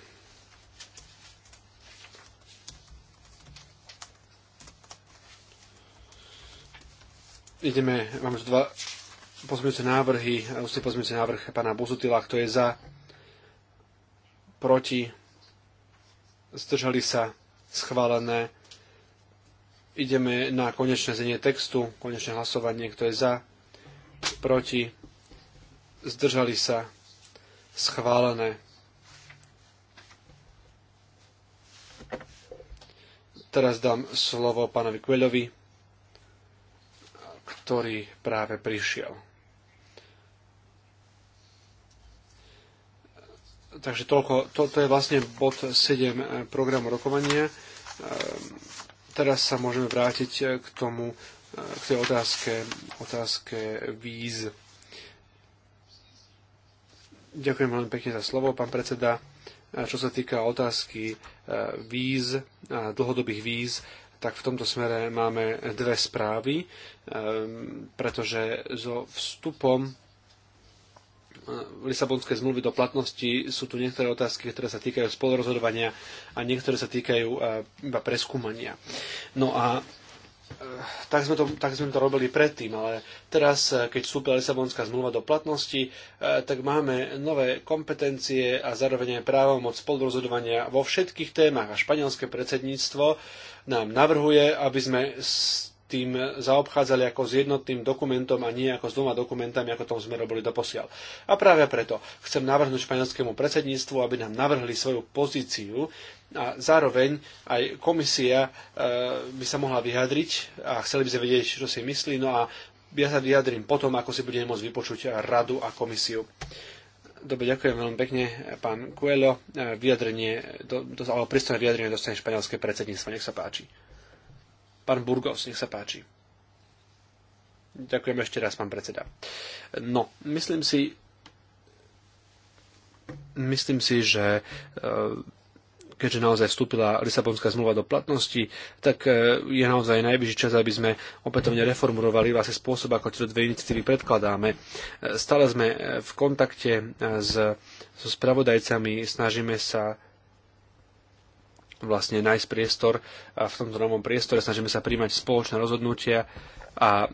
Ideme, máme tu dva pozmeňujúce návrhy, ústne pozmeňujúce návrh pána Buzutila, kto je za, proti, zdržali sa, schválené. Ideme na konečné znenie textu, konečné hlasovanie, kto je za, proti, zdržali sa, schválené. Teraz dám slovo pánovi Kveľovi, ktorý práve prišiel. Takže toľko, to je vlastne bod 7 eh, programu rokovania. Eh, teraz sa môžeme vrátiť eh, k tomu, k tej otázke, otázke víz. Ďakujem veľmi pekne za slovo, pán predseda čo sa týka otázky e, víz, dlhodobých víz, tak v tomto smere máme dve správy, e, pretože so vstupom e, Lisabonskej zmluvy do platnosti sú tu niektoré otázky, ktoré sa týkajú spolurozhodovania a niektoré sa týkajú iba preskúmania. No a tak sme, to, tak sme to robili predtým, ale teraz, eh, keď vstúpila Lisabonská zmluva do platnosti, eh, tak máme nové kompetencie a zároveň aj právomoc spolurozhodovania vo všetkých témach. A španielské predsedníctvo nám navrhuje, aby sme s tým zaobchádzali ako s jednotným dokumentom a nie ako s dvoma dokumentami, ako tom sme robili doposiaľ. A práve preto chcem navrhnúť španielskému predsedníctvu, aby nám navrhli svoju pozíciu a zároveň aj komisia e, by sa mohla vyjadriť a chceli by sme vedieť, čo si myslí. No a ja sa vyjadrím potom, ako si budeme môcť vypočuť radu a komisiu. Dobre, ďakujem veľmi pekne, pán Coelho. E, vyjadrenie, do, do, alebo prístojné vyjadrenie dostane španielské predsedníctvo. Nech sa páči. Pán Burgos, nech sa páči. Ďakujem ešte raz, pán predseda. No, myslím si, myslím si, že e, keďže naozaj vstúpila Lisabonská zmluva do platnosti, tak e, je naozaj najvyšší čas, aby sme opätovne reformulovali vlastne spôsob, ako tieto dve iniciatívy predkladáme. E, stále sme e, v kontakte s, so spravodajcami, snažíme sa vlastne nájsť priestor a v tomto novom priestore snažíme sa príjmať spoločné rozhodnutia a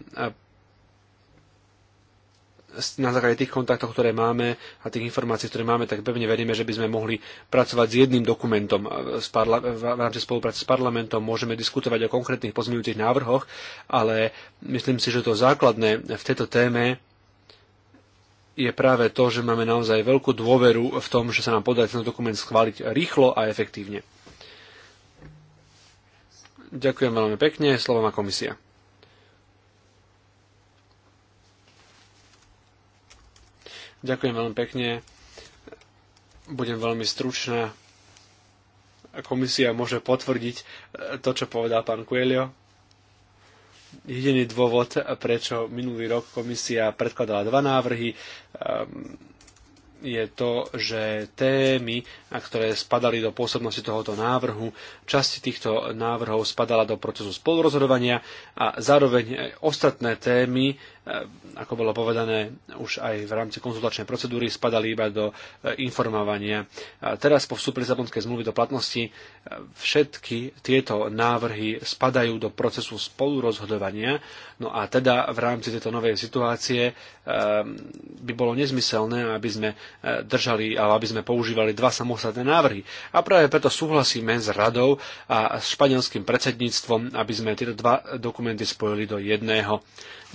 na základe tých kontaktov, ktoré máme a tých informácií, ktoré máme, tak pevne veríme, že by sme mohli pracovať s jedným dokumentom e, v rámci spolupráce s parlamentom. Môžeme diskutovať o konkrétnych pozmeňujúcich návrhoch, ale myslím si, že to základné v tejto téme je práve to, že máme naozaj veľkú dôveru v tom, že sa nám podarí ten dokument schváliť rýchlo a efektívne. Ďakujem veľmi pekne, slovo má komisia. Ďakujem veľmi pekne. Budem veľmi stručná. Komisia môže potvrdiť e, to, čo povedal pán Coelho. Jediný dôvod, e, prečo minulý rok komisia predkladala dva návrhy, ehm, je to, že témy, ktoré spadali do pôsobnosti tohoto návrhu, časti týchto návrhov spadala do procesu spolurozhodovania a zároveň ostatné témy Eh, ako bolo povedané, už aj v rámci konzultačnej procedúry spadali iba do eh, informovania. Teraz po vstupe Lisabonskej zmluvy do platnosti eh, všetky tieto návrhy spadajú do procesu spolurozhodovania, no a teda v rámci tejto novej situácie by bolo nezmyselné, aby sme držali, ale aby sme používali dva samostatné návrhy. A práve preto súhlasíme s radou a s španielským predsedníctvom, aby sme tieto dva dokumenty spojili do jedného.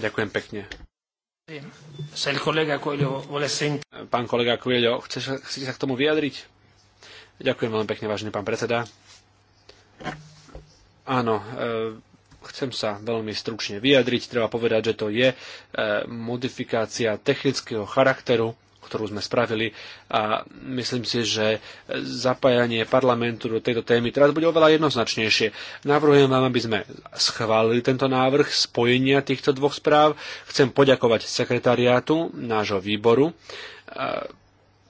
Ďakujem pekne. Pán kolega Coelho, chcete sa k tomu vyjadriť? Ďakujem veľmi pekne, vážený pán predseda. Áno, e, chcem sa veľmi stručne vyjadriť. Treba povedať, že to je e, modifikácia technického charakteru ktorú sme spravili a myslím si, že zapájanie parlamentu do tejto témy teraz bude oveľa jednoznačnejšie. Navrhujem vám, aby sme schválili tento návrh spojenia týchto dvoch správ. Chcem poďakovať sekretariátu nášho výboru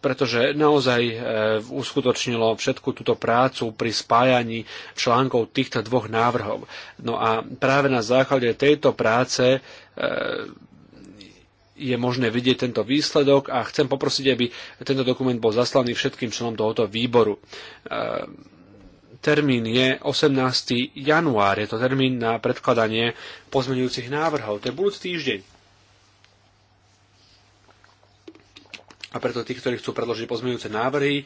pretože naozaj e, uskutočnilo všetku túto prácu pri spájaní článkov týchto dvoch návrhov. No a práve na základe tejto práce e, je možné vidieť tento výsledok a chcem poprosiť, aby tento dokument bol zaslaný všetkým členom tohoto výboru. E, termín je 18. január, je to termín na predkladanie pozmeňujúcich návrhov, to je budúci týždeň. A preto tí, ktorí chcú predložiť pozmeňujúce návrhy, e,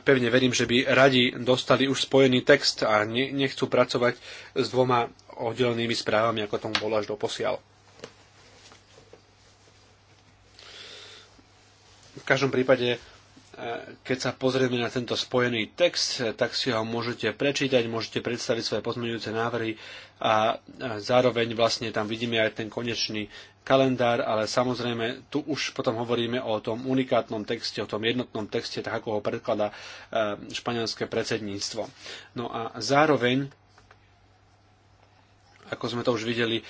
pevne verím, že by radi dostali už spojený text a nechcú pracovať s dvoma oddelenými správami, ako tomu bolo až do posiaľ. V každom prípade, e, keď sa pozrieme na tento spojený text, e, tak si ho môžete prečítať, môžete predstaviť svoje pozmeňujúce návrhy a zároveň vlastne tam vidíme aj ten konečný kalendár, ale samozrejme tu už potom hovoríme o tom unikátnom texte, o tom jednotnom texte, tak ako ho predkladá e, španielské predsedníctvo. No a zároveň ako sme to už videli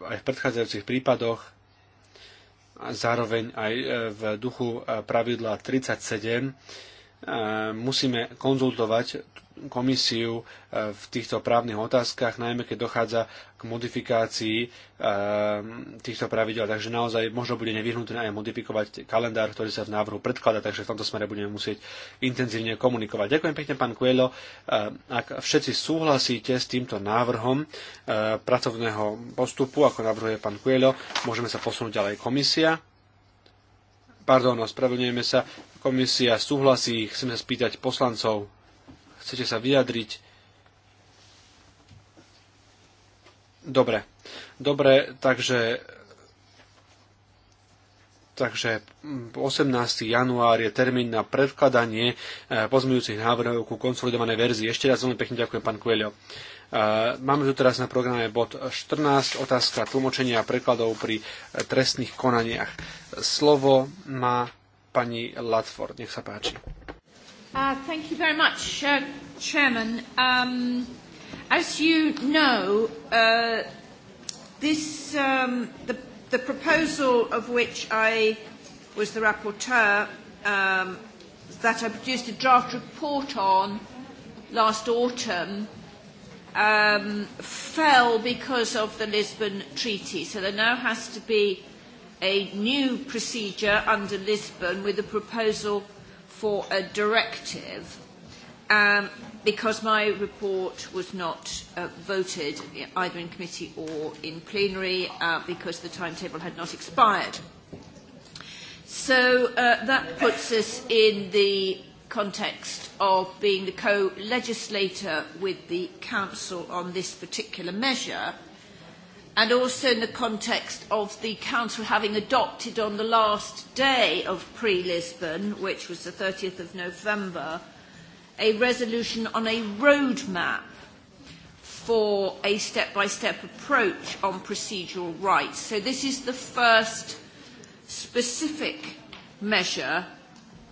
aj v predchádzajúcich prípadoch, zároveň aj e, v duchu e, pravidla 37 e, musíme konzultovať komisiu e, v týchto právnych otázkach, najmä keď dochádza k modifikácii e, týchto pravidel. Takže naozaj možno bude nevyhnutné aj modifikovať kalendár, ktorý sa v návrhu predklada, takže v tomto smere budeme musieť intenzívne komunikovať. Ďakujem pekne, pán Kuelo. E, ak všetci súhlasíte s týmto návrhom pracovného postupu, ako navrhuje pán Kuelo, môžeme sa posunúť ďalej komisia pardon, ospravedlňujeme sa, komisia súhlasí, chcem sa spýtať poslancov. Chcete sa vyjadriť? Dobre. Dobre, takže Takže 18. január je termín na predkladanie eh, pozmeňujúcich návrhov ku konsolidovanej verzii. Ešte raz veľmi pekne ďakujem, pán Kuelio. Eh, máme tu teraz na programe bod 14, otázka tlmočenia prekladov pri eh, trestných konaniach. Slovo má pani Latford, nech sa páči. Uh, thank you very much, uh, Chairman. Um, as you know, uh, this, um, the, the proposal of which I was the rapporteur, um, that I produced a draft report on last autumn, um, fell because of the Lisbon Treaty. So there now has to be a new procedure under Lisbon with a proposal for a directive um, because my report was not uh, voted either in committee or in plenary uh, because the timetable had not expired. So uh, that puts us in the context of being the co-legislator with the Council on this particular measure – and also in the context of the Council having adopted on the last day of pre-Lisbon, which was the 30th of November, a resolution on a roadmap for a step-by-step -step approach on procedural rights. So this is the first specific measure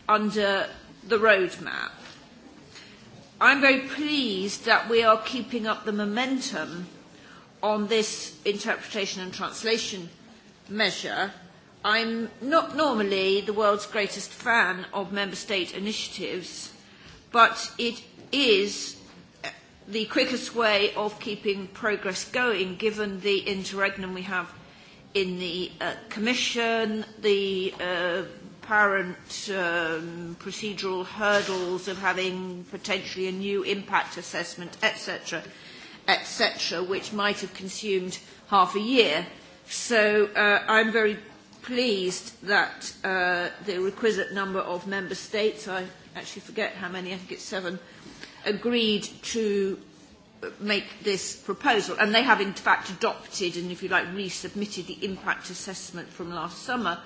under the roadmap. I'm very pleased that we are keeping up the momentum on this interpretation and translation measure. I'm not normally the world's greatest fan of member state initiatives, but it is the quickest way of keeping progress going given the interregnum we have in the uh, Commission, the uh, apparent um, procedural hurdles of having potentially a new impact assessment, etc etc., which might have consumed half a year. So uh, I'm very pleased that uh, the requisite number of member states, I actually forget how many, I think it's seven, agreed to uh, make this proposal. And they have in fact adopted and, if you like, resubmitted the impact assessment from last summer.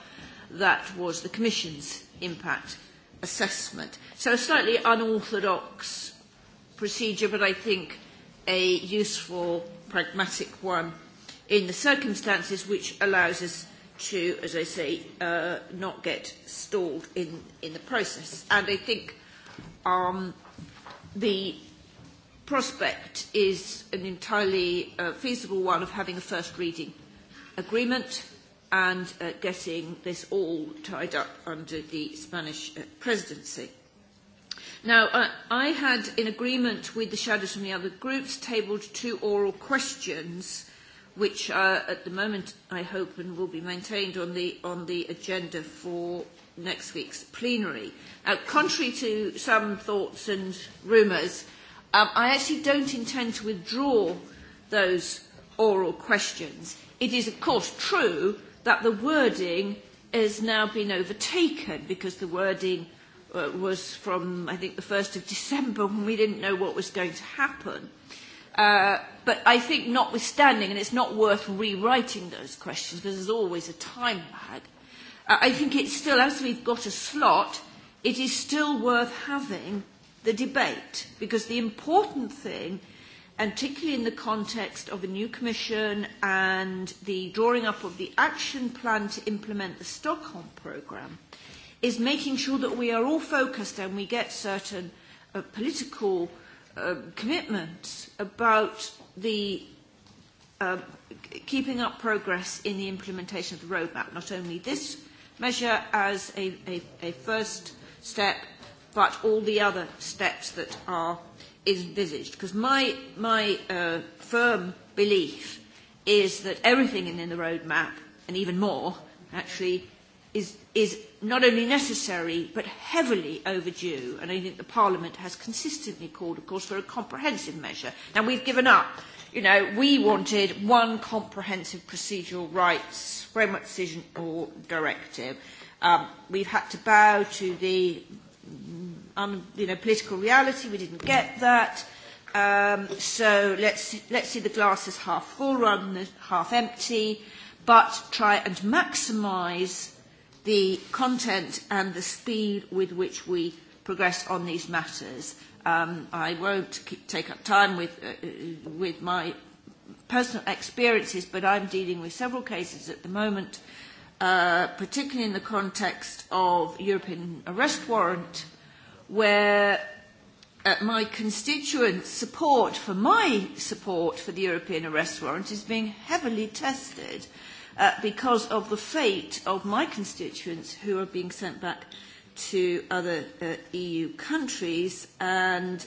That was the Commission's impact assessment. So a slightly unorthodox procedure, but I think a useful, pragmatic one in the circumstances which allows us to, as I say, uh, not get stalled in, in the process. And I think um, the prospect is an entirely uh, feasible one of having a first reading agreement and uh, getting this all tied up under the Spanish uh, presidency. Now, uh, I had, in agreement with the shadows from the other groups, tabled two oral questions, which are at the moment, I hope, and will be maintained on the, on the agenda for next week's plenary. Now, contrary to some thoughts and rumours, um, I actually don't intend to withdraw those oral questions. It is, of course, true that the wording has now been overtaken because the wording Uh, was from, I think, the 1st of December when we didn't know what was going to happen. Uh, but I think notwithstanding, and it's not worth rewriting those questions because there's always a time lag, uh, I think it's still, as we've got a slot, it is still worth having the debate because the important thing, and particularly in the context of a new commission and the drawing up of the action plan to implement the Stockholm programme, is making sure that we are all focused and we get certain uh, political uh, commitments about the uh, keeping up progress in the implementation of the roadmap, not only this measure as a, a, a first step, but all the other steps that are envisaged. Because my, my uh, firm belief is that everything in, in the roadmap, and even more, actually, is is not only necessary but heavily overdue, and I think the Parliament has consistently called, of course, for a comprehensive measure. Now, we've given up. You know, we wanted one comprehensive procedural rights framework decision or directive. Um, we've had to bow to the um, you know, political reality. We didn't get that. Um, so let's, let's see the glass half full rather than half empty, but try and maximise the content and the speed with which we progress on these matters. Um, I won't keep, take up time with, uh, uh, with my personal experiences, but I'm dealing with several cases at the moment, uh, particularly in the context of European arrest warrant, where uh, my constituents' support for my support for the European arrest warrant is being heavily tested uh, because of the fate of my constituents who are being sent back to other uh, EU countries and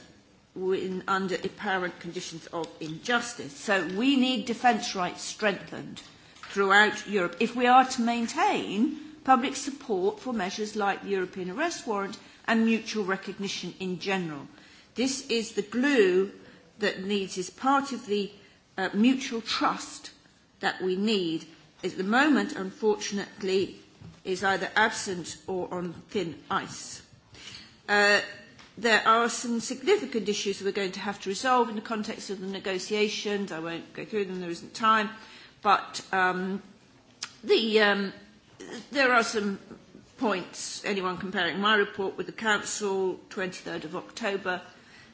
in, under apparent conditions of injustice. So we need defence rights strengthened throughout Europe if we are to maintain public support for measures like the European arrest warrant and mutual recognition in general. This is the glue that needs is part of the uh, mutual trust that we need at the moment, unfortunately, is either absent or on thin ice. Uh, there are some significant issues we're going to have to resolve in the context of the negotiations. I won't go through them, there isn't time. But um, the, um, there are some points, anyone comparing my report with the Council, 23rd of October,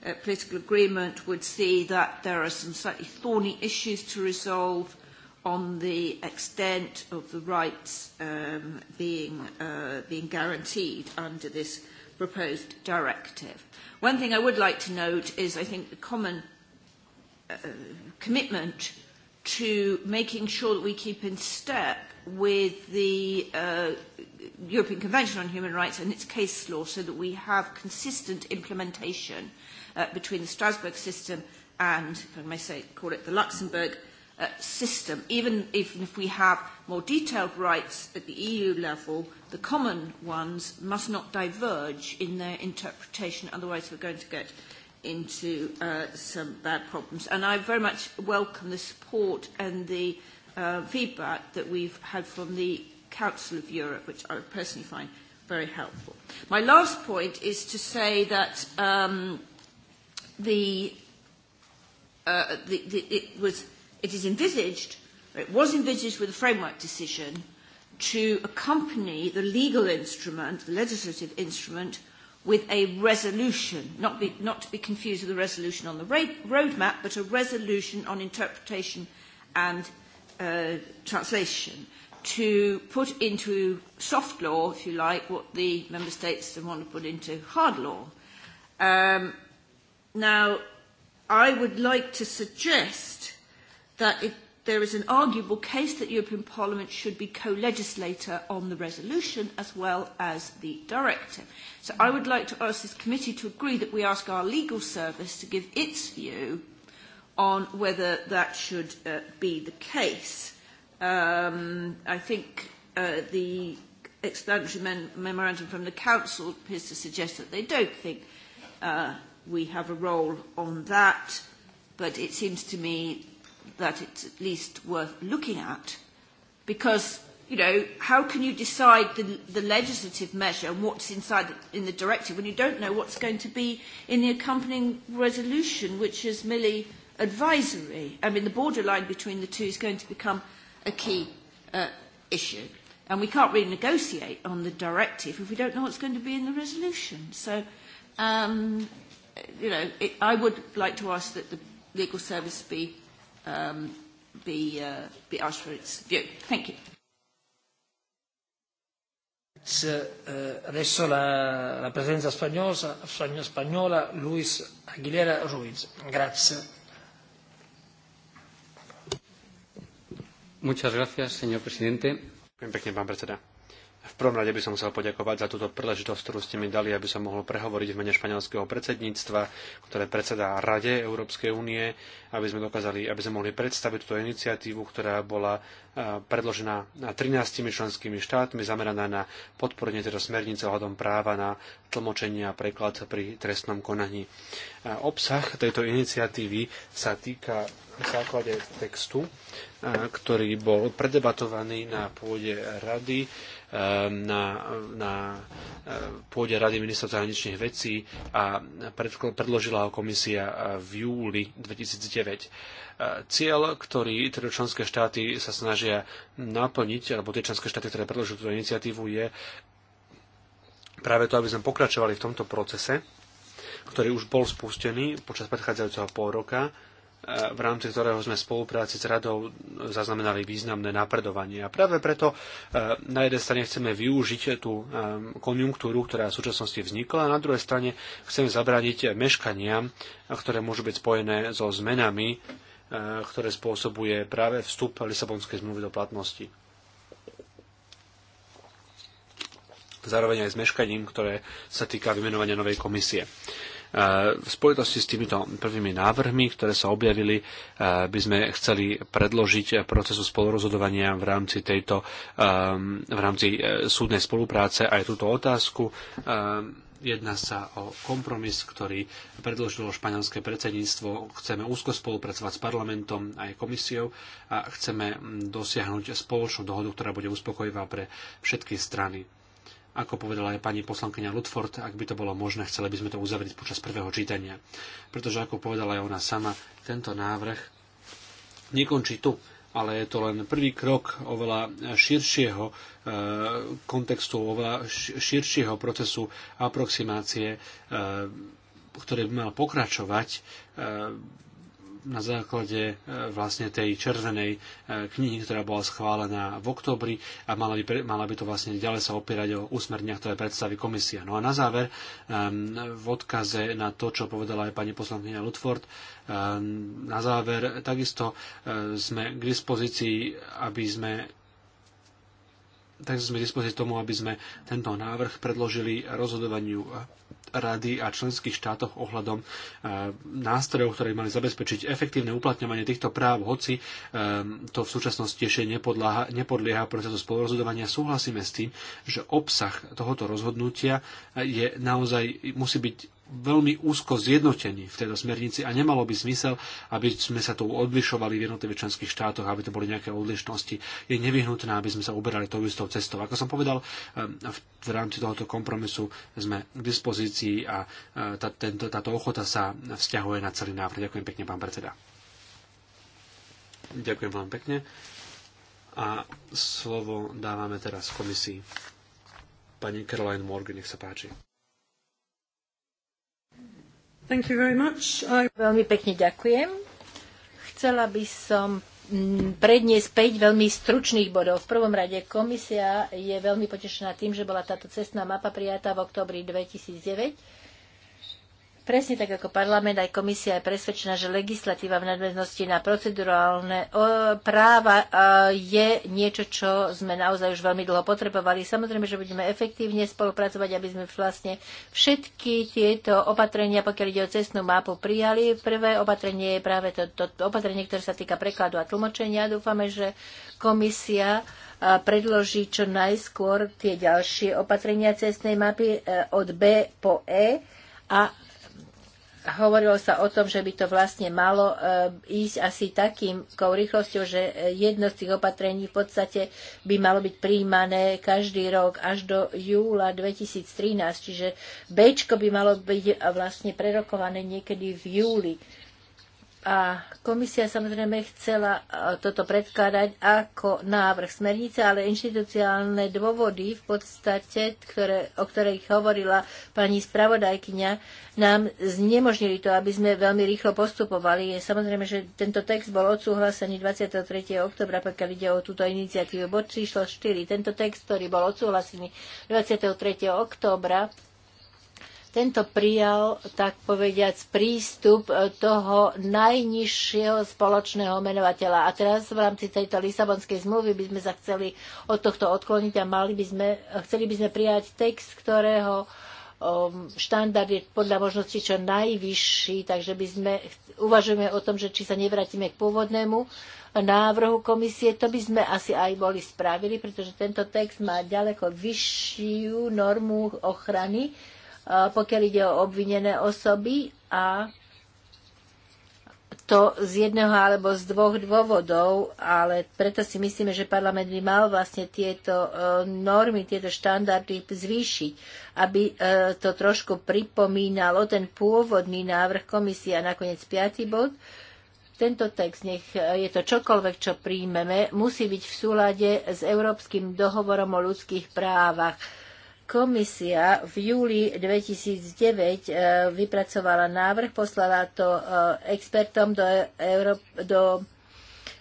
uh, political agreement would see that there are some slightly thorny issues to resolve on the extent of the rights um, being, uh, being guaranteed under this proposed directive. One thing I would like to note is I think the common uh, commitment to making sure that we keep in step with the uh, European Convention on Human Rights and its case law so that we have consistent implementation uh, between the Strasbourg system and, if I may say, call it the Luxembourg Uh, system, even, if, if we have more detailed rights at the EU level, the common ones must not diverge in their interpretation, otherwise we're going to get into uh, some bad problems. And I very much welcome the support and the uh, feedback that we've had from the Council of Europe, which I personally find very helpful. My last point is to say that um, the, uh, the, the, it was – it is envisaged, or it was envisaged with the framework decision, to accompany the legal instrument, the legislative instrument, with a resolution, not, be, not to be confused with a resolution on the ra- roadmap, but a resolution on interpretation and uh, translation to put into soft law, if you like, what the member states want to put into hard law. Um, now, I would like to suggest that if there is an arguable case that European Parliament should be co-legislator on the resolution as well as the directive. So I would like to ask this committee to agree that we ask our legal service to give its view on whether that should uh, be the case. Um, I think uh, the explanatory mem memorandum from the Council appears to suggest that they don't think uh, we have a role on that, but it seems to me that it's at least worth looking at because you know, how can you decide the, the legislative measure and what's inside the, in the directive when you don't know what's going to be in the accompanying resolution, which is merely advisory? I mean, the borderline between the two is going to become a key uh, issue. And we can't really negotiate on the directive if we don't know what's going to be in the resolution. So, um, you know, it, I would like to ask that the legal service be um, be, uh, be asked for its view. Thank you. Eh, adesso la, la presenza spagnola, spagnola Luis Aguilera Ruiz. Grazie. Muchas gracias, señor presidente. bien, pán predseda. V prvom rade by som chcel poďakovať za túto príležitosť, ktorú ste mi dali, aby som mohol prehovoriť v mene španielského predsedníctva, ktoré predsedá Rade Európskej únie, aby sme dokázali, aby sme mohli predstaviť túto iniciatívu, ktorá bola eh, predložená 13 členskými štátmi, zameraná na podporenie tejto smernice ohľadom práva na tlmočenie a preklad pri trestnom konaní. Eh, obsah tejto iniciatívy sa týka v základe textu, eh, ktorý bol predebatovaný na pôde rady Ehm, na, na eh, pôde Rady ministrov zahraničných vecí a predložila ho komisia eh, v júli 2009. Eh, cieľ, ktorý teda členské štáty sa snažia naplniť, alebo tie členské štáty, ktoré predložili túto iniciatívu, je práve to, aby sme pokračovali v tomto procese, ktorý už bol spustený počas predchádzajúceho pol roka v rámci ktorého sme spolupráci s radou zaznamenali významné napredovanie. A práve preto e, na jednej strane chceme využiť tú e, konjunktúru, ktorá v súčasnosti vznikla, a na druhej strane chceme zabrániť meškaniam, ktoré môžu byť spojené so zmenami, e, ktoré spôsobuje práve vstup Lisabonskej zmluvy do platnosti. Zároveň aj s meškaním, ktoré sa týka vymenovania novej komisie. E, v spojitosti s týmito prvými návrhmi, ktoré sa objavili, e, by sme chceli predložiť procesu spolurozhodovania v rámci tejto, e, v rámci súdnej spolupráce aj túto otázku. Jedná sa o kompromis, ktorý predložilo španielské predsedníctvo. Chceme úzko spolupracovať s parlamentom aj komisiou a chceme dosiahnuť spoločnú dohodu, ktorá bude uspokojivá pre všetky strany. Ako povedala aj pani poslankyňa Ludford, ak by to bolo možné, chceli by sme to uzavrieť počas prvého čítania. Pretože, ako povedala aj ona sama, tento návrh nekončí tu ale je to len prvý krok oveľa širšieho e, kontextu, oveľa širšieho procesu aproximácie, e, ktorý by mal pokračovať e, na základe e, vlastne tej červenej e, knihy, ktorá bola schválená v oktobri a mala by, mala by to vlastne ďalej sa opierať o úsmernia, ktoré predstaví komisia. No a na záver, ehm, v odkaze na to, čo povedala aj pani poslankyňa Ludford, ehm, na záver takisto e, sme k dispozícii, aby sme takže sme dispozícii tomu, aby sme tento návrh predložili rozhodovaniu Rady a členských štátoch ohľadom eh, nástrojov, ktoré mali zabezpečiť efektívne uplatňovanie týchto práv, hoci eh, to v súčasnosti ešte nepodlieha, nepodlieha procesu spolurozhodovania. Súhlasíme s tým, že obsah tohoto rozhodnutia eh, je naozaj musí byť veľmi úzko zjednotení v tejto smernici a nemalo by zmysel, aby sme sa tu odlišovali v jednotlivých členských štátoch, aby to boli nejaké odlišnosti. Je nevyhnutné, aby sme sa uberali tou istou cestou. Ako som povedal, ehm, v rámci tohoto kompromisu sme k dispozícii a e, tá, tento, táto ochota sa vzťahuje na celý návrh. Ďakujem pekne, pán predseda. Ďakujem vám pekne. A slovo dávame teraz komisii. Pani Caroline Morgan, nech sa páči. Thank you very much. I... Veľmi pekne ďakujem. Chcela by som mm, predniesť 5 veľmi stručných bodov. V prvom rade komisia je veľmi potešená tým, že bola táto cestná mapa prijatá v oktobri 2009 Presne tak ako parlament, aj komisia je presvedčená, že legislatíva v nadväznosti na procedurálne práva je niečo, čo sme naozaj už veľmi dlho potrebovali. Samozrejme, že budeme efektívne spolupracovať, aby sme vlastne všetky tieto opatrenia, pokiaľ ide o cestnú mapu, prijali. Prvé opatrenie je práve to, to opatrenie, ktoré sa týka prekladu a tlmočenia. Dúfame, že komisia predloží čo najskôr tie ďalšie opatrenia cestnej mapy e, od B po E a hovorilo sa o tom, že by to vlastne malo e, ísť asi takým rýchlosťou, že e, jedno z tých opatrení v podstate by malo byť príjmané každý rok až do júla 2013, čiže Bčko by malo byť e, vlastne prerokované niekedy v júli a komisia samozrejme chcela e, toto predkladať ako návrh smernice, ale inštitucionálne dôvody v podstate, ktoré, o ktorých hovorila pani spravodajkyňa, nám znemožnili to, aby sme veľmi rýchlo postupovali. Je Samozrejme, že tento text bol odsúhlasený 23. oktobra, pokiaľ ide o túto iniciatívu. Bod číslo 4. Tento text, ktorý bol odsúhlasený 23. oktobra, tento prijal, tak povediac, prístup e, toho najnižšieho spoločného menovateľa. A teraz v rámci tejto Lisabonskej zmluvy by sme sa chceli od tohto odkloniť a mali by sme, chceli by sme prijať text, ktorého um, štandard je podľa možnosti čo najvyšší, takže by sme uvažujeme o tom, že či sa nevrátime k pôvodnému návrhu komisie, to by sme asi aj boli spravili, pretože tento text má ďaleko vyššiu normu ochrany, Eh, pokiaľ ide o obvinené osoby a to z jedného alebo z dvoch dôvodov, ale preto si myslíme, že parlament by mal vlastne tieto eh, normy, tieto štandardy zvýšiť, aby eh, to trošku pripomínalo ten pôvodný návrh komisie a nakoniec piatý bod. Tento text, nech je to čokoľvek, čo príjmeme, musí byť v súlade s Európskym dohovorom o ľudských právach Komisia v júli 2009 e, vypracovala návrh, poslala to e, expertom do, Euró- do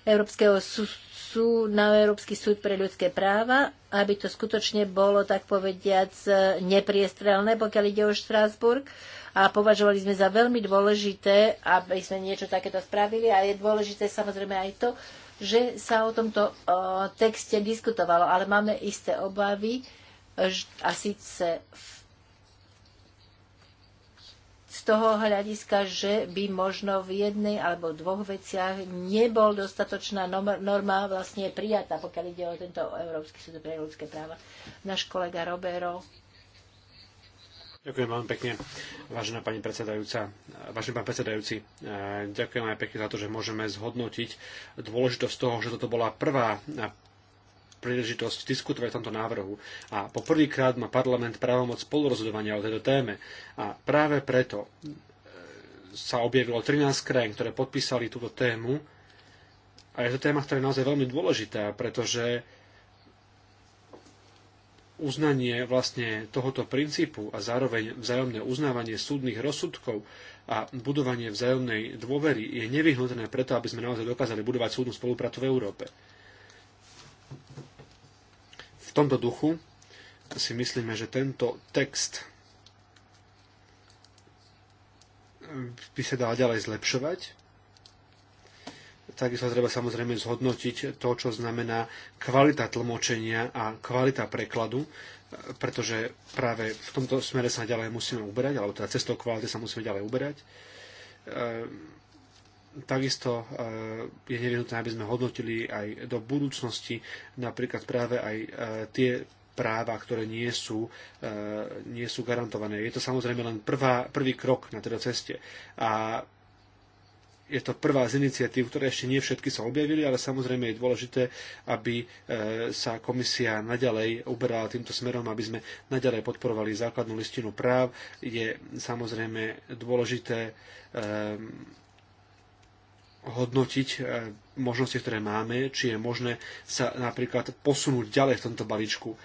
Európskeho sú na Európsky súd pre ľudské práva, aby to skutočne bolo, tak povediac, e, nepriestrelné, pokiaľ ide o Štrásburg. A považovali sme za veľmi dôležité, aby sme niečo takéto spravili. A je dôležité samozrejme aj to, že sa o tomto o, texte diskutovalo, ale máme isté obavy, a síce z toho hľadiska, že by možno v jednej alebo dvoch veciach nebol dostatočná norma vlastne prijatá, pokiaľ ide o tento Európsky súd pre ľudské práva. Náš kolega Robero. Ďakujem veľmi pekne, vážená pani predsedajúca, vážený pán predsedajúci. E, ďakujem aj pekne za to, že môžeme zhodnotiť dôležitosť toho, že toto bola prvá príležitosť diskutovať o tomto návrhu a poprvýkrát má parlament právomoc spolurozhodovania o tejto téme a práve preto e, sa objavilo 13 krajín, ktoré podpísali túto tému a je to téma, ktorá je naozaj veľmi dôležitá, pretože uznanie vlastne tohoto princípu a zároveň vzájomné uznávanie súdnych rozsudkov a budovanie vzájomnej dôvery je nevyhnutné preto, aby sme naozaj dokázali budovať súdnu spoluprácu v Európe tomto duchu si myslíme, že tento text by sa dal ďalej zlepšovať. Takisto treba samozrejme zhodnotiť to, čo znamená kvalita tlmočenia a kvalita prekladu, pretože práve v tomto smere sa ďalej musíme uberať, alebo teda cestou kvality sa musíme ďalej uberať. Ehm Takisto eh, je nevyhnutné, aby sme hodnotili aj do budúcnosti napríklad práve aj eh, tie práva, ktoré nie sú, eh, nie sú garantované. Je to samozrejme len prvá, prvý krok na tejto ceste. A je to prvá z iniciatív, ktoré ešte nie všetky sa objavili, ale samozrejme je dôležité, aby sa komisia naďalej uberala týmto smerom, aby sme naďalej podporovali základnú listinu práv. Je samozrejme dôležité hodnotiť e, možnosti, ktoré máme, či je možné sa napríklad posunúť ďalej v tomto balíčku e,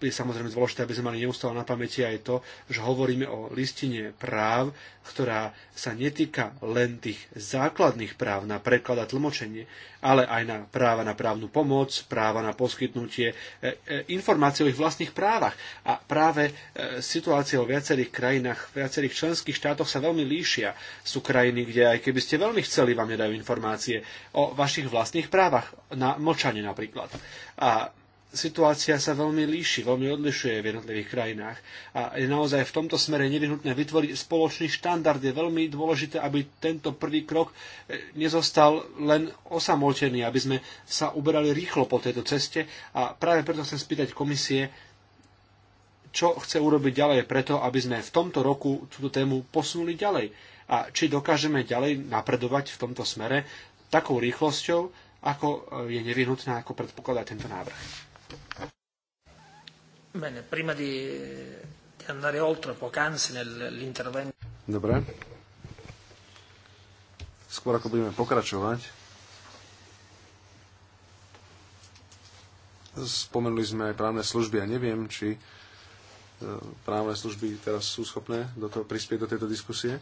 je samozrejme dôležité, aby sme mali neustále na pamäti aj to, že hovoríme o listine práv, ktorá sa netýka len tých základných práv na preklad a tlmočenie, ale aj na práva na právnu pomoc, práva na poskytnutie e, e, informácií o ich vlastných právach. A práve e, situácie vo viacerých krajinách, v viacerých členských štátoch sa veľmi líšia. Sú krajiny, kde aj keby ste veľmi chceli, vám nedajú informácie o vašich vlastných právach, na močanie napríklad. A situácia sa veľmi líši, veľmi odlišuje v jednotlivých krajinách. A je naozaj v tomto smere nevyhnutné vytvoriť spoločný štandard. Je veľmi dôležité, aby tento prvý krok e, nezostal len osamotený, aby sme sa uberali rýchlo po tejto ceste. A práve preto chcem spýtať komisie, čo chce urobiť ďalej preto, aby sme v tomto roku túto tému posunuli ďalej. A či dokážeme ďalej napredovať v tomto smere takou rýchlosťou, ako e, je nevyhnutné, ako predpokladá tento návrh. Bene, prima di, di andare oltre poc'anzi nell'intervento. Dobre. Skôr ako budeme pokračovať, spomenuli sme aj právne služby a neviem, či e, právne služby teraz sú schopné do toho prispieť do tejto diskusie.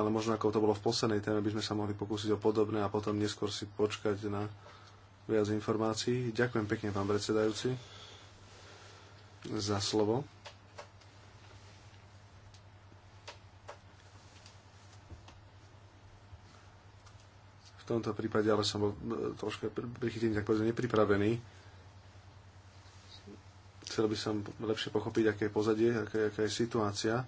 ale možno ako to bolo v poslednej téme, by sme sa mohli pokúsiť o podobné a potom neskôr si počkať na viac informácií. Ďakujem pekne, pán predsedajúci, za slovo. V tomto prípade, ale som bol no, troška prichytený, tak povedzme, nepripravený. Chcel by som lepšie pochopiť, aké je pozadie, aká, aká je situácia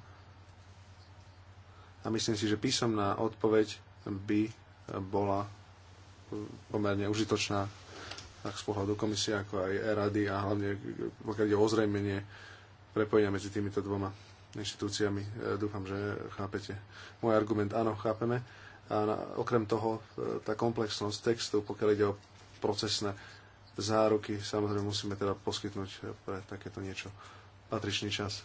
a myslím si, že písomná odpoveď by bola pomerne užitočná tak z pohľadu komisie, ako aj rady a hlavne pokiaľ ide o ozrejmenie prepojenia medzi týmito dvoma inštitúciami. E, dúfam, že chápete môj argument. Áno, chápeme. A na, okrem toho, e, tá komplexnosť textu, pokiaľ ide o procesné záruky, samozrejme musíme teda poskytnúť pre takéto niečo patričný čas.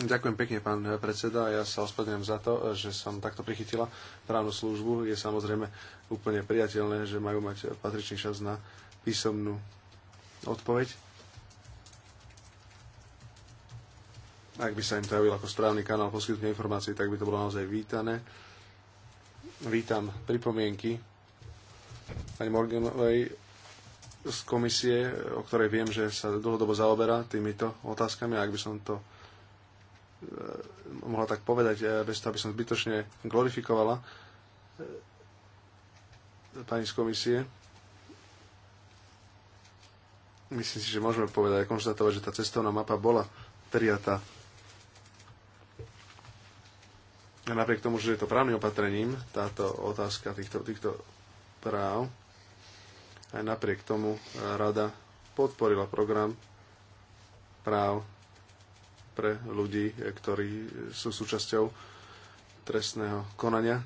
Ďakujem pekne, pán predseda. Ja sa ospravedlňujem za to, že som takto prichytila právnu službu. Je samozrejme úplne priateľné, že majú mať patričný čas na písomnú odpoveď. Ak by sa im to javil ako správny kanál poskytnutia informácií, tak by to bolo naozaj vítané. Vítam pripomienky pani Morganovej z komisie, o ktorej viem, že sa dlhodobo zaoberá týmito otázkami. Ak by som to E, mohla tak povedať, e, bez toho, aby som zbytočne glorifikovala e, pani z komisie. Myslím si, že môžeme povedať a konštatovať, že tá cestovná mapa bola prijatá. A napriek tomu, že je to právnym opatrením, táto otázka týchto, týchto práv, aj napriek tomu rada podporila program práv pre ľudí, ktorí sú súčasťou trestného konania.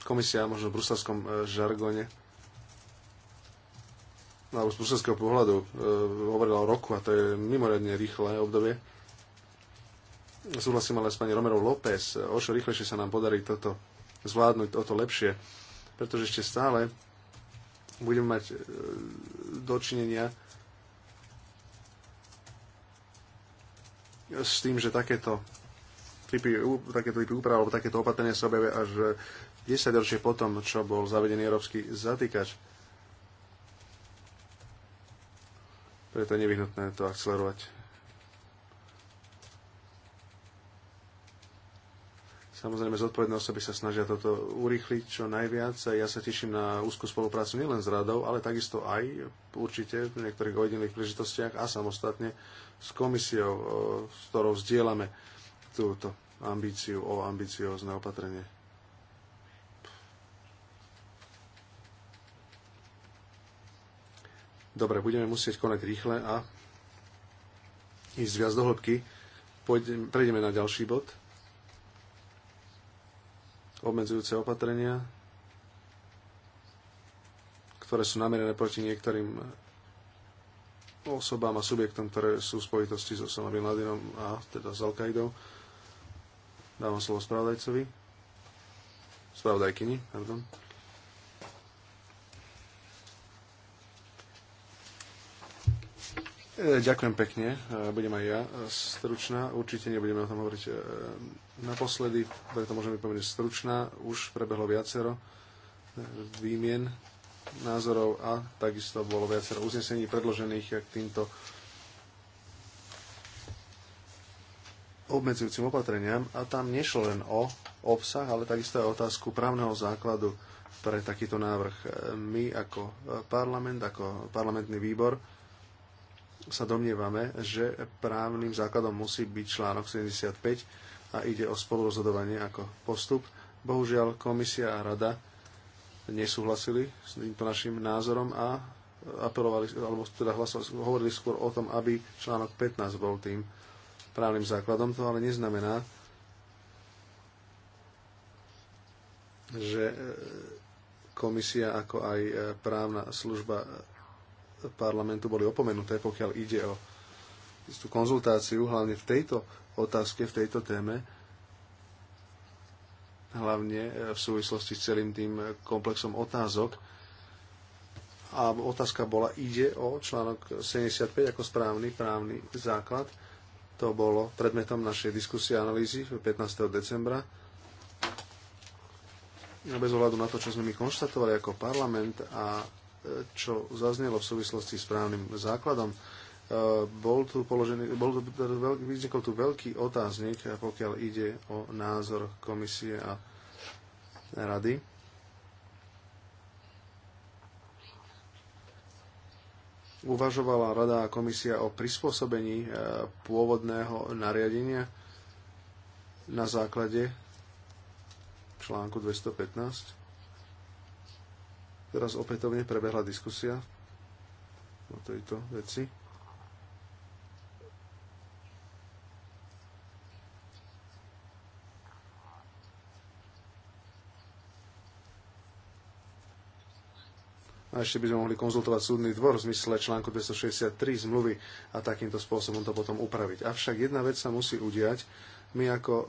Komisia možno v bruselskom e, žargone alebo z bruselského pohľadu e, hovorila o roku a to je mimoriadne rýchle obdobie. Súhlasím ale s pani Romero López, e, o čo rýchlejšie sa nám podarí toto zvládnuť, o to lepšie, pretože ešte stále budeme mať e, dočinenia s tým, že takéto typy, takéto typy úprav alebo takéto opatrenia sa objavia až 10 e, ročie potom, čo bol zavedený európsky zatýkač. Preto je nevyhnutné to akcelerovať. Samozrejme, zodpovedné osoby sa snažia toto urýchliť čo najviac. Ja sa teším na úzkú spoluprácu nielen s radou, ale takisto aj určite v niektorých ojedinelých príležitostiach a samostatne s komisiou, s ktorou vzdielame túto ambíciu o ambiciózne opatrenie. Dobre, budeme musieť konať rýchle a ísť viac do hĺbky. Prejdeme na ďalší bod obmedzujúce opatrenia, ktoré sú namerené proti niektorým osobám a subjektom, ktoré sú v spojitosti so Samarim Ladinom a teda s Al-Qaidou. Dávam slovo spravodajcovi. Spravodajkyni, pardon. E, ďakujem pekne, e, budem aj ja e, stručná. Určite nebudeme o tom hovoriť naposledy, preto môžem byť pomerne stručná. Už prebehlo viacero výmien názorov a takisto bolo viacero uznesení predložených k týmto obmedzujúcim opatreniam a tam nešlo len o obsah, ale takisto aj otázku právneho základu pre takýto návrh. My ako parlament, ako parlamentný výbor sa domnievame, že právnym základom musí byť článok 75 a ide o spolurozhodovanie ako postup. Bohužiaľ, komisia a rada nesúhlasili s týmto našim názorom a apelovali, alebo teda hovorili skôr o tom, aby článok 15 bol tým právnym základom. To ale neznamená, že e, komisia ako aj e, právna služba parlamentu boli opomenuté, pokiaľ ide o istú konzultáciu, hlavne v tejto otázke, v tejto téme, hlavne v súvislosti s celým tým komplexom otázok. A otázka bola, ide o článok 75 ako správny právny základ. To bolo predmetom našej diskusie a analýzy 15. decembra bez ohľadu na to, čo sme my konštatovali ako parlament a čo zaznelo v súvislosti s právnym základom. E, bol tu položený, bol tu, teda vznikol tu veľký otáznik, pokiaľ ide o názor komisie a rady. Uvažovala rada a komisia o prispôsobení e, pôvodného nariadenia na základe článku 215 Teraz opätovne prebehla diskusia o tejto veci. A ešte by sme mohli konzultovať súdny dvor v zmysle článku 263 zmluvy a takýmto spôsobom to potom upraviť. Avšak jedna vec sa musí udiať. My ako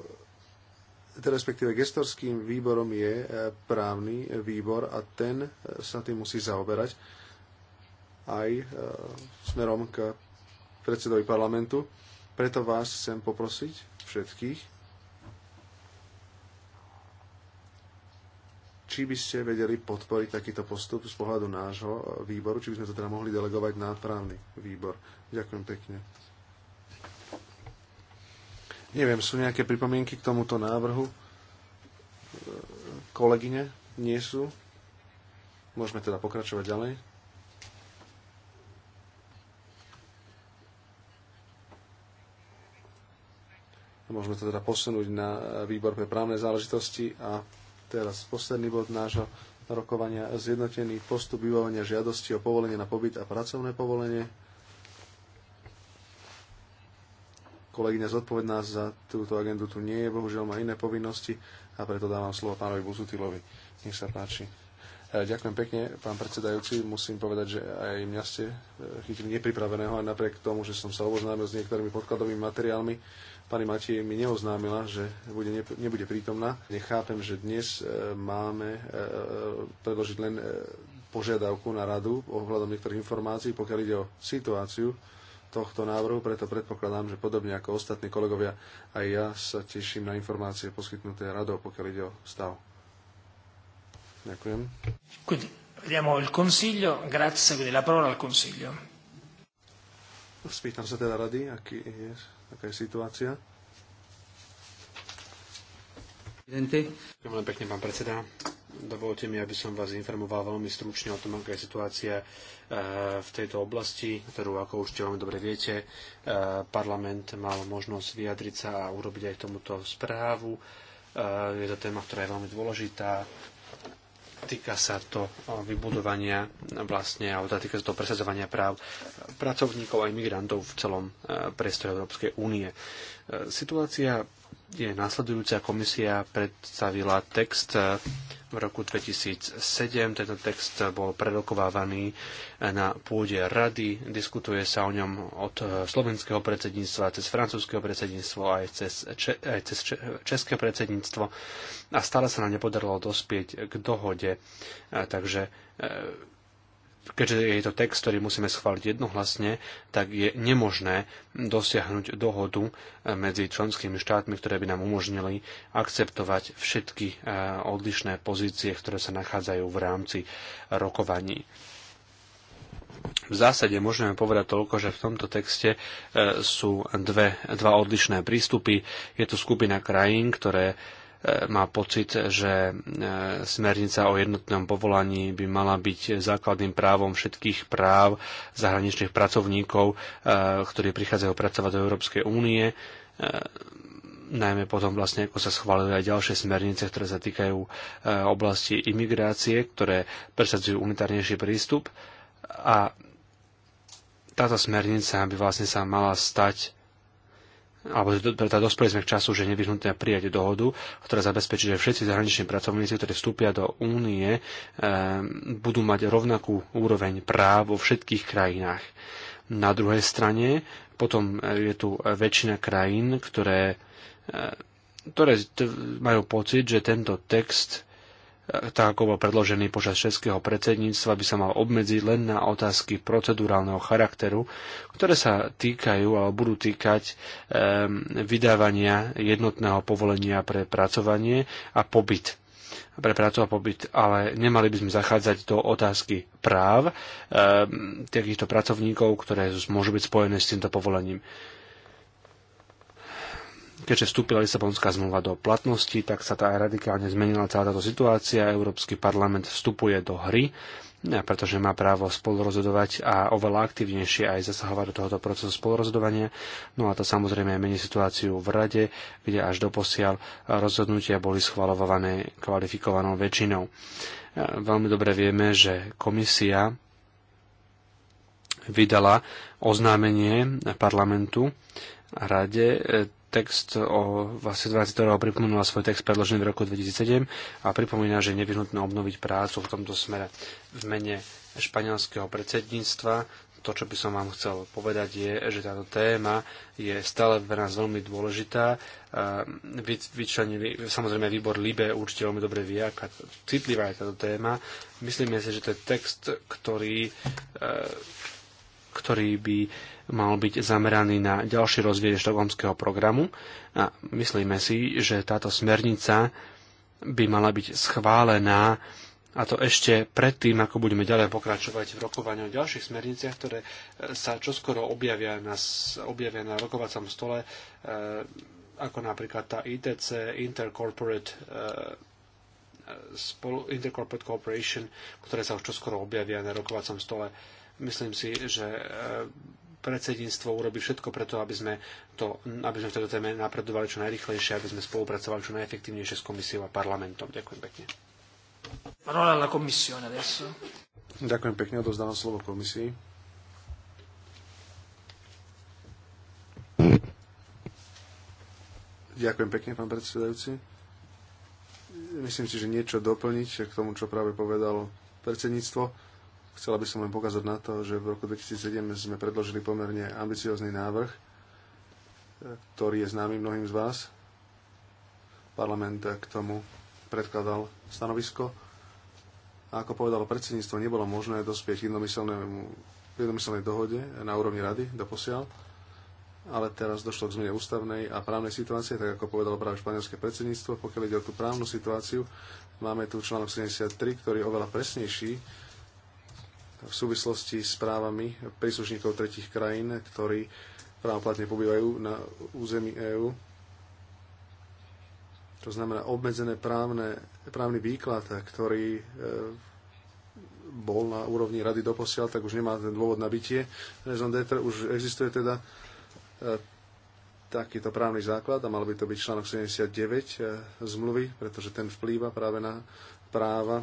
teda respektíve gestorským výborom je e, právny výbor a ten e, sa tým musí zaoberať aj e, smerom k predsedovi parlamentu. Preto vás chcem poprosiť všetkých, či by ste vedeli podporiť takýto postup z pohľadu nášho výboru, či by sme to teda mohli delegovať na právny výbor. Ďakujem pekne. Neviem, sú nejaké pripomienky k tomuto návrhu? Kolegyne? Nie sú? Môžeme teda pokračovať ďalej. Môžeme to teda posunúť na výbor pre právne záležitosti a teraz posledný bod nášho rokovania zjednotený postup vyvolenia žiadosti o povolenie na pobyt a pracovné povolenie. kolegyňa zodpovedná za túto agendu tu nie je, bohužiaľ má iné povinnosti a preto dávam slovo pánovi Buzutilovi. Nech sa páči. E, ďakujem pekne, pán predsedajúci. Musím povedať, že aj mňa ste e, chytili nepripraveného, aj napriek tomu, že som sa oboznámil s niektorými podkladovými materiálmi. Pani Matej mi neoznámila, že bude, nebude prítomná. Nechápem, že dnes e, máme predložiť len požiadavku na radu ohľadom niektorých informácií, pokiaľ ide o situáciu tohto návrhu, preto predpokladám, že podobne ako ostatní kolegovia, aj ja sa teším na informácie poskytnuté radou, pokiaľ ide o stav. Ďakujem. Spýtam sa teda rady, aký je, aká je situácia. Ďakujem pekne, pán predseda. Dovolte mi, aby som vás informoval veľmi stručne o tom, aká je situácia eh, v tejto oblasti, ktorú, ako už ste veľmi dobre viete, eh, parlament mal možnosť vyjadriť sa a urobiť aj tomuto správu. Eh, je to téma, ktorá je veľmi dôležitá. Týka sa to vybudovania vlastne, alebo teda týka sa to presadzovania práv pracovníkov a imigrantov v celom priestore Európskej únie. Situácia je nasledujúca komisia predstavila text eh, v roku 2007. Tento text bol prerokovávaný eh, na pôde rady. Diskutuje sa o ňom od eh, slovenského predsedníctva cez francúzského predsedníctvo aj cez, če- aj cez české predsedníctvo a stále sa nám nepodarilo dospieť k dohode. Takže keďže je to text, ktorý musíme schváliť jednohlasne, tak je nemožné dosiahnuť dohodu e, medzi členskými štátmi, ktoré by nám umožnili akceptovať všetky e, odlišné pozície, ktoré sa nachádzajú v rámci rokovaní. V zásade môžeme povedať toľko, že v tomto texte e, sú dve, dva odlišné prístupy. Je tu skupina krajín, ktoré E, má pocit, že e, smernica o jednotnom povolaní by mala byť základným právom všetkých práv zahraničných pracovníkov, e, ktorí prichádzajú pracovať do Európskej únie najmä potom vlastne ako sa schválili aj ďalšie smernice, ktoré sa týkajú oblasti imigrácie, ktoré presadzujú unitárnejší prístup a táto smernica by vlastne sa mala stať alebo teda dospeli sme k času, že je nevyhnutné prijať dohodu, ktorá zabezpečí, že všetci zahraniční pracovníci, ktorí vstúpia do únie, ehm, budú mať rovnakú úroveň práv vo všetkých krajinách. Na druhej strane potom eh, je tu väčšina krajín, ktoré, eh, ktoré majú pocit, že tento text tak ako bol predložený počas českého predsedníctva, by sa mal obmedziť len na otázky procedurálneho charakteru, ktoré sa týkajú alebo budú týkať e, vydávania jednotného povolenia pre pracovanie a pobyt pre prácu a pobyt, ale nemali by sme zachádzať do otázky práv e, takýchto pracovníkov, ktoré môžu byť spojené s týmto povolením keďže vstúpila Lisabonská zmluva do platnosti, tak sa tá radikálne zmenila celá táto situácia. Európsky parlament vstupuje do hry, pretože má právo spolurozhodovať a oveľa aktívnejšie aj zasahovať do tohoto procesu spolurozhodovania. No a to samozrejme mení situáciu v Rade, kde až doposiaľ rozhodnutia boli schvalované kvalifikovanou väčšinou. Veľmi dobre vieme, že komisia vydala oznámenie parlamentu a rade text o vlastne 20. ktorého pripomínala svoj text predložený v roku 2007 a pripomína, že je nevyhnutné obnoviť prácu v tomto smere v mene španielského predsedníctva. To, čo by som vám chcel povedať, je, že táto téma je stále pre nás veľmi dôležitá. Vyčlenili, samozrejme, výbor Libe určite veľmi dobre vie, aká citlivá je táto téma. Myslíme si, že to je text, ktorý e, ktorý by mal byť zameraný na ďalší rozvoj štokholmského programu a myslíme si, že táto smernica by mala byť schválená a to ešte predtým, ako budeme ďalej pokračovať v rokovaní o ďalších smerniciach, ktoré e, sa čoskoro objavia na, objavia na rokovacom stole, e, ako napríklad tá ITC, Intercorporate e, spolu Intercorporate Corporation, ktoré sa už čoskoro objavia na rokovacom stole Myslím si, že e, predsedníctvo urobí všetko preto, aby sme, to, aby sme v tejto téme napredovali čo najrychlejšie, aby sme spolupracovali čo najefektívnejšie s komisiou a parlamentom. Ďakujem pekne. Parola adesso. Ďakujem pekne, odozdávam slovo komisii. Ďakujem pekne, pán predsedajúci. Myslím si, že niečo doplniť k tomu, čo práve povedalo predsedníctvo Chcela by som len pokázať na to, že v roku 2007 sme predložili pomerne ambiciózny návrh, ktorý je známy mnohým z vás. Parlament k tomu predkladal stanovisko. A ako povedalo predsedníctvo, nebolo možné dospieť jednomyselnej dohode na úrovni rady doposiaľ, ale teraz došlo k zmene ústavnej a právnej situácie, tak ako povedalo práve španielské predsedníctvo. Pokiaľ ide o tú právnu situáciu, máme tu článok 73, ktorý je oveľa presnejší v súvislosti s právami príslušníkov tretich krajín, ktorí právoplatne pobývajú na území EÚ. To znamená obmedzené právne, právny výklad, ktorý e, bol na úrovni rady doposiaľ, tak už nemá ten dôvod na bytie. už existuje teda e, takýto právny základ a mal by to byť článok 79 e, zmluvy, pretože ten vplýva práve na práva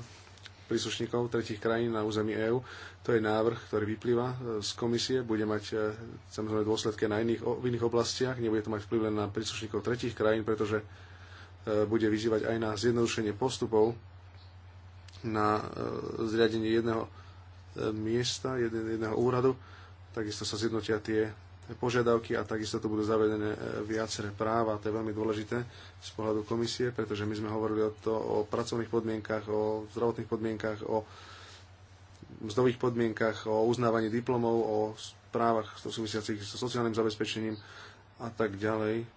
príslušníkov tretich krajín na území EÚ. To je návrh, ktorý vyplýva e, z komisie, bude mať e, samozrejme dôsledky na iných, v iných oblastiach, nebude to mať vplyv len na príslušníkov tretich krajín, pretože e, bude vyzývať aj na zjednodušenie postupov na zriadenie jedného miesta, jedného úradu. Takisto sa zjednotia tie požiadavky a takisto tu budú zavedené e, viaceré práva. To je veľmi dôležité z pohľadu komisie, pretože my sme hovorili o, to, o pracovných podmienkach, o zdravotných podmienkach, o mzdových podmienkach, o uznávaní diplomov, o právach súvisiacich so sociálnym zabezpečením a tak ďalej.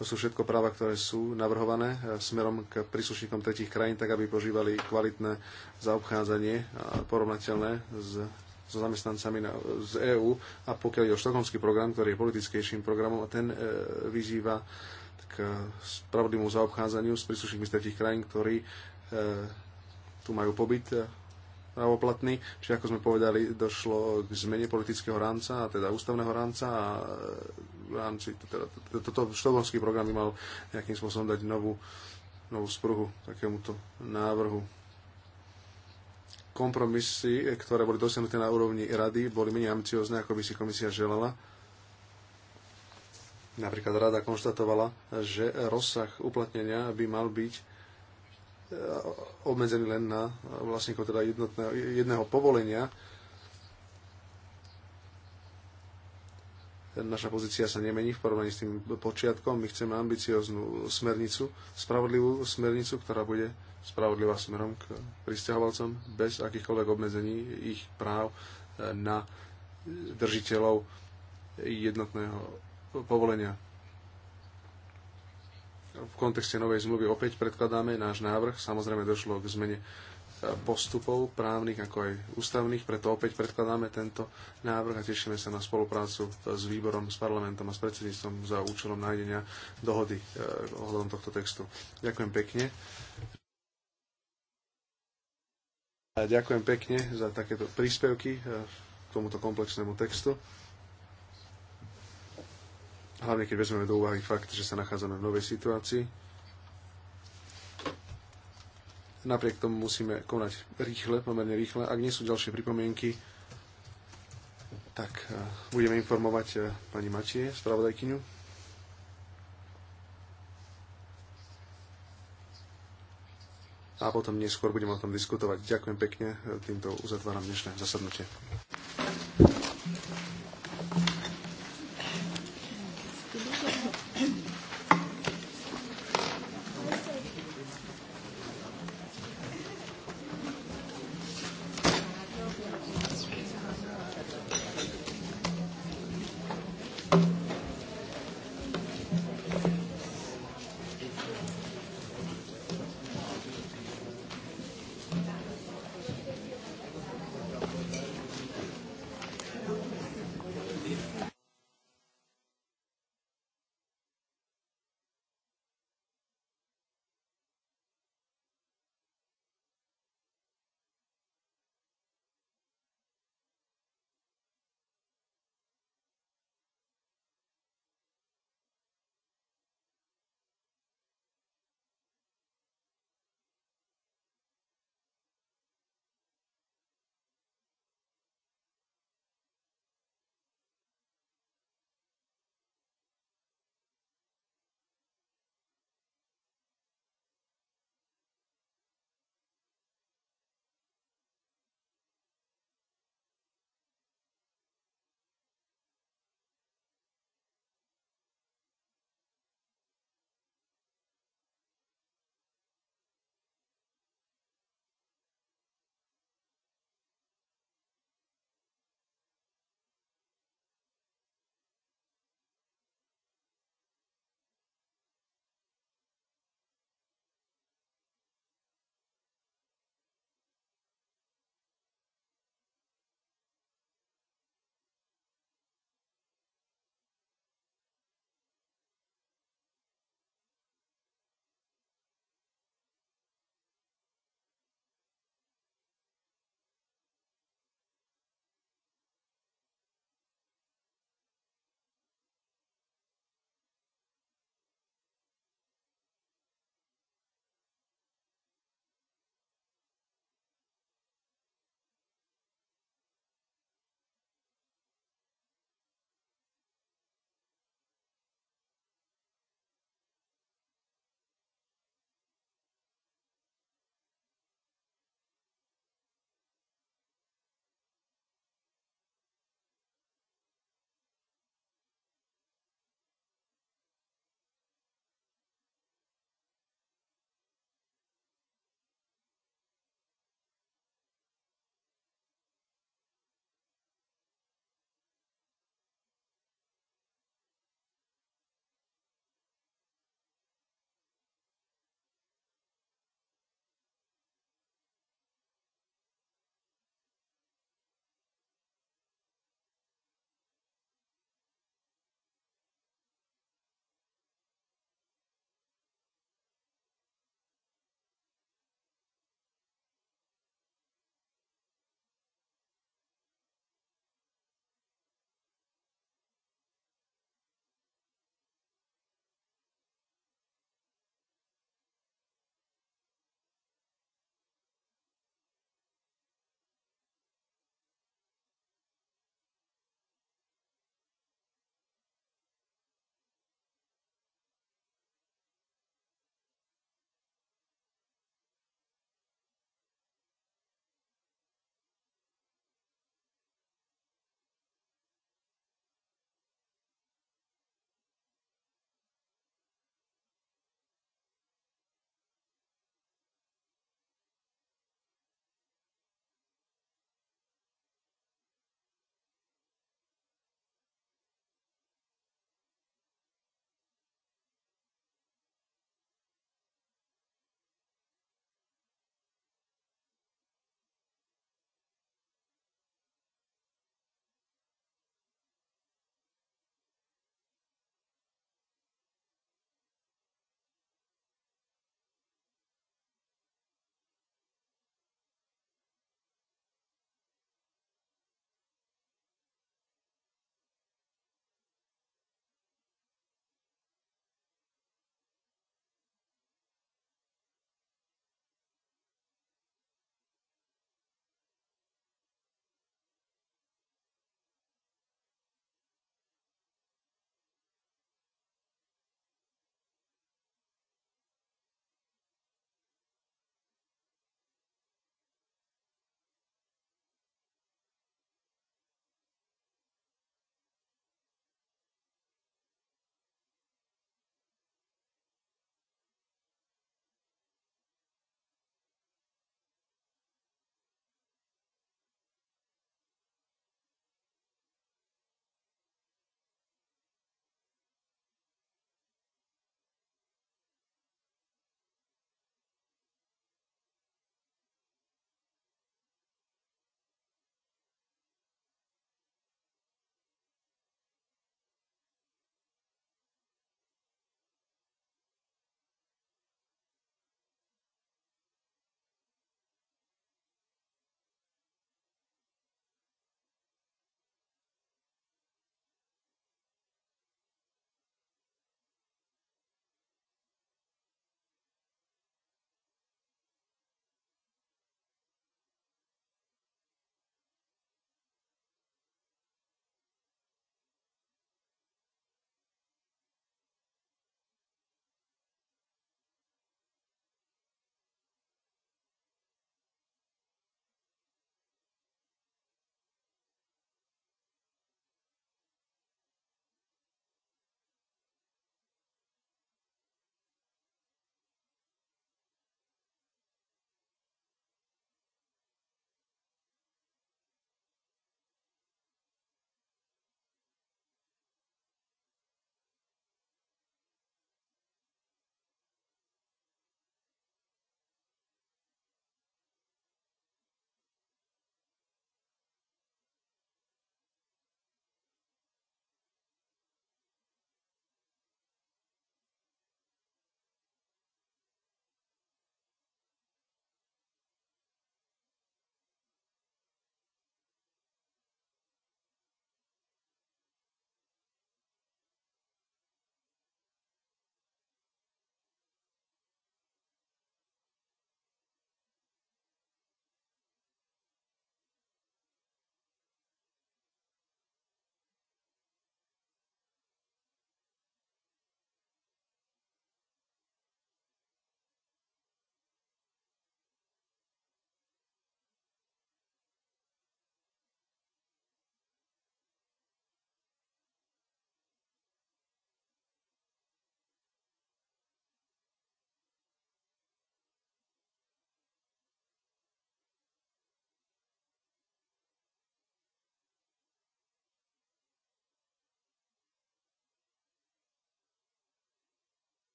To sú všetko práva, ktoré sú navrhované e, smerom k príslušníkom tretich krajín, tak aby požívali kvalitné zaobchádzanie porovnateľné s so zamestnancami na, z EÚ a pokiaľ je o štokholmský program, ktorý je politickejším programom, a ten e, vyzýva k spravodlivému zaobchádzaniu z príslušných tretich krajín, ktorí e, tu majú pobyt e, pravoplatný. Čiže ako sme povedali, došlo k zmene politického rámca, a teda ústavného rámca a e, v rámci teda, teda, toto štokholmský program by mal nejakým spôsobom dať novú, novú spruhu takémuto návrhu kompromisy, e, ktoré boli dosiahnuté na úrovni rady, boli menej ambiciozne, ako by si komisia želala. Napríklad rada konštatovala, že rozsah uplatnenia by mal byť e, obmedzený len na vlastníkov teda jednotného, jedného povolenia. Naša pozícia sa nemení v porovnaní s tým počiatkom. My chceme ambicioznú smernicu, spravodlivú smernicu, ktorá bude spravodlivá smerom k pristahovalcom bez akýchkoľvek obmedzení ich práv e, na držiteľov jednotného povolenia. V kontexte novej zmluvy opäť predkladáme náš návrh. Samozrejme došlo k zmene e, postupov právnych ako aj ústavných, preto opäť predkladáme tento návrh a tešíme sa na spoluprácu s výborom, s parlamentom a s predsedníctvom za účelom nájdenia dohody e, ohľadom tohto textu. Ďakujem pekne ďakujem pekne za takéto príspevky k e, tomuto komplexnému textu. Hlavne keď vezmeme do úvahy fakt, že sa nachádzame v novej situácii. Napriek tomu musíme konať rýchle, pomerne rýchle. Ak nie sú ďalšie pripomienky, tak e, budeme informovať e, pani Matie, spravodajkyňu. a potom neskôr budeme o tom diskutovať. Ďakujem pekne, týmto uzatváram dnešné zasadnutie.